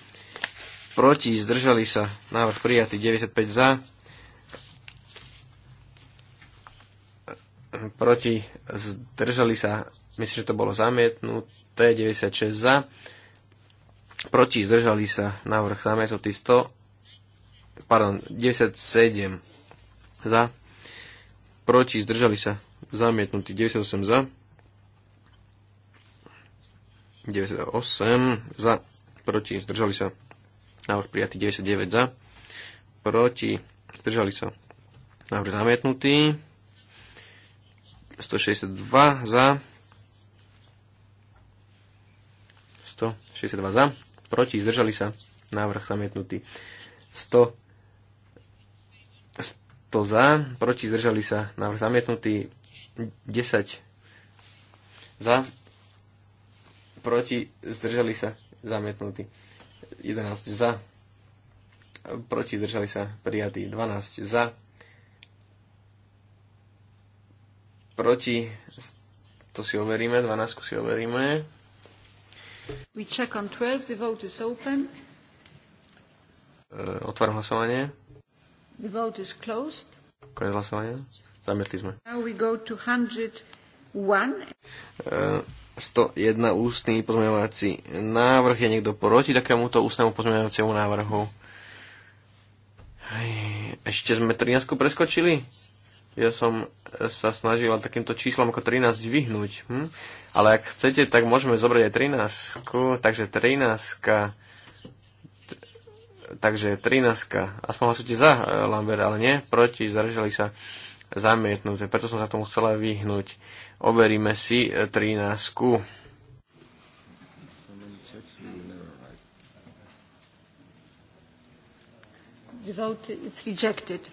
proti, zdržali sa návrh prijatý 95 za, proti, zdržali sa, myslím, že to bolo zamietnut, T 96 za, proti zdržali sa návrh zamietnutý 100, pardon, 97 za, proti zdržali sa zamietnutý 98 za, 98 za, proti zdržali sa návrh prijatý 99 za, proti zdržali sa návrh zamietnutý 162 za, 62 za, proti, zdržali sa, návrh zamietnutý. 100, 100 za, proti, zdržali sa, návrh zamietnutý. 10 za, proti, zdržali sa, zamietnutý. 11 za, proti, zdržali sa, prijatý. 12 za, proti, to si overíme, 12 si overíme. We check on 12, the vote is open. Eh, otváram hlasovanie. The vote is closed. Konec hlasovania. Zamietli sme. Now we go to 101. E, 101 ústny pozmeňovací návrh. Je niekto proti takémuto ústnemu pozmeňovaciemu návrhu? Ešte sme 13 preskočili? ja som sa snažil takýmto číslom ako 13 vyhnúť. Hm? Ale ak chcete, tak môžeme zobrať aj 13. Takže 13. Takže 13. Aspoň hlasujte za eh, Lambert, ale nie proti, zdržali sa zamietnuté. Preto som sa tomu chcela vyhnúť. Overíme si 13. Eh, The vote is rejected.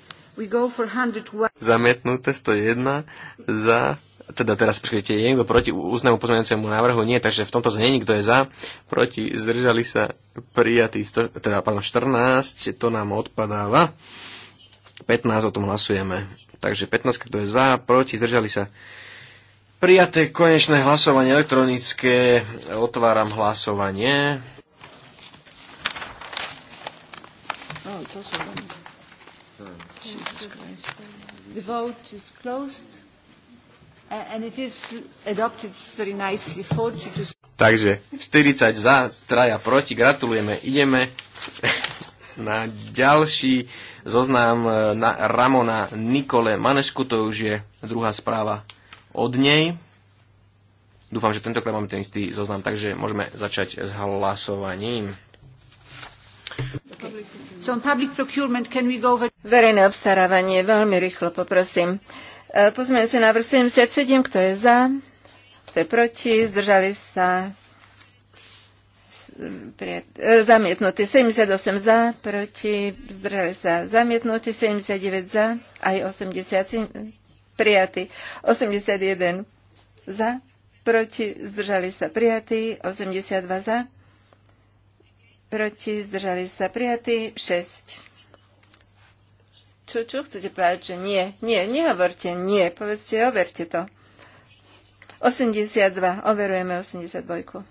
Zamietnuté 101 za teda teraz počkajte, je niekto proti úznemu pozmeňujúcemu návrhu? Nie, takže v tomto znení, kto je za, proti, zdržali sa prijatí, teda pardon, 14, to nám odpadáva. 15 o tom hlasujeme. Takže 15, kto je za, proti, zdržali sa. Prijaté konečné hlasovanie elektronické. Otváram hlasovanie. Oh, Jesus Christ. The vote is closed. And it is adopted very nicely. 40 Takže 40 za, traja proti, gratulujeme, ideme na ďalší zoznám e, na Ramona Nikole Manešku, to už je druhá správa od nej. Dúfam, že tentokrát máme ten istý zoznam, takže môžeme začať s hlasovaním. Okay. So public procurement, can we go over... Verejné obstarávanie, veľmi rýchlo poprosím. E, pozmeňujúci návrh 77, kto je za? Kto je proti? Zdržali sa? Prijat, e, zamietnutý 78 za, proti, zdržali sa zamietnutý 79 za, aj 80 prijatý, 81 za, proti, zdržali sa prijatý, 82 za, proti, zdržali sa prijatí, 6. Čo, čo chcete povedať, že nie? Nie, nehovorte nie, povedzte, overte to. 82, overujeme 82.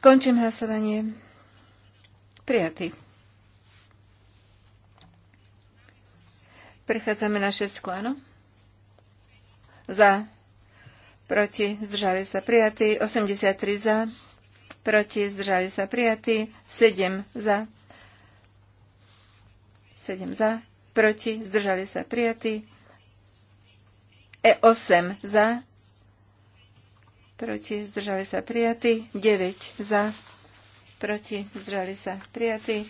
Končím hlasovanie. Prijatý. Prechádzame na šestku, áno? za, proti, zdržali sa prijatí, 83 za, proti, zdržali sa prijatí, 7 za, 7 za, proti, zdržali sa prijatí, E8 za, proti, zdržali sa prijatí, 9 za, proti, zdržali sa prijatí,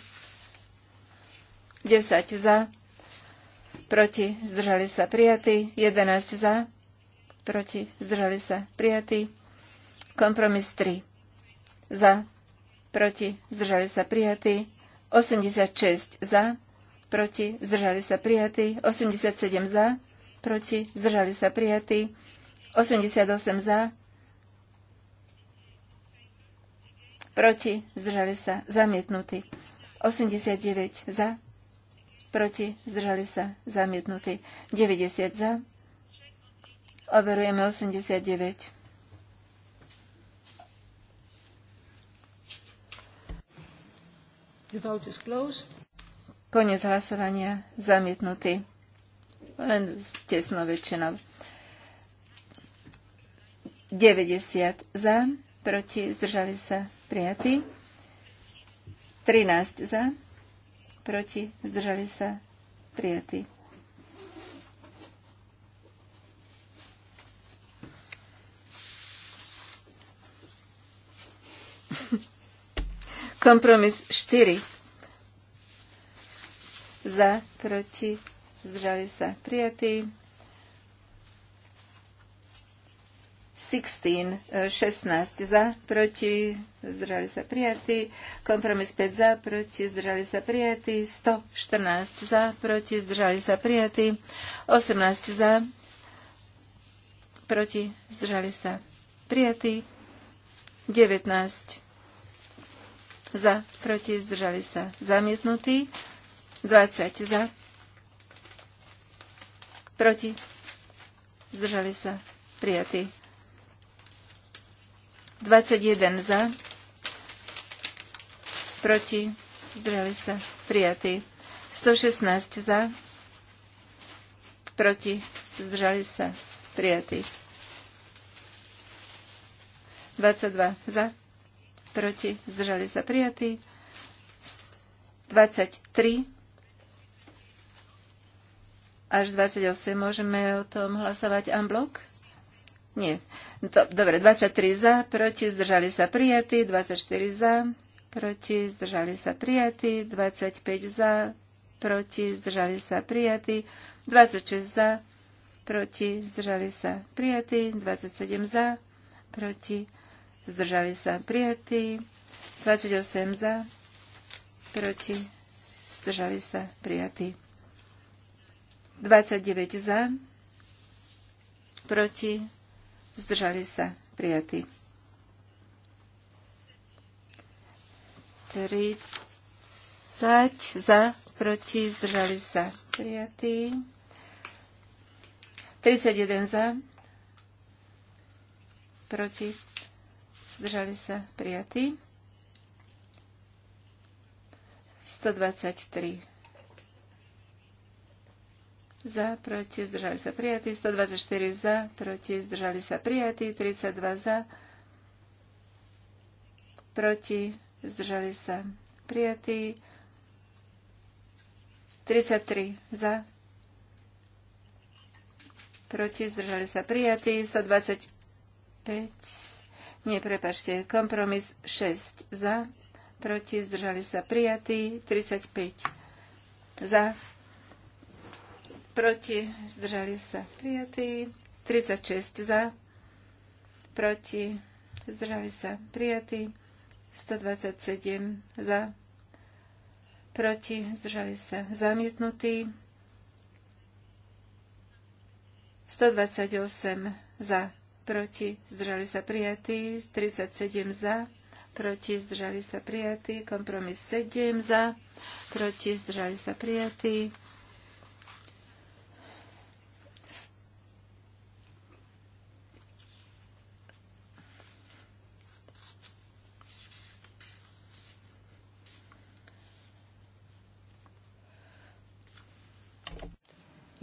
10 za, proti, zdržali sa prijatí, 11 za, proti, zdržali sa, prijatý. Kompromis 3, za, proti, zdržali sa, prijatý. 86 za, proti, zdržali sa, prijatý. 87 za, proti, zdržali sa, prijatý. 88 za, proti, zdržali sa, zamietnutý. 89 za, proti, zdržali sa, zamietnutý. 90 za, Overujeme 89. The vote is closed. Konec hlasovania. Zamietnutý. Len tesnou väčšinou. 90 za, proti, zdržali sa prijatí. 13 za, proti, zdržali sa prijatí. Kompromis 4. Za, proti, zdržali sa prijatí. 16, 16 za, proti, zdržali sa prijatý. Kompromis 5 za, proti, zdržali sa prijatý. 114 za, proti, zdržali sa prijatý. 18 za, proti, zdržali sa prijatí. 19 za, proti, zdržali sa zamietnutí, 20 za, proti, zdržali sa prijatí, 21 za, proti, zdržali sa prijatí, 116 za, proti, zdržali sa prijatí. 22 za, proti, zdržali sa prijatí. 23 až 28 môžeme o tom hlasovať en blok? Nie. Dobre, 23 za, proti, zdržali sa prijatí, 24 za, proti, zdržali sa prijatí, 25 za, proti, zdržali sa prijatí, 26 za, proti, zdržali sa prijatí, 27 za, proti, zdržali sa prijatí, 28 za, proti, zdržali sa prijatí, 29 za, proti, zdržali sa prijatí. 30 za, proti, zdržali sa prijatí. 31 za, proti, zdržali sa prijatí. 123 za, proti, zdržali sa prijatí. 124 za, proti, zdržali sa prijatí. 32 za, proti, zdržali sa prijatí. 33 za, proti, zdržali sa prijatí. 125 nie, prepačte, kompromis 6 za, proti, zdržali sa prijatí, 35 za, proti, zdržali sa prijatí, 36 za, proti, zdržali sa prijatí, 127 za, proti, zdržali sa zamietnutí, 128 za, proti zdržali sa prijatí, 37 za, proti zdržali sa prijatí, kompromis 7 za, proti zdržali sa prijatí.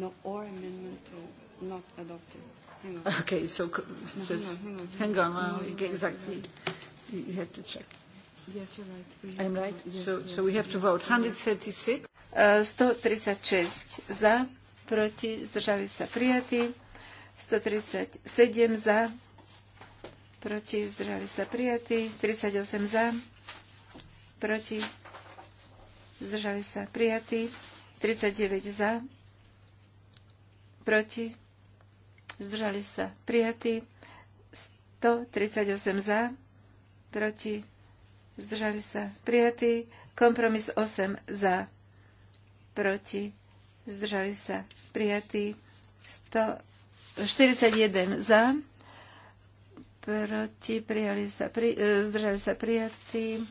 No, or amendment to not adopted. Okay, so no, just no, no, no, hang on, hang on. Hang on. No, no, exactly. No, You have to check. Yes, you're right. We I'm right. Yes, so, yes, so we have yes, to vote. 136. Uh, 136 za, proti, zdržali sa prijatí. 137 za, proti, zdržali sa prijatí. 38 za, proti, zdržali sa prijatí. 39 za, proti, zdržali sa prijatí, 138 za, proti, zdržali sa prijatí, kompromis 8 za, proti, zdržali sa prijatí, 141 za, proti, prijali sa, pri, e, zdržali sa prijatí,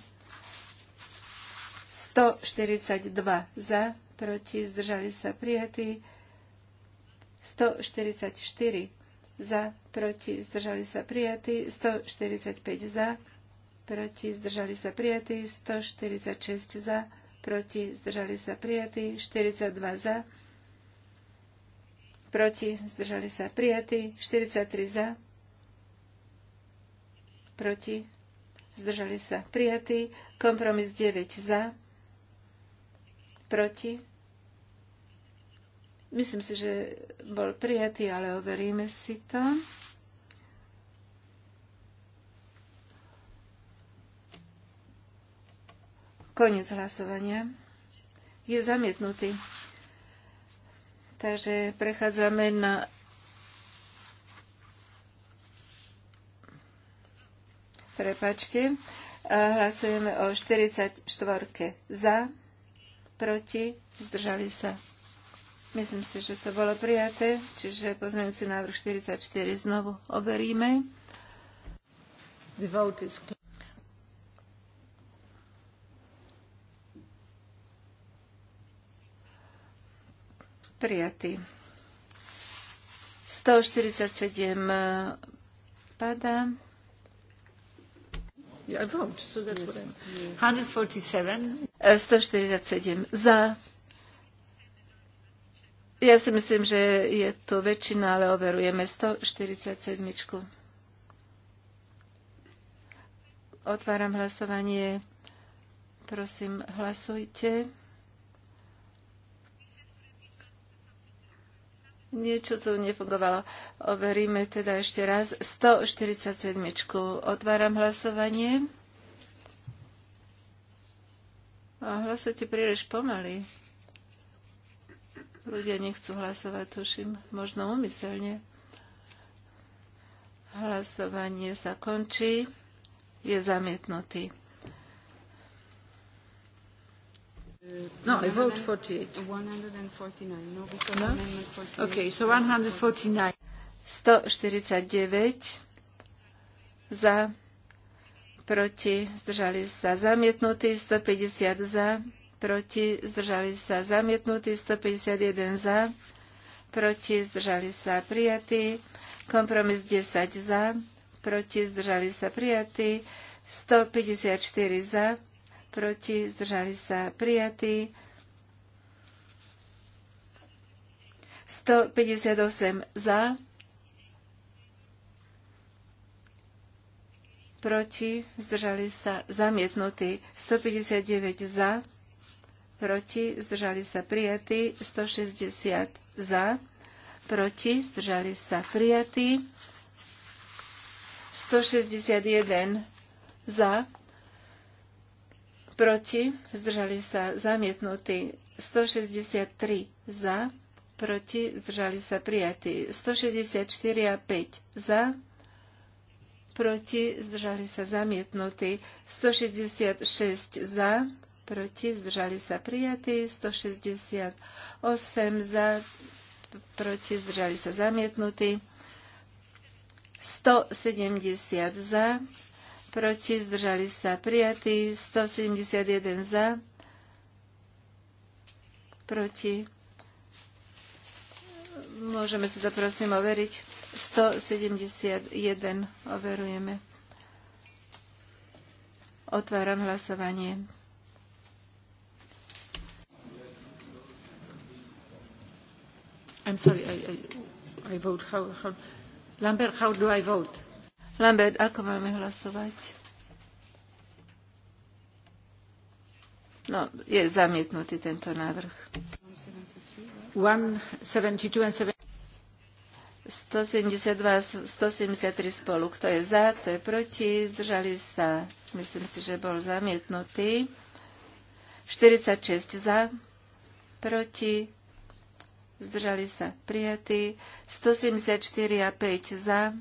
142 za, proti, zdržali sa prijatí, 144 za, proti, zdržali sa prijatí, 145 za, proti, zdržali sa prijatí, 146 za, proti, zdržali sa prijatí, 42 za, proti, zdržali sa prijatí, 43 za, proti, zdržali sa prijatí, kompromis 9 za, proti, Myslím si, že bol prijatý, ale overíme si to. Koniec hlasovania. Je zamietnutý. Takže prechádzame na Prepačte. Hlasujeme o 44. Za, proti, zdržali sa Myslím si, že to bolo prijaté, čiže pozmeňujúci návrh 44 znovu overíme. Prijatý. 147 e, padá. Yeah, I vote, so that's what I'm... 147. 147 za, ja si myslím, že je tu väčšina, ale overujeme 147. Otváram hlasovanie. Prosím, hlasujte. Niečo tu nefungovalo. Overíme teda ešte raz. 147. Otváram hlasovanie. A hlasujte príliš pomaly. Ľudia nechcú hlasovať, tuším, možno umyselne. Hlasovanie sa končí. Je zamietnutý. No, I vote 48. 149. No, no? Okay, so 149. 149 za, proti, zdržali sa zamietnutí, 150 za, proti, zdržali sa zamietnutí, 151 za, proti, zdržali sa prijatí, kompromis 10 za, proti, zdržali sa prijatí, 154 za, proti, zdržali sa prijatí, 158 za, proti, zdržali sa zamietnutí, 159 za, proti, zdržali sa prijatí, 160 za, proti, zdržali sa prijatí, 161 za, proti, zdržali sa zamietnutí, 163 za, proti, zdržali sa prijatí, 164 a 5 za, proti, zdržali sa zamietnutí, 166 za, proti, zdržali sa prijatí, 168 za, proti, zdržali sa zamietnutí, 170 za, proti, zdržali sa prijatí, 171 za, proti. Môžeme sa to prosím overiť. 171 overujeme. Otváram hlasovanie. I'm sorry, I, I, I vote. How, how... Lambert, how do I vote? Lambert, ako máme hlasovať? No, je zamietnutý tento návrh. 172 172 a 173 spolu. Kto je za, kto je proti, zdržali sa. Myslím si, že bol zamietnutý. 46 za, proti, zdržali sa prijatí, 174 a 5 za,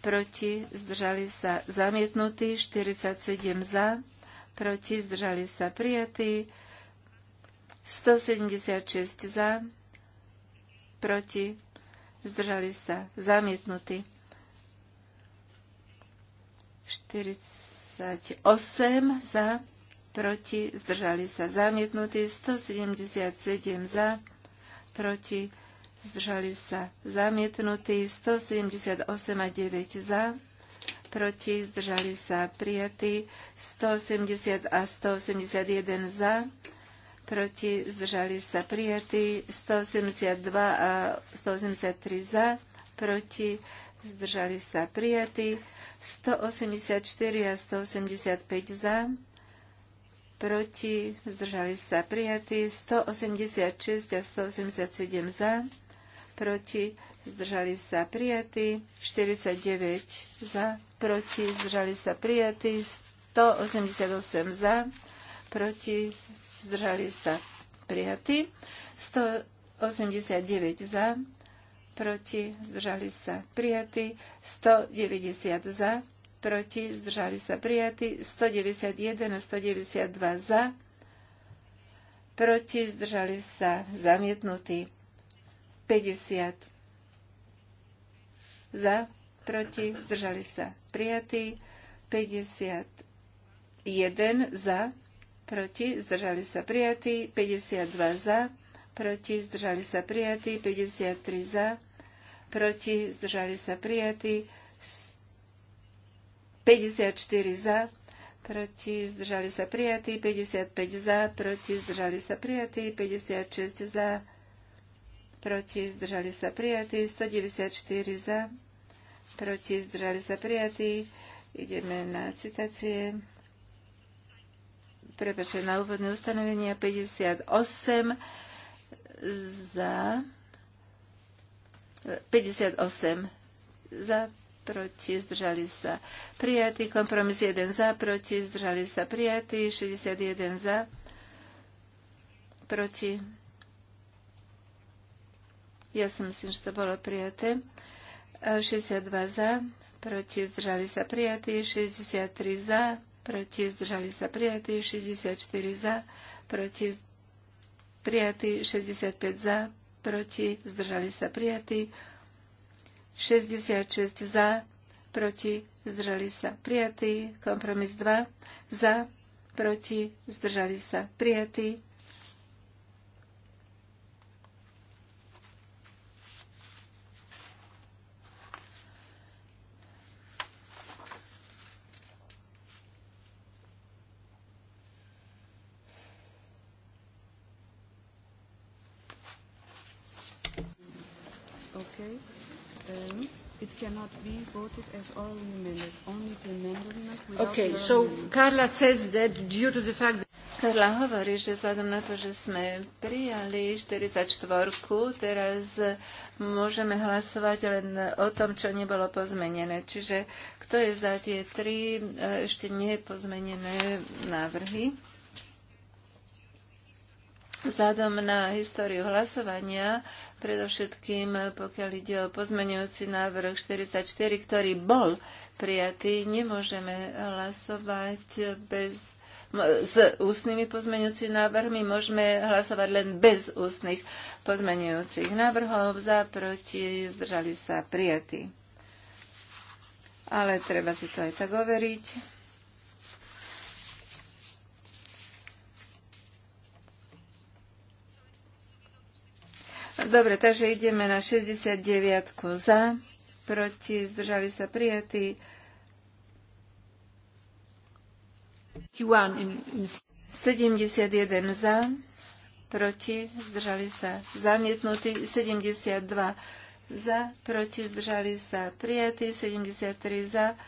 proti, zdržali sa zamietnutí, 47 za, proti, zdržali sa prijatí, 176 za, proti, zdržali sa zamietnutí. 48 za, proti, zdržali sa zamietnutí, 177 za, proti, zdržali sa zamietnutí, 178 a 9 za, proti, zdržali sa prijatí, 180 a 181 za, proti, zdržali sa prijatí, 182 a 183 za, proti, zdržali sa prijatí, 184 a 185 za, proti, zdržali sa prijatí, 186 a 187 za, proti, zdržali sa prijatí, 49 za, proti, zdržali sa prijatí, 188 za, proti, zdržali sa prijatí, 189 za, proti, zdržali sa prijatí, 190 za, proti, zdržali sa prijatí, 191 a 192 za, proti, zdržali sa zamietnutí, 50 za, proti, zdržali sa prijatí, 51 za, proti, zdržali sa prijatí, 52 za, proti, zdržali sa prijatí, 53 za, proti, zdržali sa prijatí, 54 za, proti zdržali sa prijatí, 55 za, proti zdržali sa prijatí, 56 za, proti zdržali sa prijatí, 194 za, proti zdržali sa prijatí. Ideme na citácie. Prepačte, na úvodné ustanovenia 58 za 58 za proti, zdržali sa prijatí. Kompromis 1 za, proti, zdržali sa prijatí. 61 za, proti. Ja si myslím, že to bolo prijaté. 62 e, za, proti, zdržali sa prijatí. 63 za, proti, zdržali sa prijatí. 64 za, proti, prijatí. 65 za, proti, zdržali sa prijatí. 66 za, proti, zdržali sa prijatí. Kompromis 2 za, proti, zdržali sa prijatí. Okay, so Carla says that due to the fact that Karla hovorí, že vzhľadom na to, že sme prijali 44, teraz e, môžeme hlasovať len o tom, čo nebolo pozmenené. Čiže kto je za tie tri e, ešte nepozmenené návrhy? Vzhľadom na históriu hlasovania, predovšetkým pokiaľ ide o pozmenujúci návrh 44, ktorý bol prijatý, nemôžeme hlasovať bez s ústnymi pozmeňujúcimi návrhmi môžeme hlasovať len bez ústnych pozmeňujúcich návrhov. Za, proti, zdržali sa prijatí. Ale treba si to aj tak overiť. Dobre, takže ideme na 69 za, proti, zdržali sa prijatí. In, 71 za, proti, zdržali sa zamietnutí, 72 za, proti, zdržali sa prijatí, 73 za,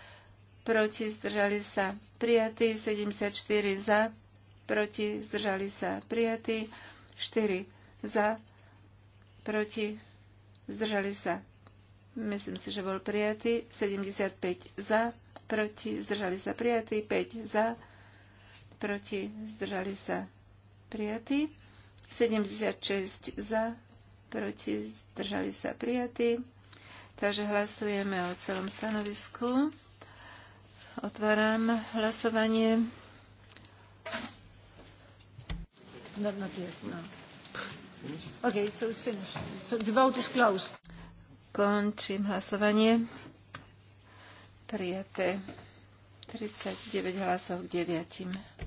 proti, zdržali sa prijatí, 74 za, proti, zdržali sa prijatí, 4 za, proti, zdržali sa. Myslím si, že bol prijatý. 75 za, proti, zdržali sa prijatý. 5 za, proti, zdržali sa prijatý. 76 za, proti, zdržali sa prijatý. Takže hlasujeme o celom stanovisku. Otváram hlasovanie. No, no, no. Okay, so it's finished. So the vote is closed. Končím hlasovanie. Prijaté. 39 hlasov k 9.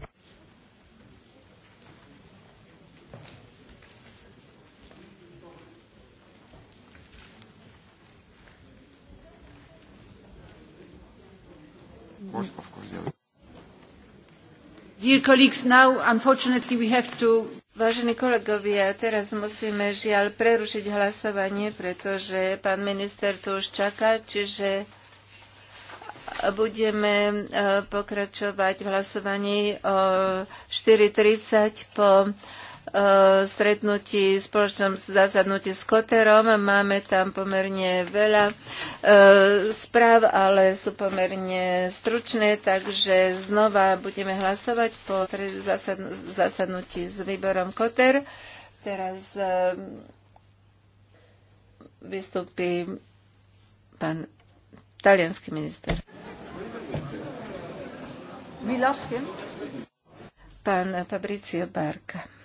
Dear colleagues, now unfortunately we have to Vážení kolegovia, teraz musíme žiaľ prerušiť hlasovanie, pretože pán minister tu už čaká, čiže budeme e, pokračovať v hlasovaní o 4.30 po Eh, stretnutí, spoločnom zasadnutí s Koterom. Máme tam pomerne veľa eh, správ, ale sú pomerne stručné, takže znova budeme hlasovať po zasadnutí s výborom Koter. Teraz eh, vystúpi pán talianský minister. Pán Fabricio Barca.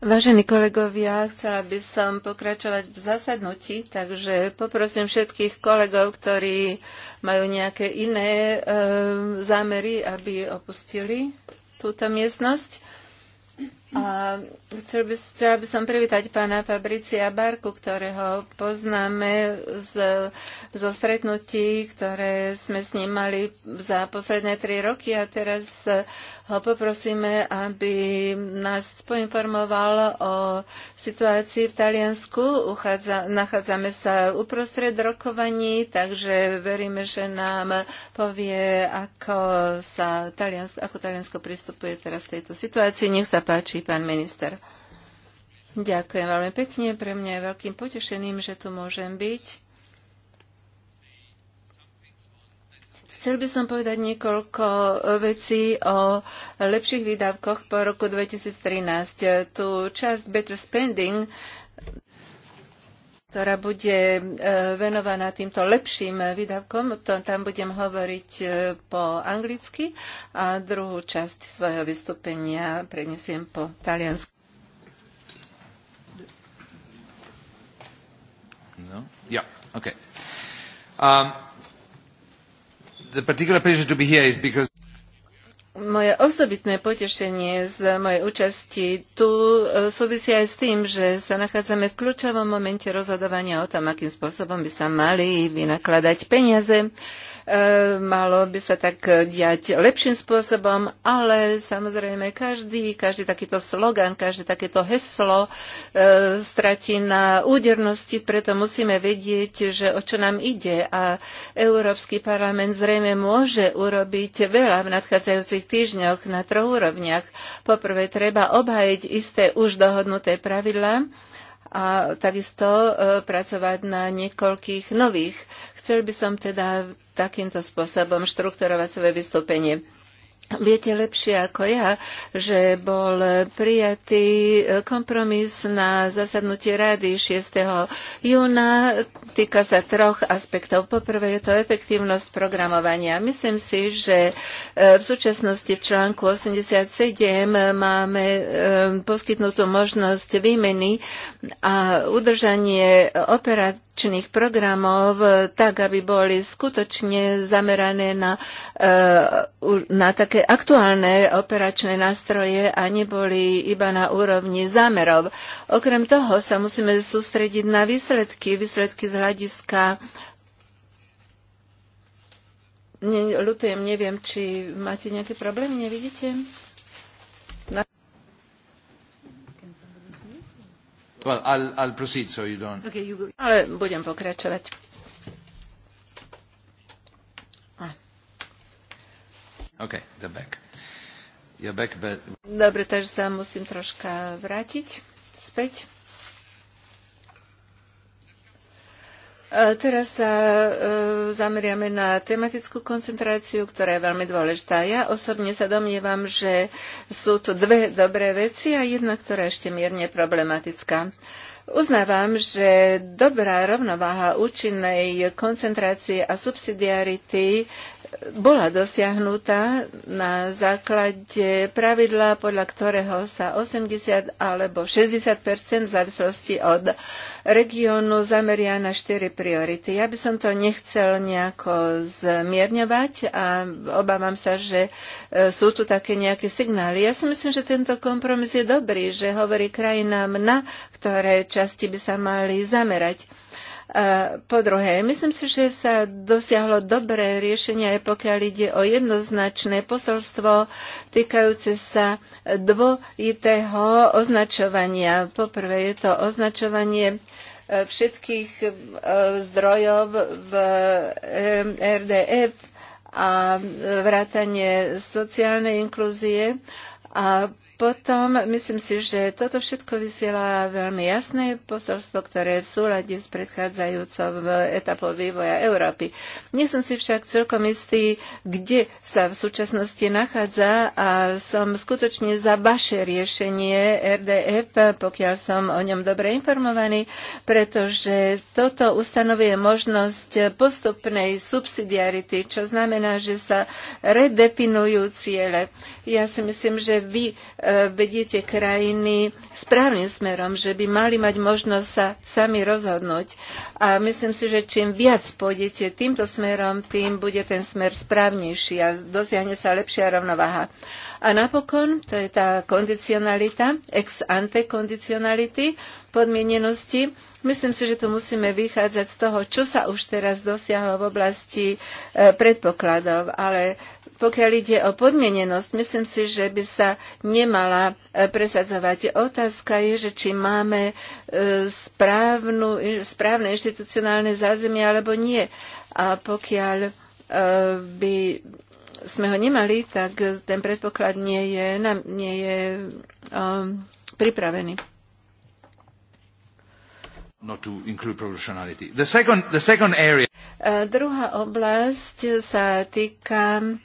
Vážení kolegovia, chcela by som pokračovať v zasadnutí, takže poprosím všetkých kolegov, ktorí majú nejaké iné e, zámery, aby opustili túto miestnosť. A chcel by, chcela by som privítať pána Fabricia Barku, ktorého poznáme z, zo stretnutí, ktoré sme s ním mali za posledné tri roky a teraz ho poprosíme, aby nás poinformoval o situácii v Taliansku. Uchádza, nachádzame sa uprostred rokovaní, takže veríme, že nám povie, ako, sa Taliansko, ako Taliansko pristupuje teraz k tejto situácii. Nech sa páči pán minister. Ďakujem veľmi pekne. Pre mňa je veľkým potešením, že tu môžem byť. Chcel by som povedať niekoľko vecí o lepších výdavkoch po roku 2013. Tu časť Better Spending ktorá bude e, venovaná týmto lepším výdavkom. To, tam budem hovoriť e, po anglicky a druhú časť svojho vystúpenia prenesiem po taliansky. No? Yeah, okay. Um, the particular pleasure to be here is because moje osobitné potešenie z mojej účasti tu e, súvisí aj s tým, že sa nachádzame v kľúčovom momente rozhodovania o tom, akým spôsobom by sa mali vynakladať peniaze Eh, malo by sa tak diať lepším spôsobom, ale samozrejme každý, každý takýto slogan, každé takéto heslo eh, stratí na údernosti, preto musíme vedieť, že o čo nám ide a Európsky parlament zrejme môže urobiť veľa v nadchádzajúcich týždňoch na troch úrovniach. Poprvé treba obhajiť isté už dohodnuté pravidlá, a takisto eh, pracovať na niekoľkých nových. Chcel by som teda takýmto spôsobom štrukturovať svoje vystúpenie. Viete lepšie ako ja, že bol prijatý kompromis na zasadnutie rady 6. júna. Týka sa troch aspektov. Poprvé je to efektívnosť programovania. Myslím si, že e, v súčasnosti v článku 87 máme e, poskytnutú možnosť výmeny a udržanie operat akčných programov, e, tak aby boli skutočne zamerané na, e, na také aktuálne operačné nástroje a neboli iba na úrovni zámerov. Okrem toho sa musíme sústrediť na výsledky, výsledky z hľadiska ne, ľutujem, neviem, či máte nejaký problém, nevidíte? Na... Well, I'll, I'll proceed so you don't... Okay, you go. Ale budem pokračovať. Ah. Okay, the back. You're back, but... Dobre, takže sa musím troška vrátiť späť. Teraz sa e, zameriame na tematickú koncentráciu, ktorá je veľmi dôležitá. Ja osobne sa domnievam, že sú tu dve dobré veci a jedna, ktorá je ešte mierne problematická. Uznávam, že dobrá rovnováha účinnej koncentrácie a subsidiarity bola dosiahnutá na základe pravidla, podľa ktorého sa 80 alebo 60 v závislosti od regiónu zameria na štyri priority. Ja by som to nechcel nejako zmierňovať a obávam sa, že e, sú tu také nejaké signály. Ja si myslím, že tento kompromis je dobrý, že hovorí krajinám, na ktoré časti by sa mali zamerať. Eh, po druhé, myslím si, že sa dosiahlo dobré riešenie, aj pokiaľ ide o jednoznačné posolstvo týkajúce sa dvojitého označovania. Poprvé je to označovanie eh, všetkých eh, zdrojov v RDF e a vrátanie sociálnej inklúzie a potom myslím si, že toto všetko vysiela veľmi jasné posolstvo, ktoré v súlade s predchádzajúcou etapou vývoja Európy. Nie som si však celkom istý, kde sa v súčasnosti nachádza a som skutočne za vaše riešenie RDF, pokiaľ som o ňom dobre informovaný, pretože toto ustanovuje možnosť postupnej subsidiarity, čo znamená, že sa redefinujú ciele. Ja si myslím, že vy E, vediete krajiny správnym smerom, že by mali mať možnosť sa sami rozhodnúť. A myslím si, že čím viac pôjdete týmto smerom, tým bude ten smer správnejší a dosiahne sa lepšia rovnováha. A napokon, to je tá kondicionalita, ex ante kondicionality, podmienenosti. Myslím si, že tu musíme vychádzať z toho, čo sa už teraz dosiahlo v oblasti e, predpokladov, ale pokiaľ ide o podmienenosť, myslím si, že by sa nemala e, presadzovať. Otázka je, že či máme e, správnu, správne inštitucionálne zázemie alebo nie. A pokiaľ e, by sme ho nemali, tak ten predpoklad nie je, nie je um, pripravený. Not to include proportionality. The second, the second area. Uh, druhá oblasť sa týka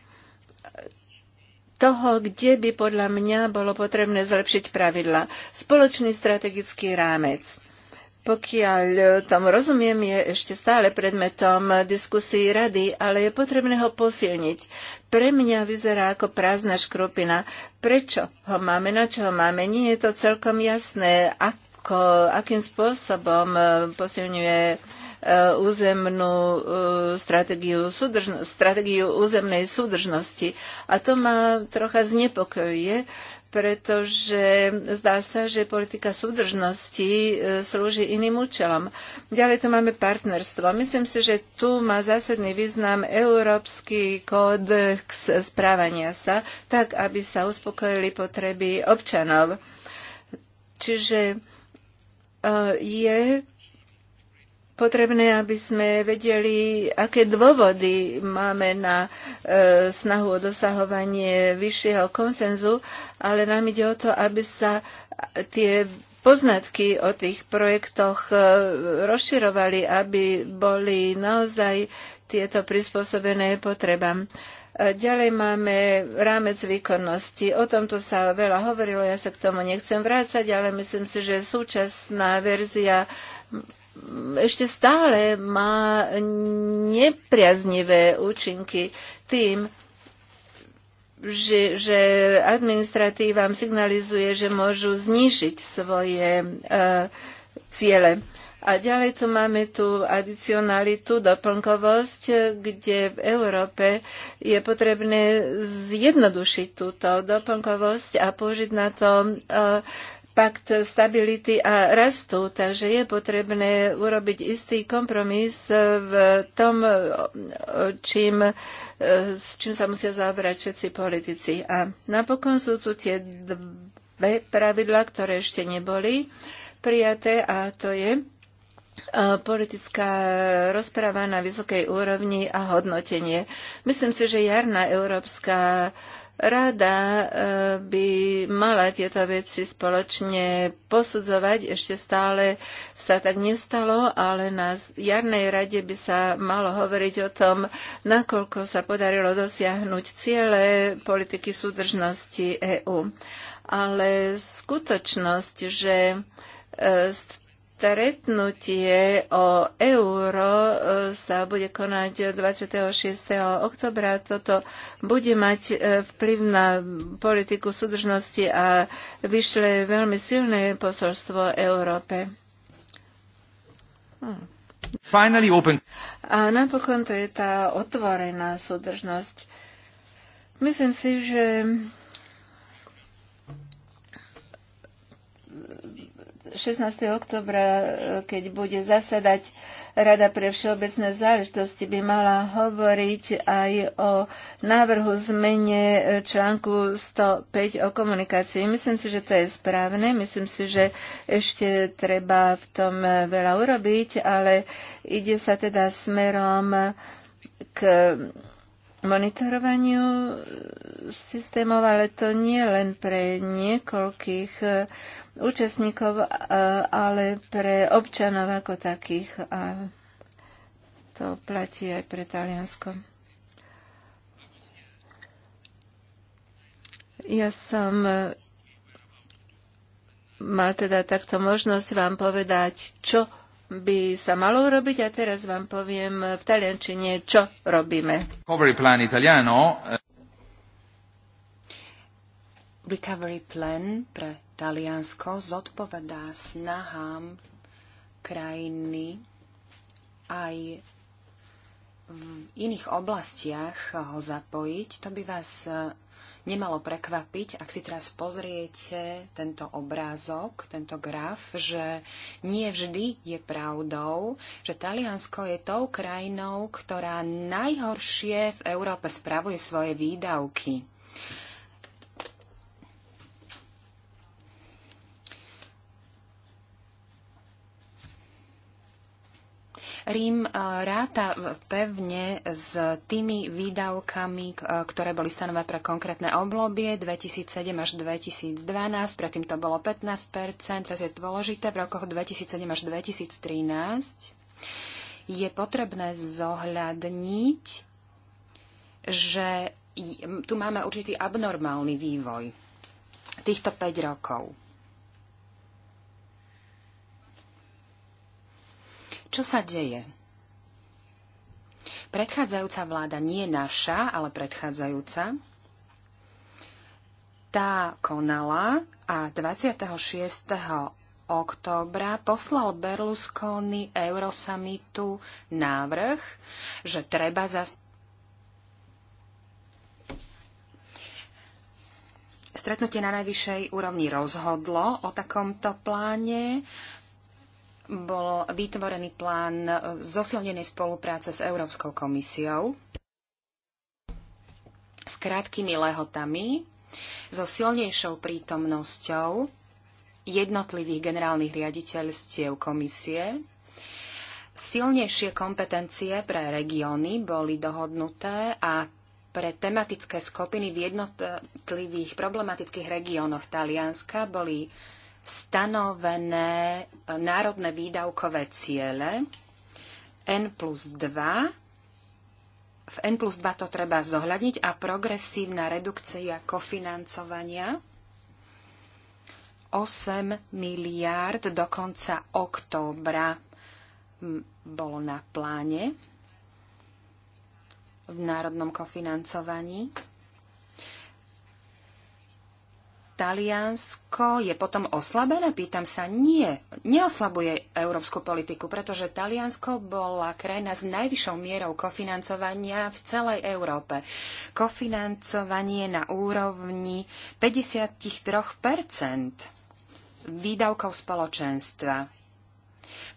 toho, kde by podľa mňa bolo potrebné zlepšiť pravidla. Spoločný strategický rámec. Pokiaľ tomu rozumiem, je ešte stále predmetom diskusí rady, ale je potrebné ho posilniť. Pre mňa vyzerá ako prázdna škrupina. Prečo ho máme, na čo ho máme? Nie je to celkom jasné, ako, akým spôsobom eh, posilňuje E, územnú e, stratégiu, súdržno, stratégiu územnej súdržnosti. A to ma trocha znepokojuje, pretože zdá sa, že politika súdržnosti e, slúži iným účelom. Ďalej tu máme partnerstvo. Myslím si, že tu má zásadný význam Európsky kódex správania sa, tak aby sa uspokojili potreby občanov. Čiže je potrebné, aby sme vedeli, aké dôvody máme na e, snahu o dosahovanie vyššieho konsenzu, ale nám ide o to, aby sa tie poznatky o tých projektoch e, rozširovali, aby boli naozaj tieto prispôsobené potrebám. E, ďalej máme rámec výkonnosti. O tomto sa veľa hovorilo, ja sa k tomu nechcem vrácať, ale myslím si, že súčasná verzia ešte stále má nepriaznivé účinky tým, že, že administratívam signalizuje, že môžu znižiť svoje e, ciele. A ďalej tu máme tú adicionalitu, doplnkovosť, e, kde v Európe je potrebné zjednodušiť túto doplnkovosť a použiť na to e, pakt stability a rastu, takže je potrebné urobiť istý kompromis v tom, čím, s čím sa musia zaoberať všetci politici. A napokon sú tu tie dve pravidla, ktoré ešte neboli prijaté a to je e, politická rozpráva na vysokej úrovni a hodnotenie. Myslím si, že jarná európska Rada eh, by mala tieto veci spoločne posudzovať. Ešte stále sa tak nestalo, ale na jarnej rade by sa malo hovoriť o tom, nakoľko sa podarilo dosiahnuť ciele politiky súdržnosti EÚ. Ale skutočnosť, že eh, Stretnutie o euro e, sa bude konať 26. oktobra. Toto bude mať e, vplyv na politiku súdržnosti a vyšle veľmi silné posolstvo Európe. Hm. Finally open. A napokon to je tá otvorená súdržnosť. Myslím si, že 16. oktobra, e, keď bude zasadať Rada pre všeobecné záležitosti, by mala hovoriť aj o návrhu zmene e, článku 105 o komunikácii. Myslím si, že to je správne. Myslím si, že ešte treba v tom e, veľa urobiť, ale ide sa teda smerom k monitorovaniu systémov, ale to nie len pre niekoľkých účastníkov, e, ale pre občanov ako takých. A to platí aj pre Taliansko. Ja som e, mal teda takto možnosť vám povedať, čo by sa malo urobiť a teraz vám poviem v taliančine, čo robíme. Recovery plan italiano. E, Recovery plan pre Taliansko zodpovedá snahám krajiny aj v iných oblastiach ho zapojiť. To by vás e, nemalo prekvapiť, ak si teraz pozriete tento obrázok, tento graf, že nie vždy je pravdou, že Taliansko je tou krajinou, ktorá najhoršie v Európe spravuje svoje výdavky. Rím e, ráta pevne s tými výdavkami, e, ktoré boli stanové pre konkrétne obdobie 2007 až 2012, predtým to bolo 15 teraz je dôležité v rokoch 2007 až 2013 je potrebné zohľadniť, že tu máme určitý abnormálny vývoj týchto 5 rokov. Čo sa deje? Predchádzajúca vláda, nie naša, ale predchádzajúca, tá konala a 26. októbra poslal Berlusconi Eurosamitu návrh, že treba za Stretnutie na najvyššej úrovni rozhodlo o takomto pláne bol vytvorený plán e, zosilnenej spolupráce s Európskou komisiou s krátkými lehotami, so silnejšou prítomnosťou jednotlivých generálnych riaditeľstiev komisie. Silnejšie kompetencie pre regióny boli dohodnuté a pre tematické skupiny v jednotlivých problematických regiónoch Talianska boli stanovené e, národné výdavkové ciele N plus 2. V N plus 2 to treba zohľadniť a progresívna redukcia kofinancovania 8 miliárd do konca októbra bolo na pláne v národnom kofinancovaní. Taliansko je potom oslabené? Pýtam sa, nie. Neoslabuje európsku politiku, pretože Taliansko bola krajina s najvyššou mierou kofinancovania v celej Európe. Kofinancovanie na úrovni 53 výdavkov spoločenstva.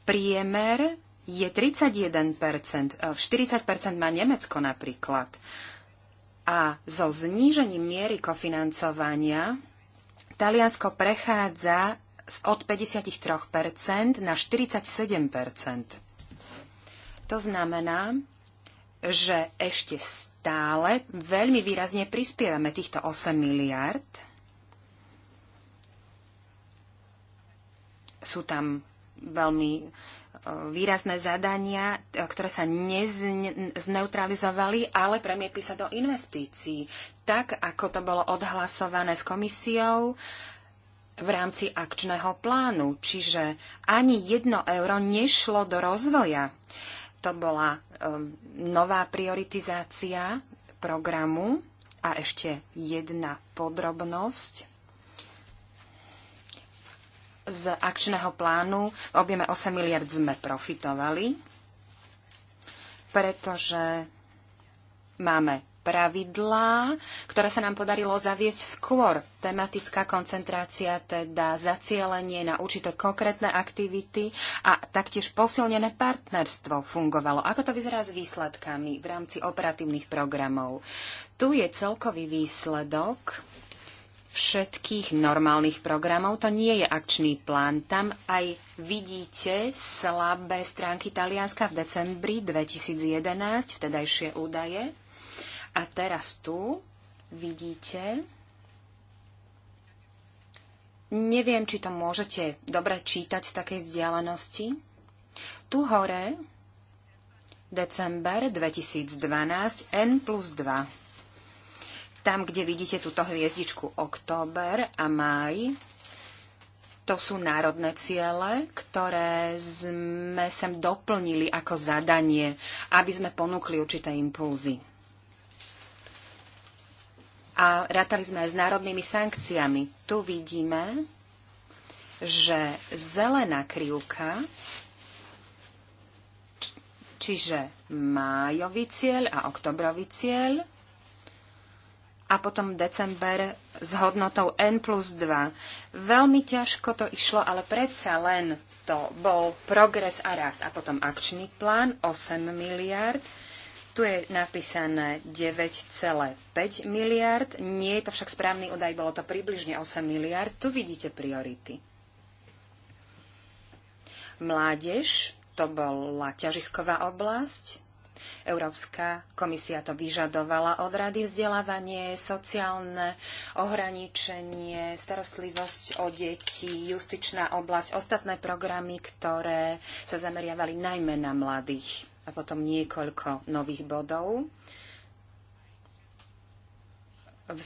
Priemer je 31 40 e, má Nemecko napríklad. A so znížením miery kofinancovania Taliansko prechádza od 53% na 47%. To znamená, že ešte stále veľmi výrazne prispievame týchto 8 miliard. Sú tam veľmi výrazné zadania, e, ktoré sa nezneutralizovali, ale premietli sa do investícií. Tak, ako to bolo odhlasované s komisiou v rámci akčného plánu. Čiže ani jedno euro nešlo do rozvoja. To bola um, nová prioritizácia programu. A ešte jedna podrobnosť z akčného plánu v objeme 8 miliard sme profitovali, pretože máme pravidlá, ktoré sa nám podarilo zaviesť skôr. Tematická koncentrácia, teda zacielenie na určité konkrétne aktivity a taktiež posilnené partnerstvo fungovalo. Ako to vyzerá s výsledkami v rámci operatívnych programov? Tu je celkový výsledok všetkých normálnych programov. To nie je akčný plán. Tam aj vidíte slabé stránky Talianska v decembri 2011, vtedajšie údaje. A teraz tu vidíte, neviem, či to môžete dobre čítať z takej vzdialenosti. Tu hore, december 2012, N plus 2. Tam, kde vidíte túto hviezdičku október a maj, to sú národné ciele, ktoré sme sem doplnili ako zadanie, aby sme ponúkli určité impulzy. A rátali sme aj s národnými sankciami. Tu vidíme, že zelená krivka, čiže májový cieľ a oktobrový cieľ, a potom december s hodnotou N plus 2. Veľmi ťažko to išlo, ale predsa len to bol progres a rast. A potom akčný plán 8 miliard. Tu je napísané 9,5 miliard. Nie je to však správny údaj, bolo to približne 8 miliard. Tu vidíte priority. Mládež, to bola ťažisková oblasť, Európska komisia to vyžadovala od rady vzdelávanie, sociálne ohraničenie, starostlivosť o deti, justičná oblasť, ostatné programy, ktoré sa zameriavali najmä na mladých a potom niekoľko nových bodov. V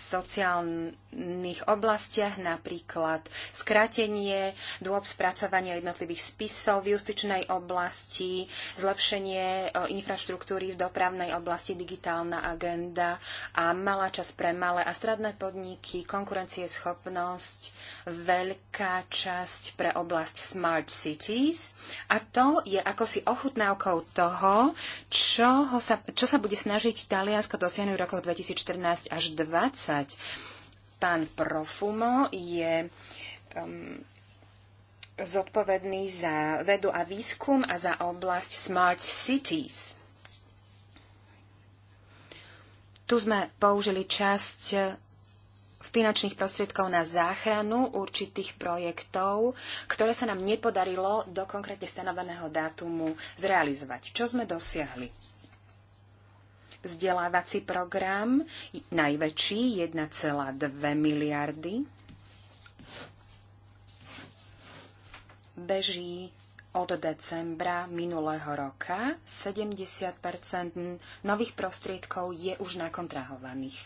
iných oblastiach, napríklad skratenie dôb spracovania jednotlivých spisov v justičnej oblasti, zlepšenie e, infraštruktúry v dopravnej oblasti, digitálna agenda a malá časť pre malé a stredné podniky, konkurencieschopnosť, veľká časť pre oblasť Smart Cities. A to je akosi ochutnávkou toho, čo sa, čo sa bude snažiť Taliansko dosiahnuť v rokoch 2014 až 2020 Pán Profumo je um, zodpovedný za vedu a výskum a za oblasť Smart Cities. Tu sme použili časť finančných prostriedkov na záchranu určitých projektov, ktoré sa nám nepodarilo do konkrétne stanoveného dátumu zrealizovať. Čo sme dosiahli? vzdelávací program, najväčší 1,2 miliardy. Beží od decembra minulého roka 70 nových prostriedkov je už nakontrahovaných.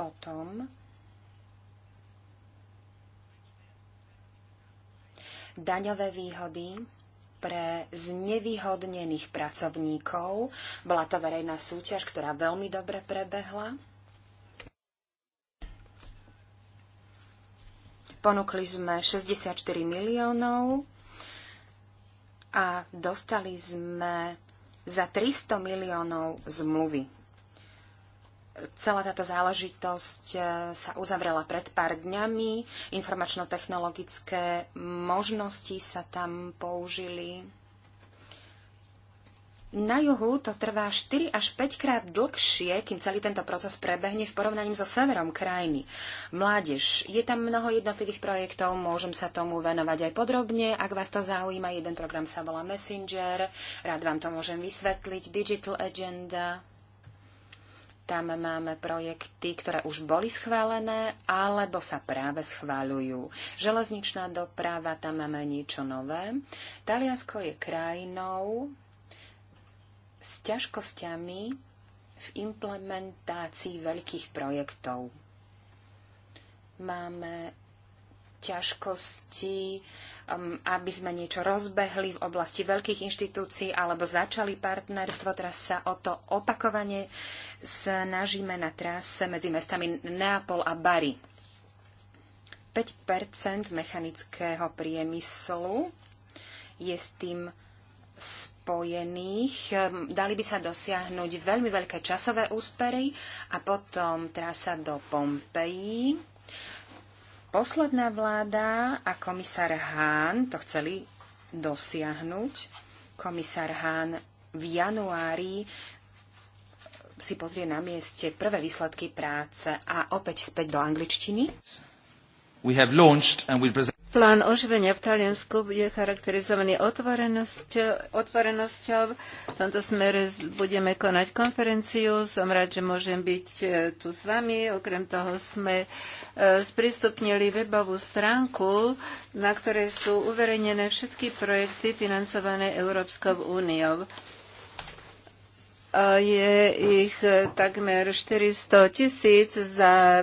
Potom daňové výhody pre znevýhodnených pracovníkov. Bola to verejná súťaž, ktorá veľmi dobre prebehla. Ponúkli sme 64 miliónov a dostali sme za 300 miliónov zmluvy Celá táto záležitosť e, sa uzavrela pred pár dňami. Informačno-technologické možnosti sa tam použili. Na juhu to trvá 4 až 5 krát dlhšie, kým celý tento proces prebehne v porovnaní so severom krajiny. Mládež, je tam mnoho jednotlivých projektov, môžem sa tomu venovať aj podrobne. Ak vás to zaujíma, jeden program sa volá Messenger, rád vám to môžem vysvetliť, Digital Agenda. Tam máme projekty, ktoré už boli schválené alebo sa práve schváľujú. Železničná doprava, tam máme niečo nové. Taliansko je krajinou s ťažkosťami v implementácii veľkých projektov. Máme ťažkosti Um, aby sme niečo rozbehli v oblasti veľkých inštitúcií alebo začali partnerstvo. Teraz sa o to opakovane snažíme na trase medzi mestami Neapol a Bari. 5 mechanického priemyslu je s tým spojených. Dali by sa dosiahnuť veľmi veľké časové úspery a potom trasa do Pompeji Posledná vláda a komisár Hahn to chceli dosiahnuť. Komisár Hahn v januári si pozrie na mieste prvé výsledky práce a opäť späť do angličtiny. We have launched and we present... Plán oživenia v Taliansku je charakterizovaný otvorenosťou. otvorenosťou. V tomto smere budeme konať konferenciu. Som rád, že môžem byť eh, tu s vami. Okrem toho sme uh, E, sprístupnili webovú stránku, na ktorej sú uverejnené všetky projekty financované Európskou úniou. Je ich takmer 400 tisíc za,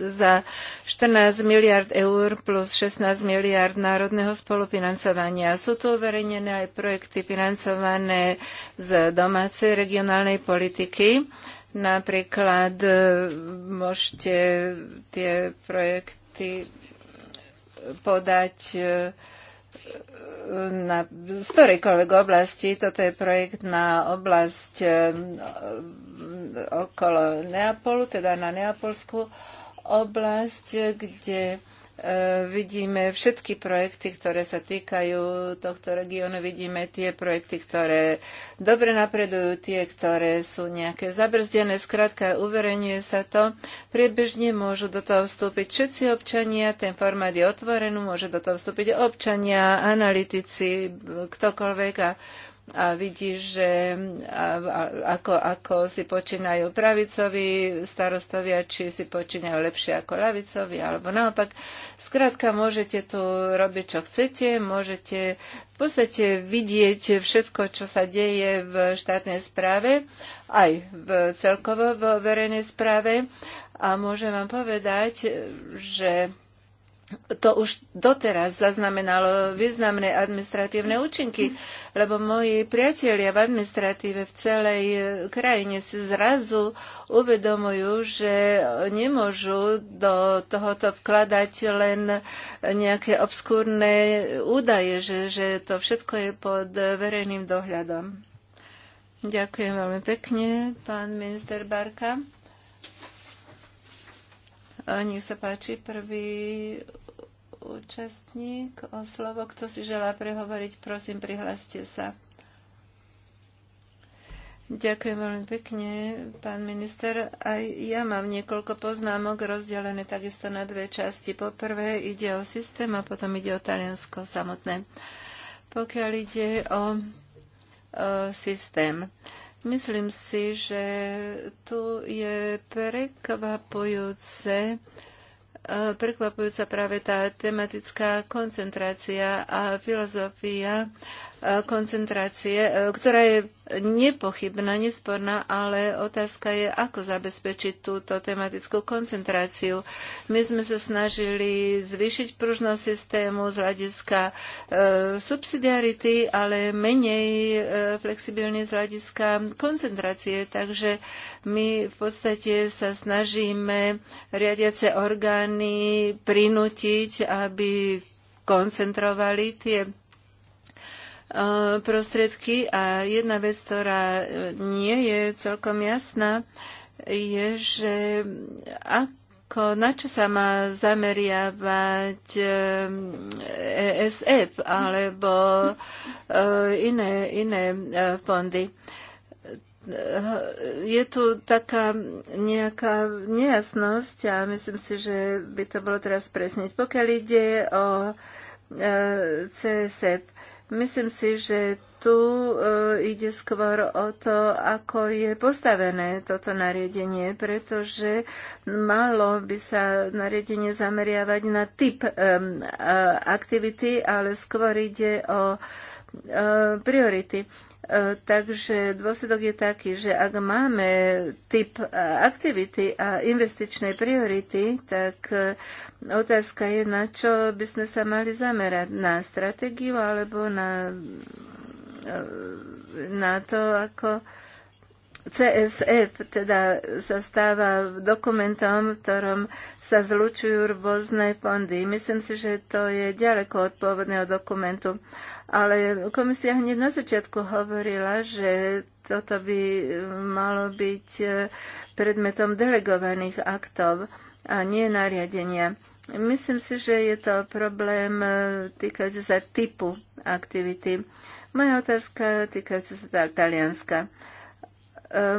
za 14 miliard eur plus 16 miliard národného spolufinancovania. Sú tu uverejnené aj projekty financované z domácej regionálnej politiky Napríklad e, môžete tie projekty podať e, na, z ktorejkoľvek oblasti. Toto je projekt na oblasť e, okolo Neapolu, teda na Neapolskú oblasť, kde E, vidíme všetky projekty, ktoré sa týkajú tohto regiónu, vidíme tie projekty, ktoré dobre napredujú, tie, ktoré sú nejaké zabrzdené, skrátka uverejňuje sa to. Priebežne môžu do toho vstúpiť všetci občania, ten formát je otvorený, môže do toho vstúpiť občania, analytici, ktokoľvek a a vidí, že ako, ako si počínajú pravicovi starostovia, či si počínajú lepšie ako lavicovi, alebo naopak. Skrátka, môžete tu robiť, čo chcete, môžete v podstate vidieť všetko, čo sa deje v štátnej správe, aj v celkovo v verejnej správe. A môžem vám povedať, že to už doteraz zaznamenalo významné administratívne účinky, lebo moji priatelia v administratíve v celej e, krajine si zrazu uvedomujú, že nemôžu do tohoto vkladať len nejaké obskúrne údaje, že, že to všetko je pod verejným dohľadom. Ďakujem veľmi pekne, pán minister Barka. Nech sa páči, prvý účastník o slovo. Kto si želá prehovoriť, prosím, prihláste sa. Ďakujem veľmi pekne, pán minister. Aj ja mám niekoľko poznámok rozdelené takisto na dve časti. Po prvé ide o systém a potom ide o Taliansko samotné. Pokiaľ ide o, o systém, myslím si, že tu je prekvapujúce, E, prekvapujúca práve tá tematická koncentrácia a filozofia koncentrácie, e, ktorá je nepochybná, nesporná, ale otázka je, ako zabezpečiť túto tematickú koncentráciu. My sme sa snažili zvýšiť pružnosť systému z hľadiska e, subsidiarity, ale menej e, flexibilne z hľadiska koncentrácie. Takže my v podstate sa snažíme riadiace orgány prinútiť, aby koncentrovali tie Eh, prostriedky. A jedna vec, ktorá nie je celkom jasná, je, že ako, na čo sa má zameriavať ESF eh, e alebo eh, iné, iné fondy je tu taká nejaká nejasnosť a myslím si, že by to bolo teraz presniť. Pokiaľ ide o CSF, Myslím si, že tu e, ide skôr o to, ako je postavené toto nariadenie, pretože malo by sa nariadenie zameriavať na typ e, e, aktivity, ale skôr ide o priority. E, takže dôsledok je taký, že ak máme typ aktivity a investičnej priority, tak e, otázka je, na čo by sme sa mali zamerať. Na stratégiu alebo na, e, na to, ako CSF teda sa stáva dokumentom, v ktorom sa zlučujú rôzne fondy. Myslím si, že to je ďaleko od pôvodného dokumentu. Ale komisia hneď na začiatku hovorila, že toto by um, malo byť uh, predmetom delegovaných aktov a nie nariadenia. Myslím si, že je to problém uh, týkajúce sa typu aktivity. Moja otázka týkajúce sa Talianska.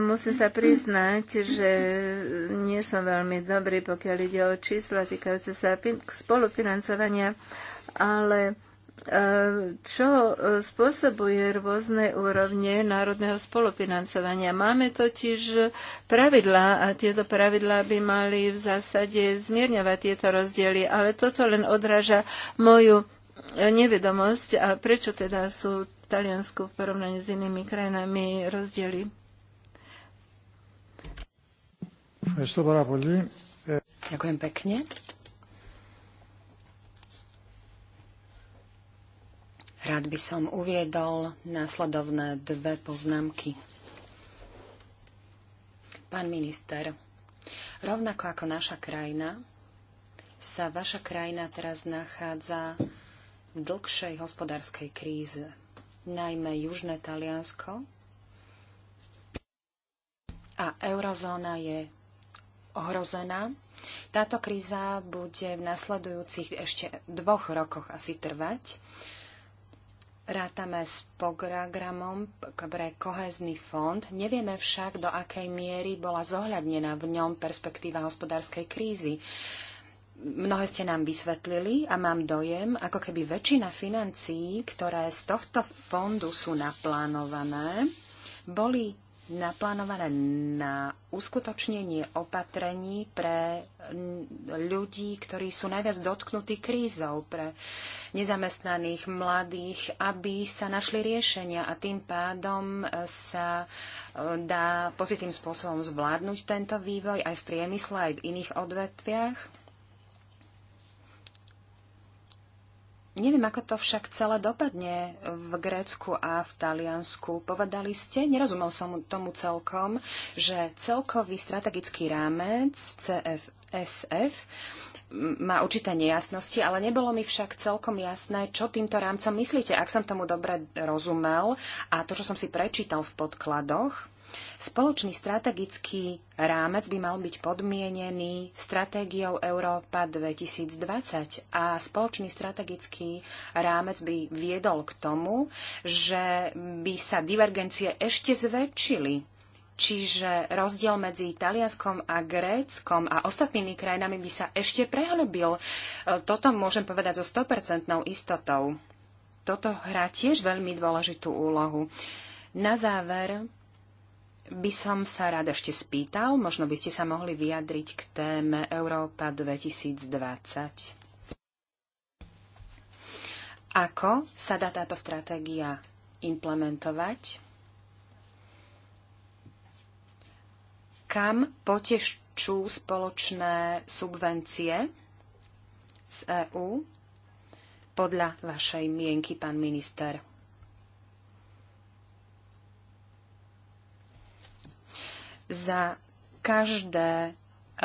Musím sa priznať, že nie som veľmi dobrý, pokiaľ ide o čísla týkajúce sa spolufinancovania, ale e, čo spôsobuje rôzne úrovne národného spolufinancovania. Máme totiž pravidlá a tieto pravidlá by mali v zásade zmierňovať tieto rozdiely, ale toto len odráža moju nevedomosť a prečo teda sú v Taliansku v porovnaní s inými krajinami rozdiely. Ďakujem pekne. Rád by som uviedol následovné dve poznámky. Pán minister, rovnako ako naša krajina, sa vaša krajina teraz nachádza v dlhšej hospodárskej kríze, najmä južné Taliansko a eurozóna je ohrozená. Táto kríza bude v nasledujúcich ešte dvoch rokoch asi trvať. Rátame s programom pre kohezný fond. Nevieme však, do akej miery bola zohľadnená v ňom perspektíva hospodárskej krízy. Mnohé ste nám vysvetlili a mám dojem, ako keby väčšina financií, ktoré z tohto fondu sú naplánované, boli naplánované na uskutočnenie opatrení pre ľudí, ktorí sú najviac dotknutí krízou, pre nezamestnaných, mladých, aby sa našli riešenia a tým pádom sa eh, dá pozitým spôsobom zvládnuť tento vývoj aj v priemysle, aj v iných odvetviach Neviem, ako to však celé dopadne v Grécku a v Taliansku. Povedali ste, nerozumel som tomu celkom, že celkový strategický rámec CFSF má určité nejasnosti, ale nebolo mi však celkom jasné, čo týmto rámcom myslíte, ak som tomu dobre rozumel a to, čo som si prečítal v podkladoch Spoločný strategický rámec by mal byť podmienený stratégiou Európa 2020 a spoločný strategický rámec by viedol k tomu, že by sa divergencie ešte zväčšili Čiže rozdiel medzi Talianskom a Gréckom a ostatnými krajinami by sa ešte prehlbil. E, toto môžem povedať so 100% istotou. Toto hrá tiež veľmi dôležitú úlohu. Na záver by som sa rád ešte spýtal, možno by ste sa mohli vyjadriť k téme Európa 2020. Ako sa dá táto stratégia implementovať? Kam potešťú spoločné subvencie z EÚ? Podľa vašej mienky, pán minister. Za každé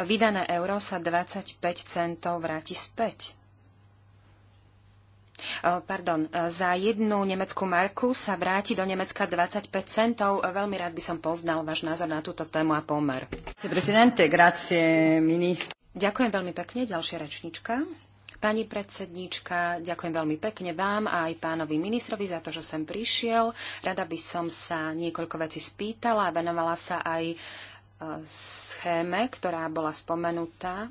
vydané euro sa 25 centov vráti späť. E, pardon, e, za jednu nemeckú marku sa vráti do Nemecka 25 centov. E, veľmi rád by som poznal váš názor na túto tému a pomer. Ďakujem veľmi pekne. Ďalšia rečnička. Pani predsedníčka, ďakujem veľmi pekne vám a aj pánovi ministrovi za to, že sem prišiel. Rada by som sa niekoľko vecí spýtala a venovala sa aj e, schéme, ktorá bola spomenutá,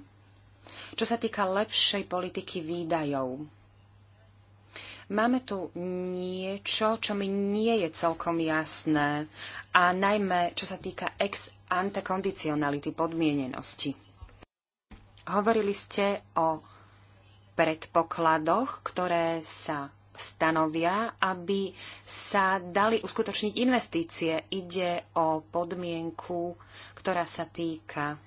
čo sa týka lepšej politiky výdajov máme tu niečo, čo mi nie je celkom jasné a najmä čo sa týka ex ante kondicionality podmienenosti. Hovorili ste o predpokladoch, ktoré sa stanovia, aby sa dali uskutočniť investície. Ide o podmienku, ktorá sa týka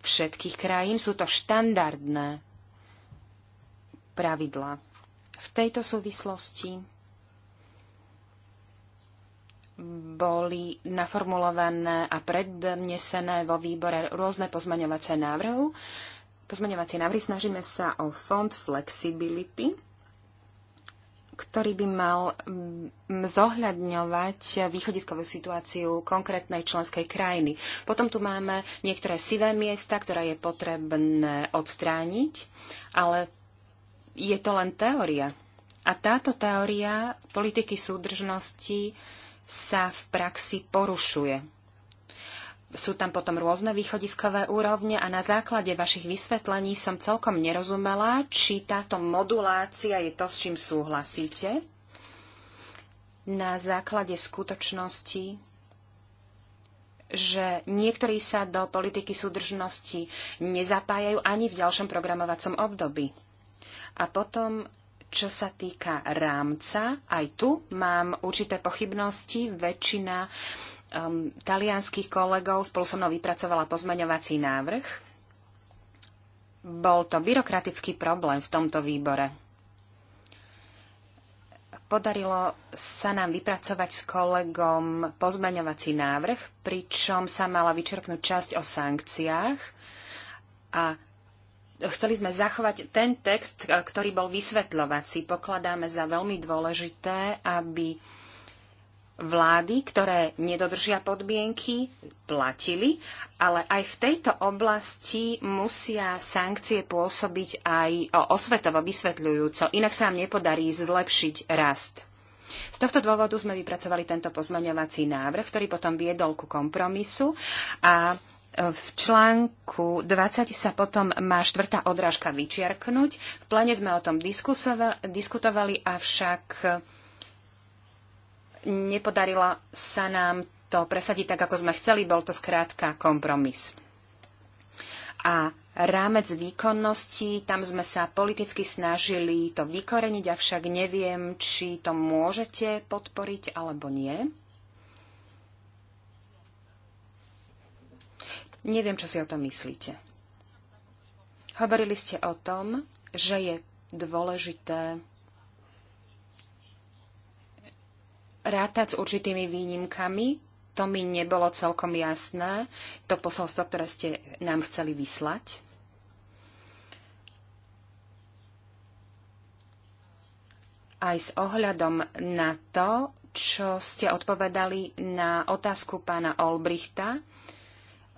všetkých krajín. Sú to štandardné pravidla. V tejto súvislosti boli naformulované a prednesené vo výbore rôzne pozmaňovacie návrhu pozmeňovacie návrhy. Snažíme sa o fond flexibility, ktorý by mal mm, zohľadňovať východiskovú situáciu konkrétnej členskej krajiny. Potom tu máme niektoré sivé miesta, ktoré je potrebné odstrániť, ale je to len teória. A táto teória politiky súdržnosti sa v praxi porušuje sú tam potom rôzne východiskové úrovne a na základe vašich vysvetlení som celkom nerozumela, či táto modulácia je to, s čím súhlasíte. Na základe skutočnosti, že niektorí sa do politiky súdržnosti nezapájajú ani v ďalšom programovacom období. A potom čo sa týka rámca, aj tu mám určité pochybnosti. Väčšina um, talianských kolegov. Spolu so mnou vypracovala pozmeňovací návrh. Bol to byrokratický problém v tomto výbore. Podarilo sa nám vypracovať s kolegom pozmeňovací návrh, pričom sa mala vyčerpnúť časť o sankciách a chceli sme zachovať ten text, ktorý bol vysvetľovací. Pokladáme za veľmi dôležité, aby vlády, ktoré nedodržia podmienky, platili, ale aj v tejto oblasti musia sankcie pôsobiť aj osvetovo vysvetľujúco, inak sa nám nepodarí zlepšiť rast. Z tohto dôvodu sme vypracovali tento pozmeňovací návrh, ktorý potom viedol ku kompromisu a v článku 20 sa potom má štvrtá odrážka vyčiarknúť. V plene sme o tom diskutovali, avšak nepodarila sa nám to presadiť tak, ako sme chceli, bol to skrátka kompromis. A rámec výkonnosti, tam sme sa politicky snažili to vykoreniť, avšak neviem, či to môžete podporiť alebo nie. Neviem, čo si o tom myslíte. Hovorili ste o tom, že je dôležité rátať s určitými výnimkami. To mi nebolo celkom jasné, to posolstvo, ktoré ste nám chceli vyslať. Aj s ohľadom na to, čo ste odpovedali na otázku pána Olbrichta,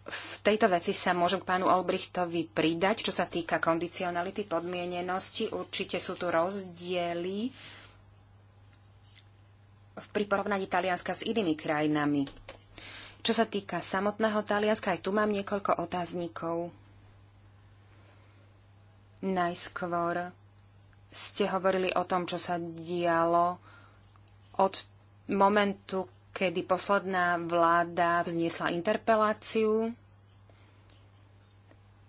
v tejto veci sa môžem k pánu Olbrichtovi pridať, čo sa týka kondicionality, podmienenosti. Určite sú tu rozdiely v priporovnaní Talianska s inými krajinami. Čo sa týka samotného Talianska, aj tu mám niekoľko otáznikov. Najskôr ste hovorili o tom, čo sa dialo od momentu, kedy posledná vláda vzniesla interpeláciu.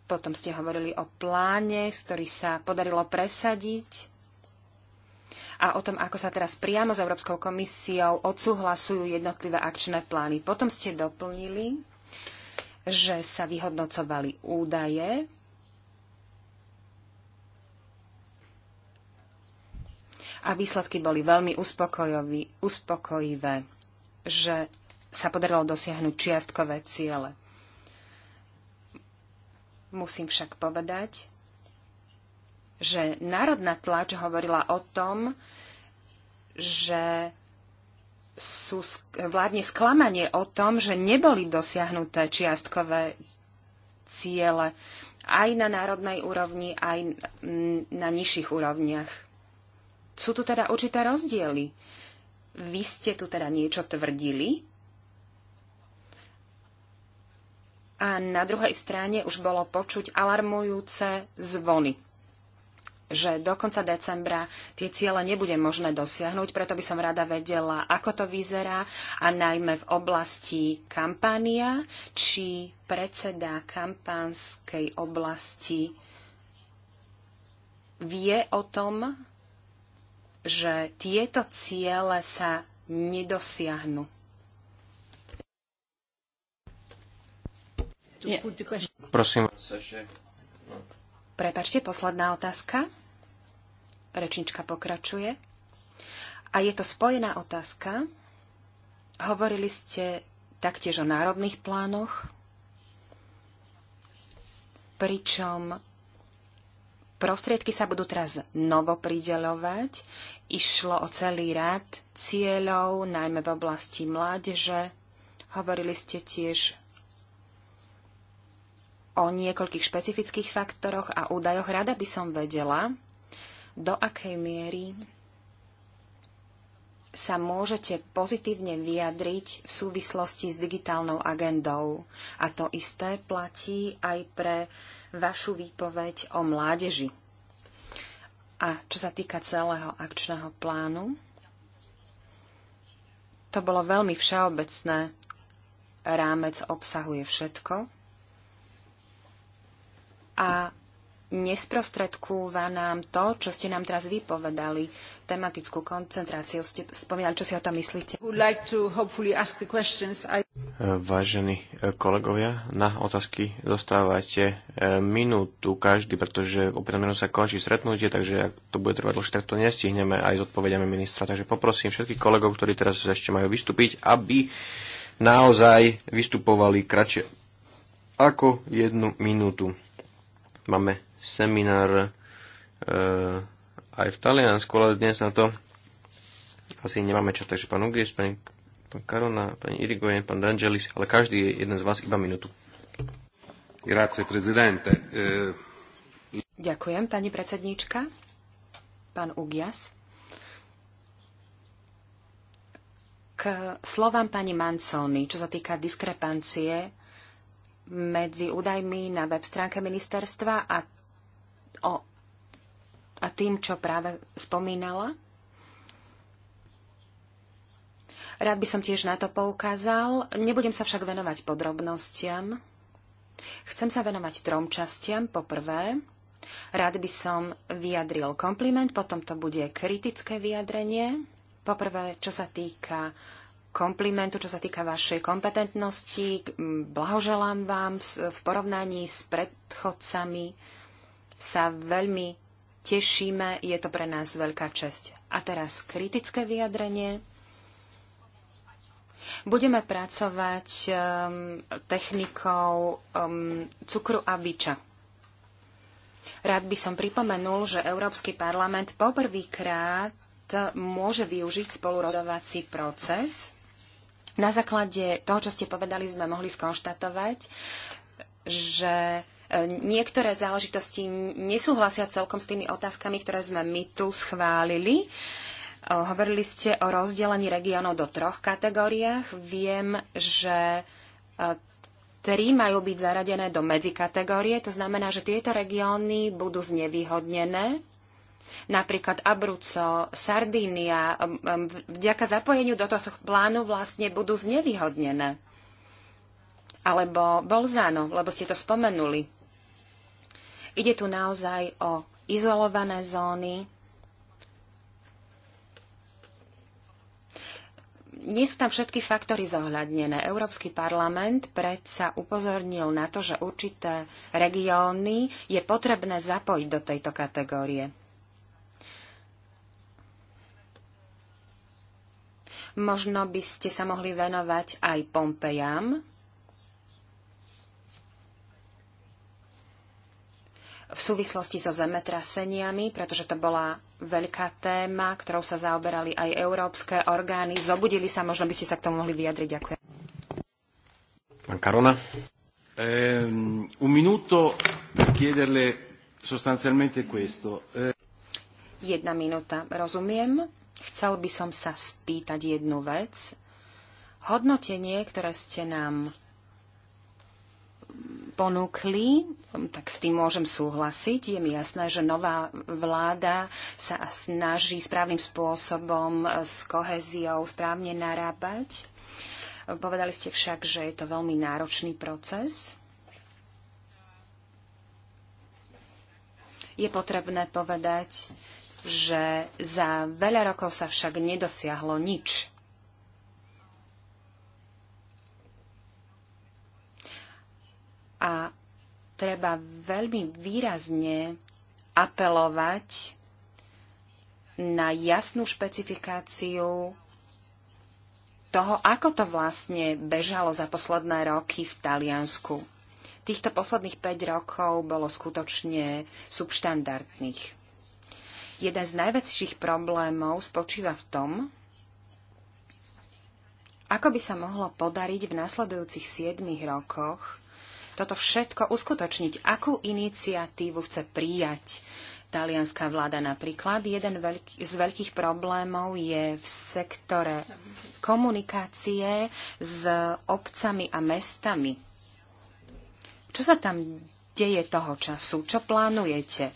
Potom ste hovorili o pláne, ktorý sa podarilo presadiť a o tom, ako sa teraz priamo s Európskou komisiou odsúhlasujú jednotlivé akčné plány. Potom ste doplnili, že sa vyhodnocovali údaje a výsledky boli veľmi uspokojivé, že sa podarilo dosiahnuť čiastkové ciele. Musím však povedať, že národná tlač hovorila o tom, že sú vládne sklamanie o tom, že neboli dosiahnuté čiastkové ciele aj na národnej úrovni, aj na nižších úrovniach. Sú tu teda určité rozdiely. Vy ste tu teda niečo tvrdili a na druhej strane už bolo počuť alarmujúce zvony že do konca decembra tie ciele nebude možné dosiahnuť, preto by som rada vedela, ako to vyzerá a najmä v oblasti kampania, či predseda kampánskej oblasti vie o tom, že tieto ciele sa nedosiahnu. Prosím Prepačte, posledná otázka. Rečnička pokračuje. A je to spojená otázka. Hovorili ste taktiež o národných plánoch, pričom prostriedky sa budú teraz novo prideľovať. Išlo o celý rad cieľov, najmä v oblasti mládeže. Hovorili ste tiež o niekoľkých špecifických faktoroch a údajoch. Rada by som vedela, do akej miery sa môžete pozitívne vyjadriť v súvislosti s digitálnou agendou. A to isté platí aj pre vašu výpoveď o mládeži. A čo sa týka celého akčného plánu, to bolo veľmi všeobecné. Rámec obsahuje všetko. A nesprostredkúva nám to, čo ste nám teraz vypovedali, tematickú koncentráciu. Ste spomínali, čo si o tom myslíte. Vážení eh, kolegovia, na otázky dostávate eh, minútu každý, pretože opäť minút sa končí stretnutie, takže ak to bude trvať dlhšie, tak to nestihneme aj s odpovediami ministra. Takže poprosím všetkých kolegov, ktorí teraz ešte majú vystúpiť, aby naozaj vystupovali kratšie ako jednu minútu. Máme seminár e, aj v Taliansku, ale dnes na to asi nemáme čas, takže pán Ugies, pani, pán Karona, pani Irigoyen, pán D'Angelis, ale každý je jeden z vás iba minútu. Grazie, prezidente. E... Ďakujem, pani predsedníčka. Pán Ugias. K slovám pani Mancony, čo sa týka diskrepancie medzi údajmi na web stránke ministerstva a o, a tým, čo práve spomínala. Rád by som tiež na to poukázal. Nebudem sa však venovať podrobnostiam. Chcem sa venovať trom častiam. Poprvé, rád by som vyjadril kompliment, potom to bude kritické vyjadrenie. Poprvé, čo sa týka komplimentu, čo sa týka vašej kompetentnosti. Blahoželám vám v porovnaní s predchodcami sa veľmi tešíme, je to pre nás veľká česť. A teraz kritické vyjadrenie. Budeme pracovať um, technikou um, cukru a biča. Rád by som pripomenul, že Európsky parlament poprvýkrát môže využiť spolurozhodovací proces. Na základe toho, čo ste povedali, sme mohli skonštatovať, že niektoré záležitosti nesúhlasia celkom s tými otázkami, ktoré sme my tu schválili. Hovorili ste o rozdelení regiónov do troch kategóriách. Viem, že e, tri majú byť zaradené do medzikategórie. To znamená, že tieto regióny budú znevýhodnené. Napríklad Abruco, Sardínia, vďaka zapojeniu do tohto plánu vlastne budú znevýhodnené. Alebo Bolzano, lebo ste to spomenuli. Ide tu naozaj o izolované zóny. Nie sú tam všetky faktory zohľadnené. Európsky parlament predsa upozornil na to, že určité regióny je potrebné zapojiť do tejto kategórie. Možno by ste sa mohli venovať aj Pompejam, v súvislosti so zemetraseniami, pretože to bola veľká téma, ktorou sa zaoberali aj európske orgány. Zobudili sa, možno by ste sa k tomu mohli vyjadriť. Ďakujem. Pán Karona. Eh, un minuto per chiederle sostanzialmente questo. Eh, Jedna minúta, rozumiem. Chcel by som sa spýtať jednu vec. Hodnotenie, ktoré ste nám ponúkli, tak s tým môžem súhlasiť. Je mi jasné, že nová vláda sa snaží správnym spôsobom s koheziou správne narábať. Povedali ste však, že je to veľmi náročný proces. Je potrebné povedať, že za veľa rokov sa však nedosiahlo nič A treba veľmi výrazne apelovať na jasnú špecifikáciu toho, ako to vlastne bežalo za posledné roky v Taliansku. Týchto posledných 5 rokov bolo skutočne subštandardných. Jeden z najväčších problémov spočíva v tom, ako by sa mohlo podariť v nasledujúcich 7 rokoch toto všetko uskutočniť? Akú iniciatívu chce prijať? Talianská vláda napríklad. Jeden veľký, z veľkých problémov je v sektore komunikácie s obcami a mestami. Čo sa tam deje toho času? Čo plánujete?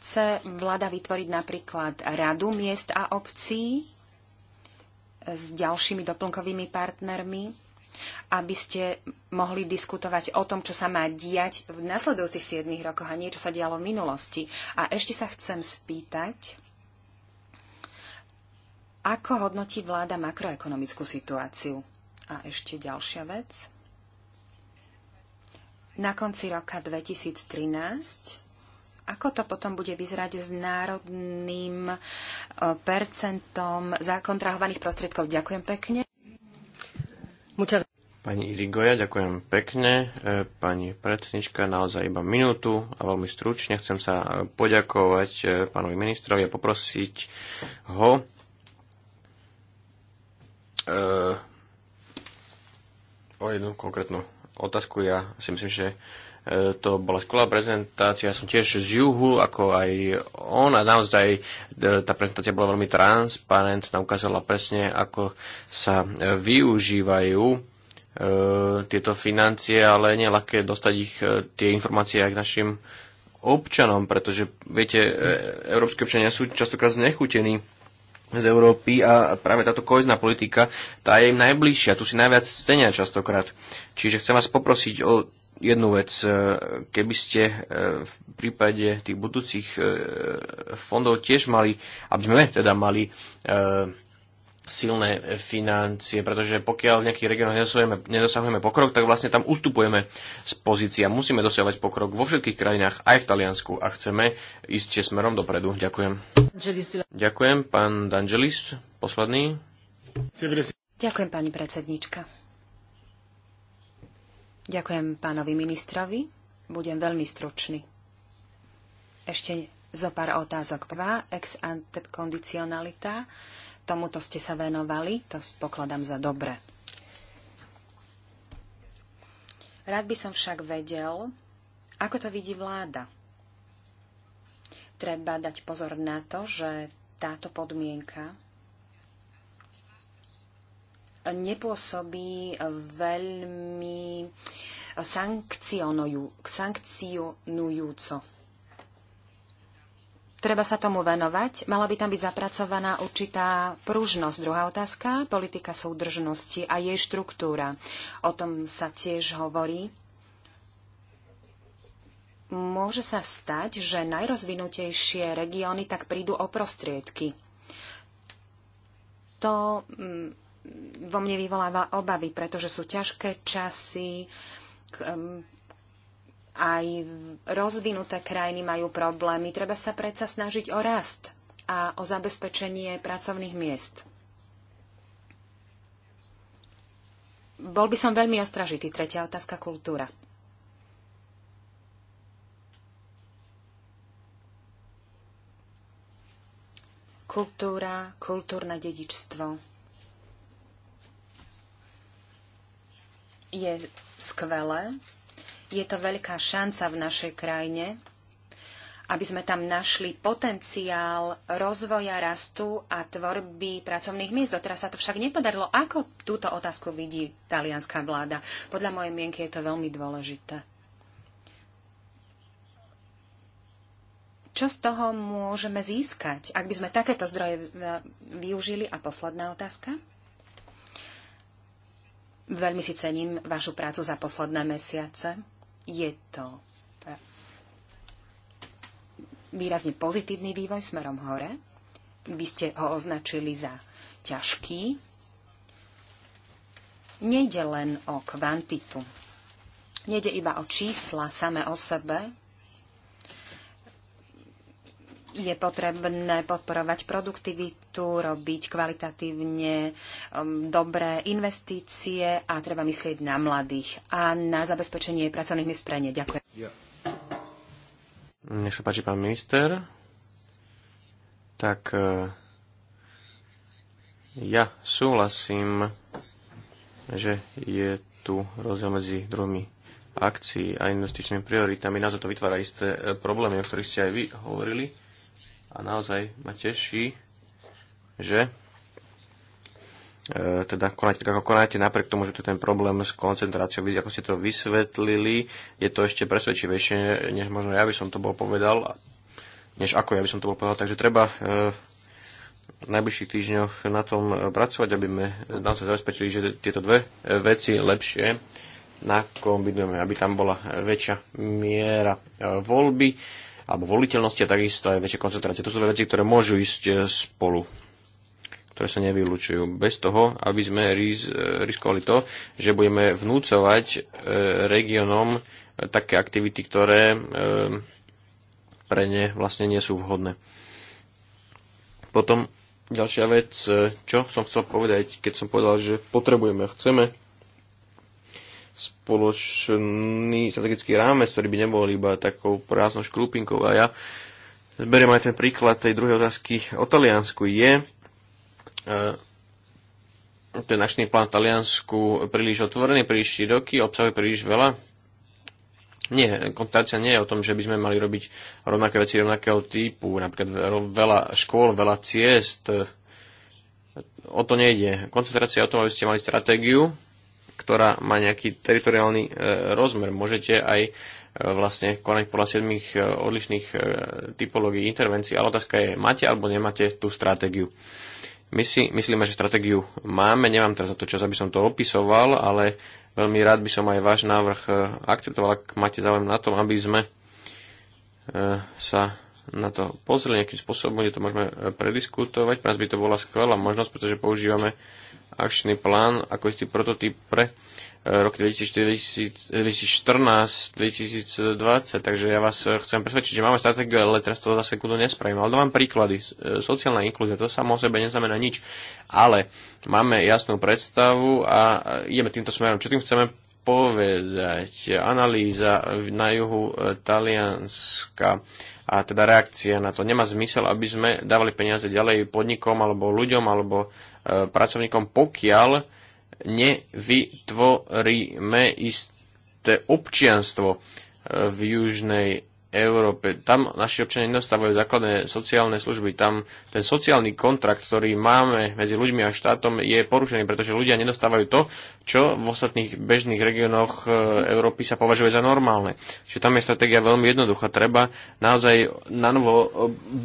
Chce vláda vytvoriť napríklad radu miest a obcí? s ďalšími doplnkovými partnermi, aby ste mohli diskutovať o tom, čo sa má diať v nasledujúcich 7 rokoch a nie, čo sa dialo v minulosti. A ešte sa chcem spýtať, ako hodnotí vláda makroekonomickú situáciu? A ešte ďalšia vec. Na konci roka 2013 ako to potom bude vyzerať s národným e, percentom zakontrahovaných prostriedkov? Ďakujem pekne. Pani Irigoja, ďakujem pekne. E, pani predsednička, naozaj iba minútu a veľmi stručne chcem sa poďakovať e, pánovi ministrovi a poprosiť ho o jednu konkrétnu otázku. Ja si myslím, že E, to bola skvelá prezentácia, ja som tiež z juhu, ako aj on a naozaj e, tá prezentácia bola veľmi transparentná, ukázala presne, ako sa e, využívajú tieto financie, ale nie ľahké dostať ich, tie informácie aj k našim občanom, pretože, viete, európske občania sú častokrát znechutení z Európy a práve táto kojzná politika, tá je im najbližšia, tu si najviac cenia častokrát. Čiže chcem vás poprosiť o jednu vec. E, keby ste e, v prípade tých budúcich e, fondov tiež mali, aby sme teda mali silné financie, pretože pokiaľ v nejakých regiónoch nedosahujeme, nedosahujeme pokrok, tak vlastne tam ustupujeme z pozícia. a musíme dosiahovať pokrok vo všetkých krajinách, aj v Taliansku a chceme ísť smerom dopredu. Ďakujem. Ďakujem, pán D'Angelis, posledný. Ďakujem, pani predsednička. Ďakujem pánovi ministrovi. Budem veľmi stručný. Ešte zo pár otázok. Prvá, ex ante kondicionalita tomuto ste sa venovali, to pokladám za dobre. Rád by som však vedel, ako to vidí vláda. Treba dať pozor na to, že táto podmienka nepôsobí veľmi sankcionujú, sankcionujúco treba sa tomu venovať. Mala by tam byť zapracovaná určitá pružnosť. Druhá otázka, politika súdržnosti a jej štruktúra. O tom sa tiež hovorí. Môže sa stať, že najrozvinutejšie regióny tak prídu o prostriedky. To mm, vo mne vyvoláva obavy, pretože sú ťažké časy, mm, aj rozvinuté krajiny majú problémy. Treba sa predsa snažiť o rast a o zabezpečenie pracovných miest. Bol by som veľmi ostražitý. Tretia otázka kultúra. Kultúra, kultúrne dedičstvo. je skvelé, je to veľká šanca v našej krajine, aby sme tam našli potenciál rozvoja, rastu a tvorby pracovných miest. Doteraz sa to však nepodarilo. Ako túto otázku vidí talianská vláda? Podľa mojej mienky je to veľmi dôležité. Čo z toho môžeme získať, ak by sme takéto zdroje využili? A posledná otázka. Veľmi si cením vašu prácu za posledné mesiace je to e, výrazne pozitívny vývoj smerom hore. Vy ste ho označili za ťažký. Nejde len o kvantitu. Nejde iba o čísla samé o sebe, je potrebné podporovať produktivitu, robiť kvalitatívne um, dobré investície a treba myslieť na mladých a na zabezpečenie pracovných miest pre ne. Ďakujem. Ja. Nech sa páči, pán minister. Tak e, ja súhlasím, že je tu rozdiel medzi druhými akcií a investičnými prioritami. Na to vytvára isté e, problémy, o ktorých ste aj vy hovorili a naozaj ma teší, že e, teda konáte tak, ako konáte, napriek tomu, že to je ten problém s koncentráciou, vidíte, ako ste to vysvetlili, je to ešte presvedčivejšie, než možno ja by som to bol povedal, než ako ja by som to bol povedal, takže treba e, v najbližších týždňoch na tom e, pracovať, aby sme nám sa zabezpečili, že tieto dve e, veci lepšie nakombinujeme, aby tam bola väčšia miera e, voľby alebo voliteľnosti a takisto aj väčšie koncentrácie. To sú veci, ktoré môžu ísť e, spolu ktoré sa nevylučujú. Bez toho, aby sme riz, e, riskovali to, že budeme vnúcovať e, regiónom e, také aktivity, ktoré e, pre ne vlastne nie sú vhodné. Potom ďalšia vec, čo som chcel povedať, keď som povedal, že potrebujeme, chceme spoločný strategický rámec, ktorý by nebol iba takou prázdnou škrupinkou. A ja beriem aj ten príklad tej druhej otázky o Taliansku. Je e, ten akčný plán Taliansku príliš otvorený, príliš široký, obsahuje príliš veľa? Nie, konfrontácia nie je o tom, že by sme mali robiť rovnaké veci rovnakého typu, napríklad veľa škôl, veľa ciest. E, o to nejde. Koncentrácia je o tom, aby ste mali stratégiu, ktorá má nejaký teritoriálny e, rozmer. Môžete aj e, vlastne konať podľa 7 e, odlišných typológií intervencií, ale otázka je, máte alebo nemáte tú stratégiu. My si myslíme, že stratégiu máme, nemám teraz za to čas, aby som to opisoval, ale veľmi rád by som aj váš návrh akceptoval, ak máte záujem na tom, aby sme sa na to pozreli nejakým spôsobom, kde to môžeme prediskutovať. Pre nás by to bola skvelá možnosť, pretože používame akčný plán ako istý prototyp pre e, rok 2014-2020. Takže ja vás e, chcem presvedčiť, že máme stratégiu, ale teraz to za sekundu nespravím. Ale dávam príklady. E, sociálna inklúzia, to samo o sebe neznamená nič. Ale máme jasnú predstavu a ideme týmto smerom. Čo tým chceme povedať. Analýza na juhu e, Talianska a teda reakcia na to. Nemá zmysel, aby sme dávali peniaze ďalej podnikom alebo ľuďom alebo e, pracovníkom, pokiaľ nevytvoríme isté občianstvo e, v Južnej Európe. Tam naši občania nedostávajú základné sociálne služby. Tam ten sociálny kontrakt, ktorý máme medzi ľuďmi a štátom, je porušený, pretože ľudia nedostávajú to, čo v ostatných bežných regiónoch e, Európy sa považuje za normálne. Čiže tam je stratégia veľmi jednoduchá. Treba naozaj na novo e,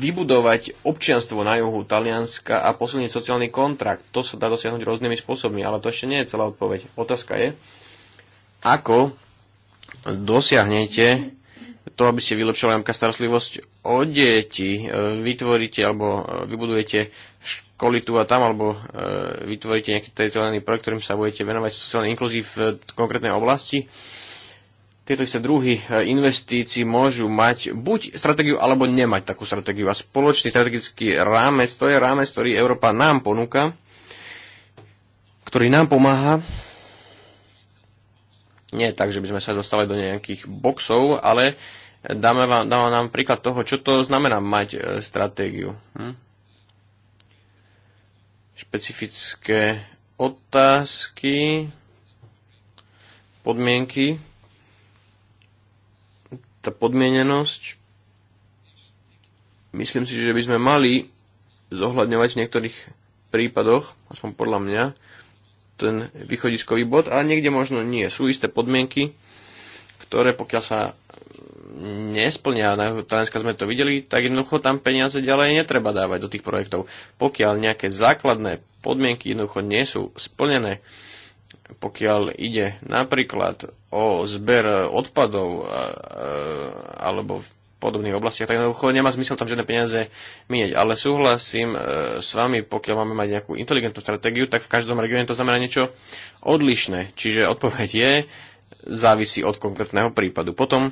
vybudovať občianstvo na juhu Talianska a posilniť sociálny kontrakt. To sa dá dosiahnuť rôznymi spôsobmi, ale to ešte nie je celá odpoveď. Otázka je, ako dosiahnete to, aby ste vylepšovali napríklad starostlivosť o deti, e, vytvoríte alebo e, vybudujete školy tu a tam, alebo e, vytvoríte nejaký teritoriálny projekt, ktorým sa budete venovať sociálnej inkluzii v konkrétnej oblasti. Tieto isté druhy investícií môžu mať buď stratégiu, alebo nemať takú stratégiu. A spoločný strategický rámec, to je rámec, ktorý Európa nám ponúka, ktorý nám pomáha nie tak, že by sme sa dostali do nejakých boxov, ale dáme vám, dáme nám príklad toho, čo to znamená mať e, stratégiu. Hm? Špecifické otázky, podmienky, tá podmienenosť. Myslím si, že by sme mali zohľadňovať v niektorých prípadoch, aspoň podľa mňa, ten východiskový bod a niekde možno nie. Sú isté podmienky, ktoré pokiaľ sa nesplňa, na Talianska sme to videli, tak jednoducho tam peniaze ďalej netreba dávať do tých projektov. Pokiaľ nejaké základné podmienky jednoducho nie sú splnené, pokiaľ ide napríklad o zber odpadov alebo podobných oblastiach, tak jednoducho nemá zmysel tam žiadne peniaze minieť. Ale súhlasím e, s vami, pokiaľ máme mať nejakú inteligentnú stratégiu, tak v každom regióne to znamená niečo odlišné. Čiže odpoveď je, závisí od konkrétneho prípadu. Potom e,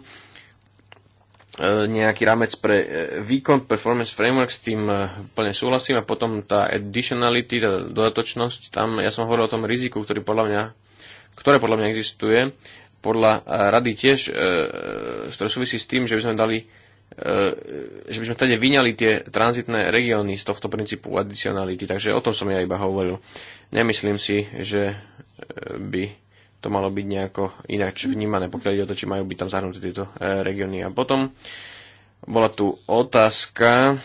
nejaký rámec pre e, výkon, performance framework, s tým e, plne súhlasím. A potom tá additionality, tá dodatočnosť, tam ja som hovoril o tom riziku, ktorý podľa mňa, ktoré podľa mňa existuje, podľa e, rady tiež, e, e ktoré súvisí s tým, že by sme dali E, že by sme tady vyňali tie tranzitné regióny z tohto princípu adicionality, takže o tom som ja iba hovoril. Nemyslím si, že e, by to malo byť nejako ináč vnímané, pokiaľ ide o to, či majú byť tam zahrnuté tieto e, regióny. A potom bola tu otázka...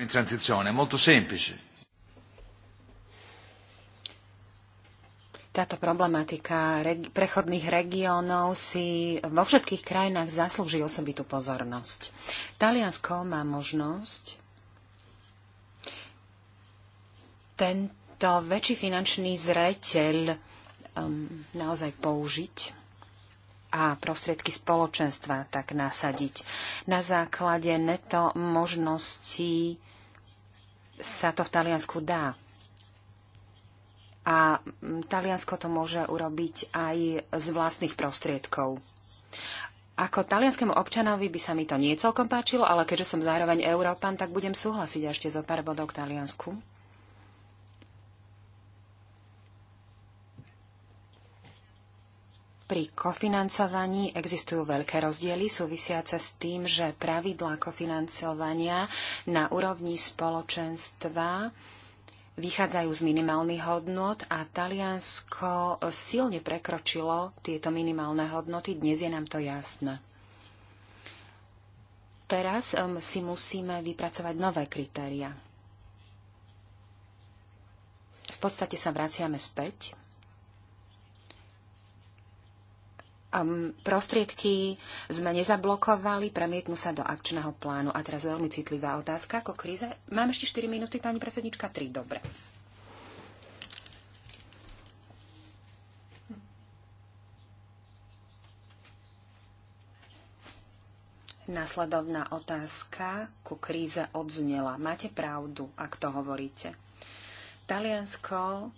Transizione, molto semplice. táto problematika regi- prechodných regiónov si vo všetkých krajinách zaslúži osobitú pozornosť. Taliansko má možnosť tento väčší finančný zreteľ um, naozaj použiť a prostriedky spoločenstva tak nasadiť. Na základe neto možností sa to v Taliansku dá a mm, Taliansko to môže urobiť aj z vlastných prostriedkov. Ako talianskému občanovi by sa mi to nie celkom páčilo, ale keďže som zároveň Európan, tak budem súhlasiť ešte zo pár bodov k Taliansku. Pri kofinancovaní existujú veľké rozdiely súvisiace s tým, že pravidlá kofinancovania na úrovni spoločenstva vychádzajú z minimálnych hodnot a Taliansko silne prekročilo tieto minimálne hodnoty. Dnes je nám to jasné. Teraz um, si musíme vypracovať nové kritéria. V podstate sa vraciame späť prostriedky sme nezablokovali, premietnú sa do akčného plánu. A teraz veľmi citlivá otázka ako kríze. Mám ešte 4 minúty, pani predsednička? 3, dobre. Následovná otázka ku kríze odznela. Máte pravdu, ak to hovoríte. Taliansko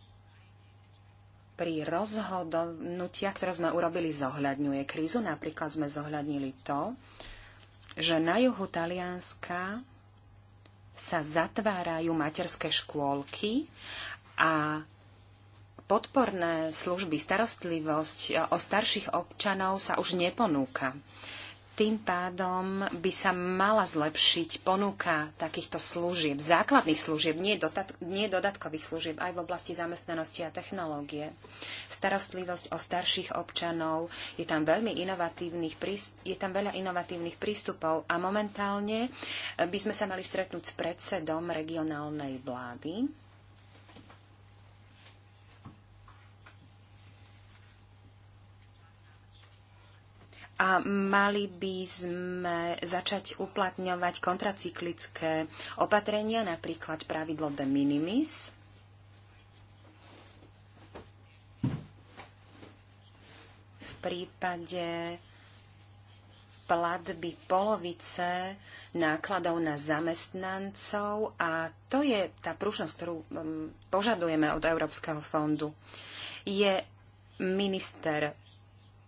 pri rozhodnutiach, ktoré sme urobili, zohľadňuje krízu. Napríklad sme zohľadnili to, že na juhu Talianska sa zatvárajú materské škôlky a podporné služby, starostlivosť o starších občanov sa už neponúka tým pádom by sa mala zlepšiť ponuka takýchto služieb, základných služieb, nie, dodat- nie dodatkových služieb aj v oblasti zamestnanosti a technológie. Starostlivosť o starších občanov, je tam, veľmi inovatívnych je tam veľa inovatívnych prístupov a momentálne by sme sa mali stretnúť s predsedom regionálnej vlády a mali by sme začať uplatňovať kontracyklické opatrenia, napríklad pravidlo de minimis. V prípade platby polovice nákladov na zamestnancov a to je tá prúšnosť, ktorú mm, požadujeme od Európskeho fondu. Je minister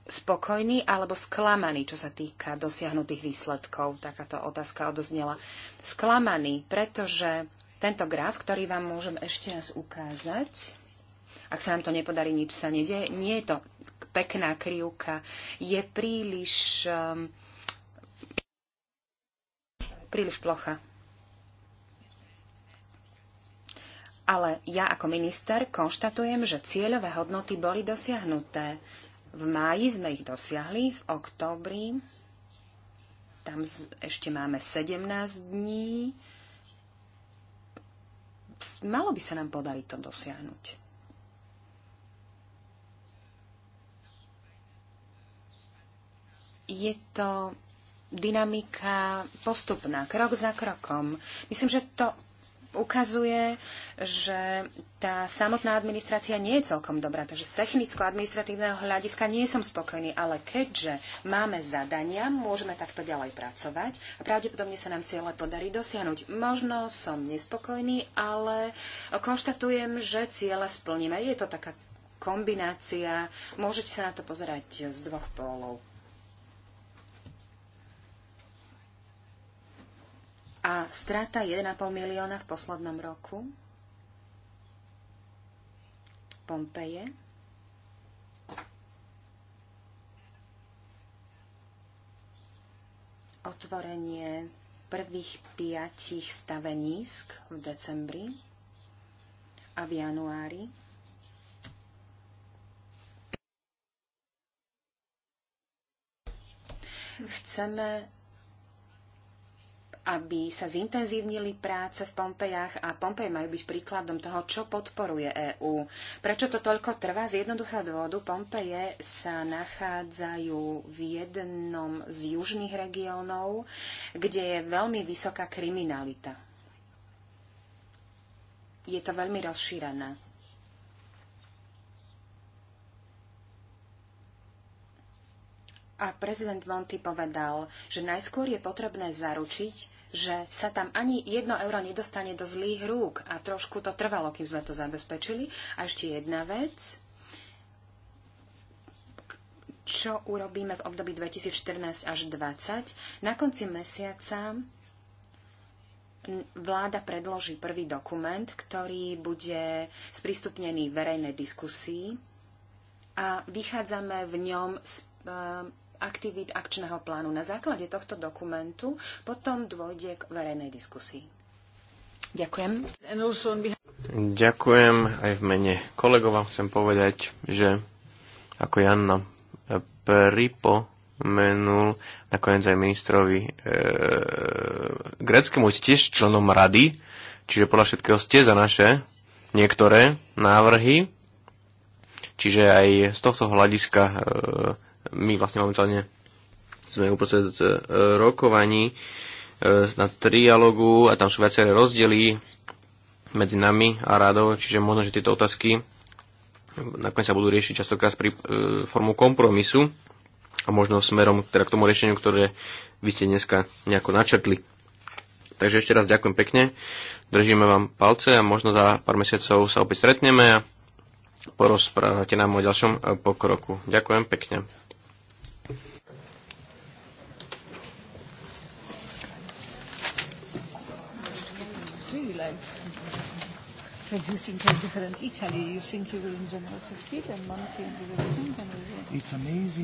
spokojní alebo sklamaní, čo sa týka dosiahnutých výsledkov? Takáto otázka odoznela. Sklamaní, pretože tento graf, ktorý vám môžem ešte raz ukázať, ak sa nám to nepodarí, nič sa nedie, nie je to pekná krivka, je príliš, um, príliš plocha. Ale ja ako minister konštatujem, že cieľové hodnoty boli dosiahnuté. V máji sme ich dosiahli, v októbri tam ešte máme 17 dní. Malo by sa nám podariť to dosiahnuť. Je to dynamika postupná, krok za krokom. Myslím, že to ukazuje, že tá samotná administrácia nie je celkom dobrá. Takže z technicko-administratívneho hľadiska nie som spokojný, ale keďže máme zadania, môžeme takto ďalej pracovať a pravdepodobne sa nám ciele podarí dosiahnuť. Možno som nespokojný, ale konštatujem, že ciele splníme. Je to taká kombinácia. Môžete sa na to pozerať z dvoch polov. a strata 1,5 milióna v poslednom roku. Pompeje. Otvorenie prvých piatich stavenísk v decembri a v januári. Chceme aby sa zintenzívnili práce v Pompejach a Pompeje majú byť príkladom toho, čo podporuje EÚ. Prečo to toľko trvá? Z jednoduchého dôvodu Pompeje sa nachádzajú v jednom z južných regiónov, kde je veľmi vysoká kriminalita. Je to veľmi rozšírené. A prezident Monty povedal, že najskôr je potrebné zaručiť, že sa tam ani jedno euro nedostane do zlých rúk a trošku to trvalo, kým sme to zabezpečili. A ešte jedna vec, čo urobíme v období 2014 až 2020. Na konci mesiaca vláda predloží prvý dokument, ktorý bude sprístupnený verejnej diskusii a vychádzame v ňom z aktivít akčného plánu. Na základe tohto dokumentu potom dôjde k verejnej diskusii. Ďakujem. Ďakujem aj v mene kolegov chcem povedať, že ako Janna e, menul nakoniec aj ministrovi e, greckému, ste tiež členom rady, čiže podľa všetkého ste za naše niektoré návrhy, čiže aj z tohto hľadiska e, my vlastne momentálne sme uprostred e, rokovaní e, na trialogu a tam sú viaceré rozdiely medzi nami a radou, čiže možno, že tieto otázky nakoniec sa budú riešiť častokrát pri e, formu kompromisu a možno smerom teda k tomu riešeniu, ktoré vy ste dneska nejako načrtli. Takže ešte raz ďakujem pekne, držíme vám palce a možno za pár mesiacov sa opäť stretneme a porozprávate nám o ďalšom e, pokroku. Ďakujem pekne. introducing to a different Italy, you think you will in general succeed, and one thing you will think, and you It's amazing.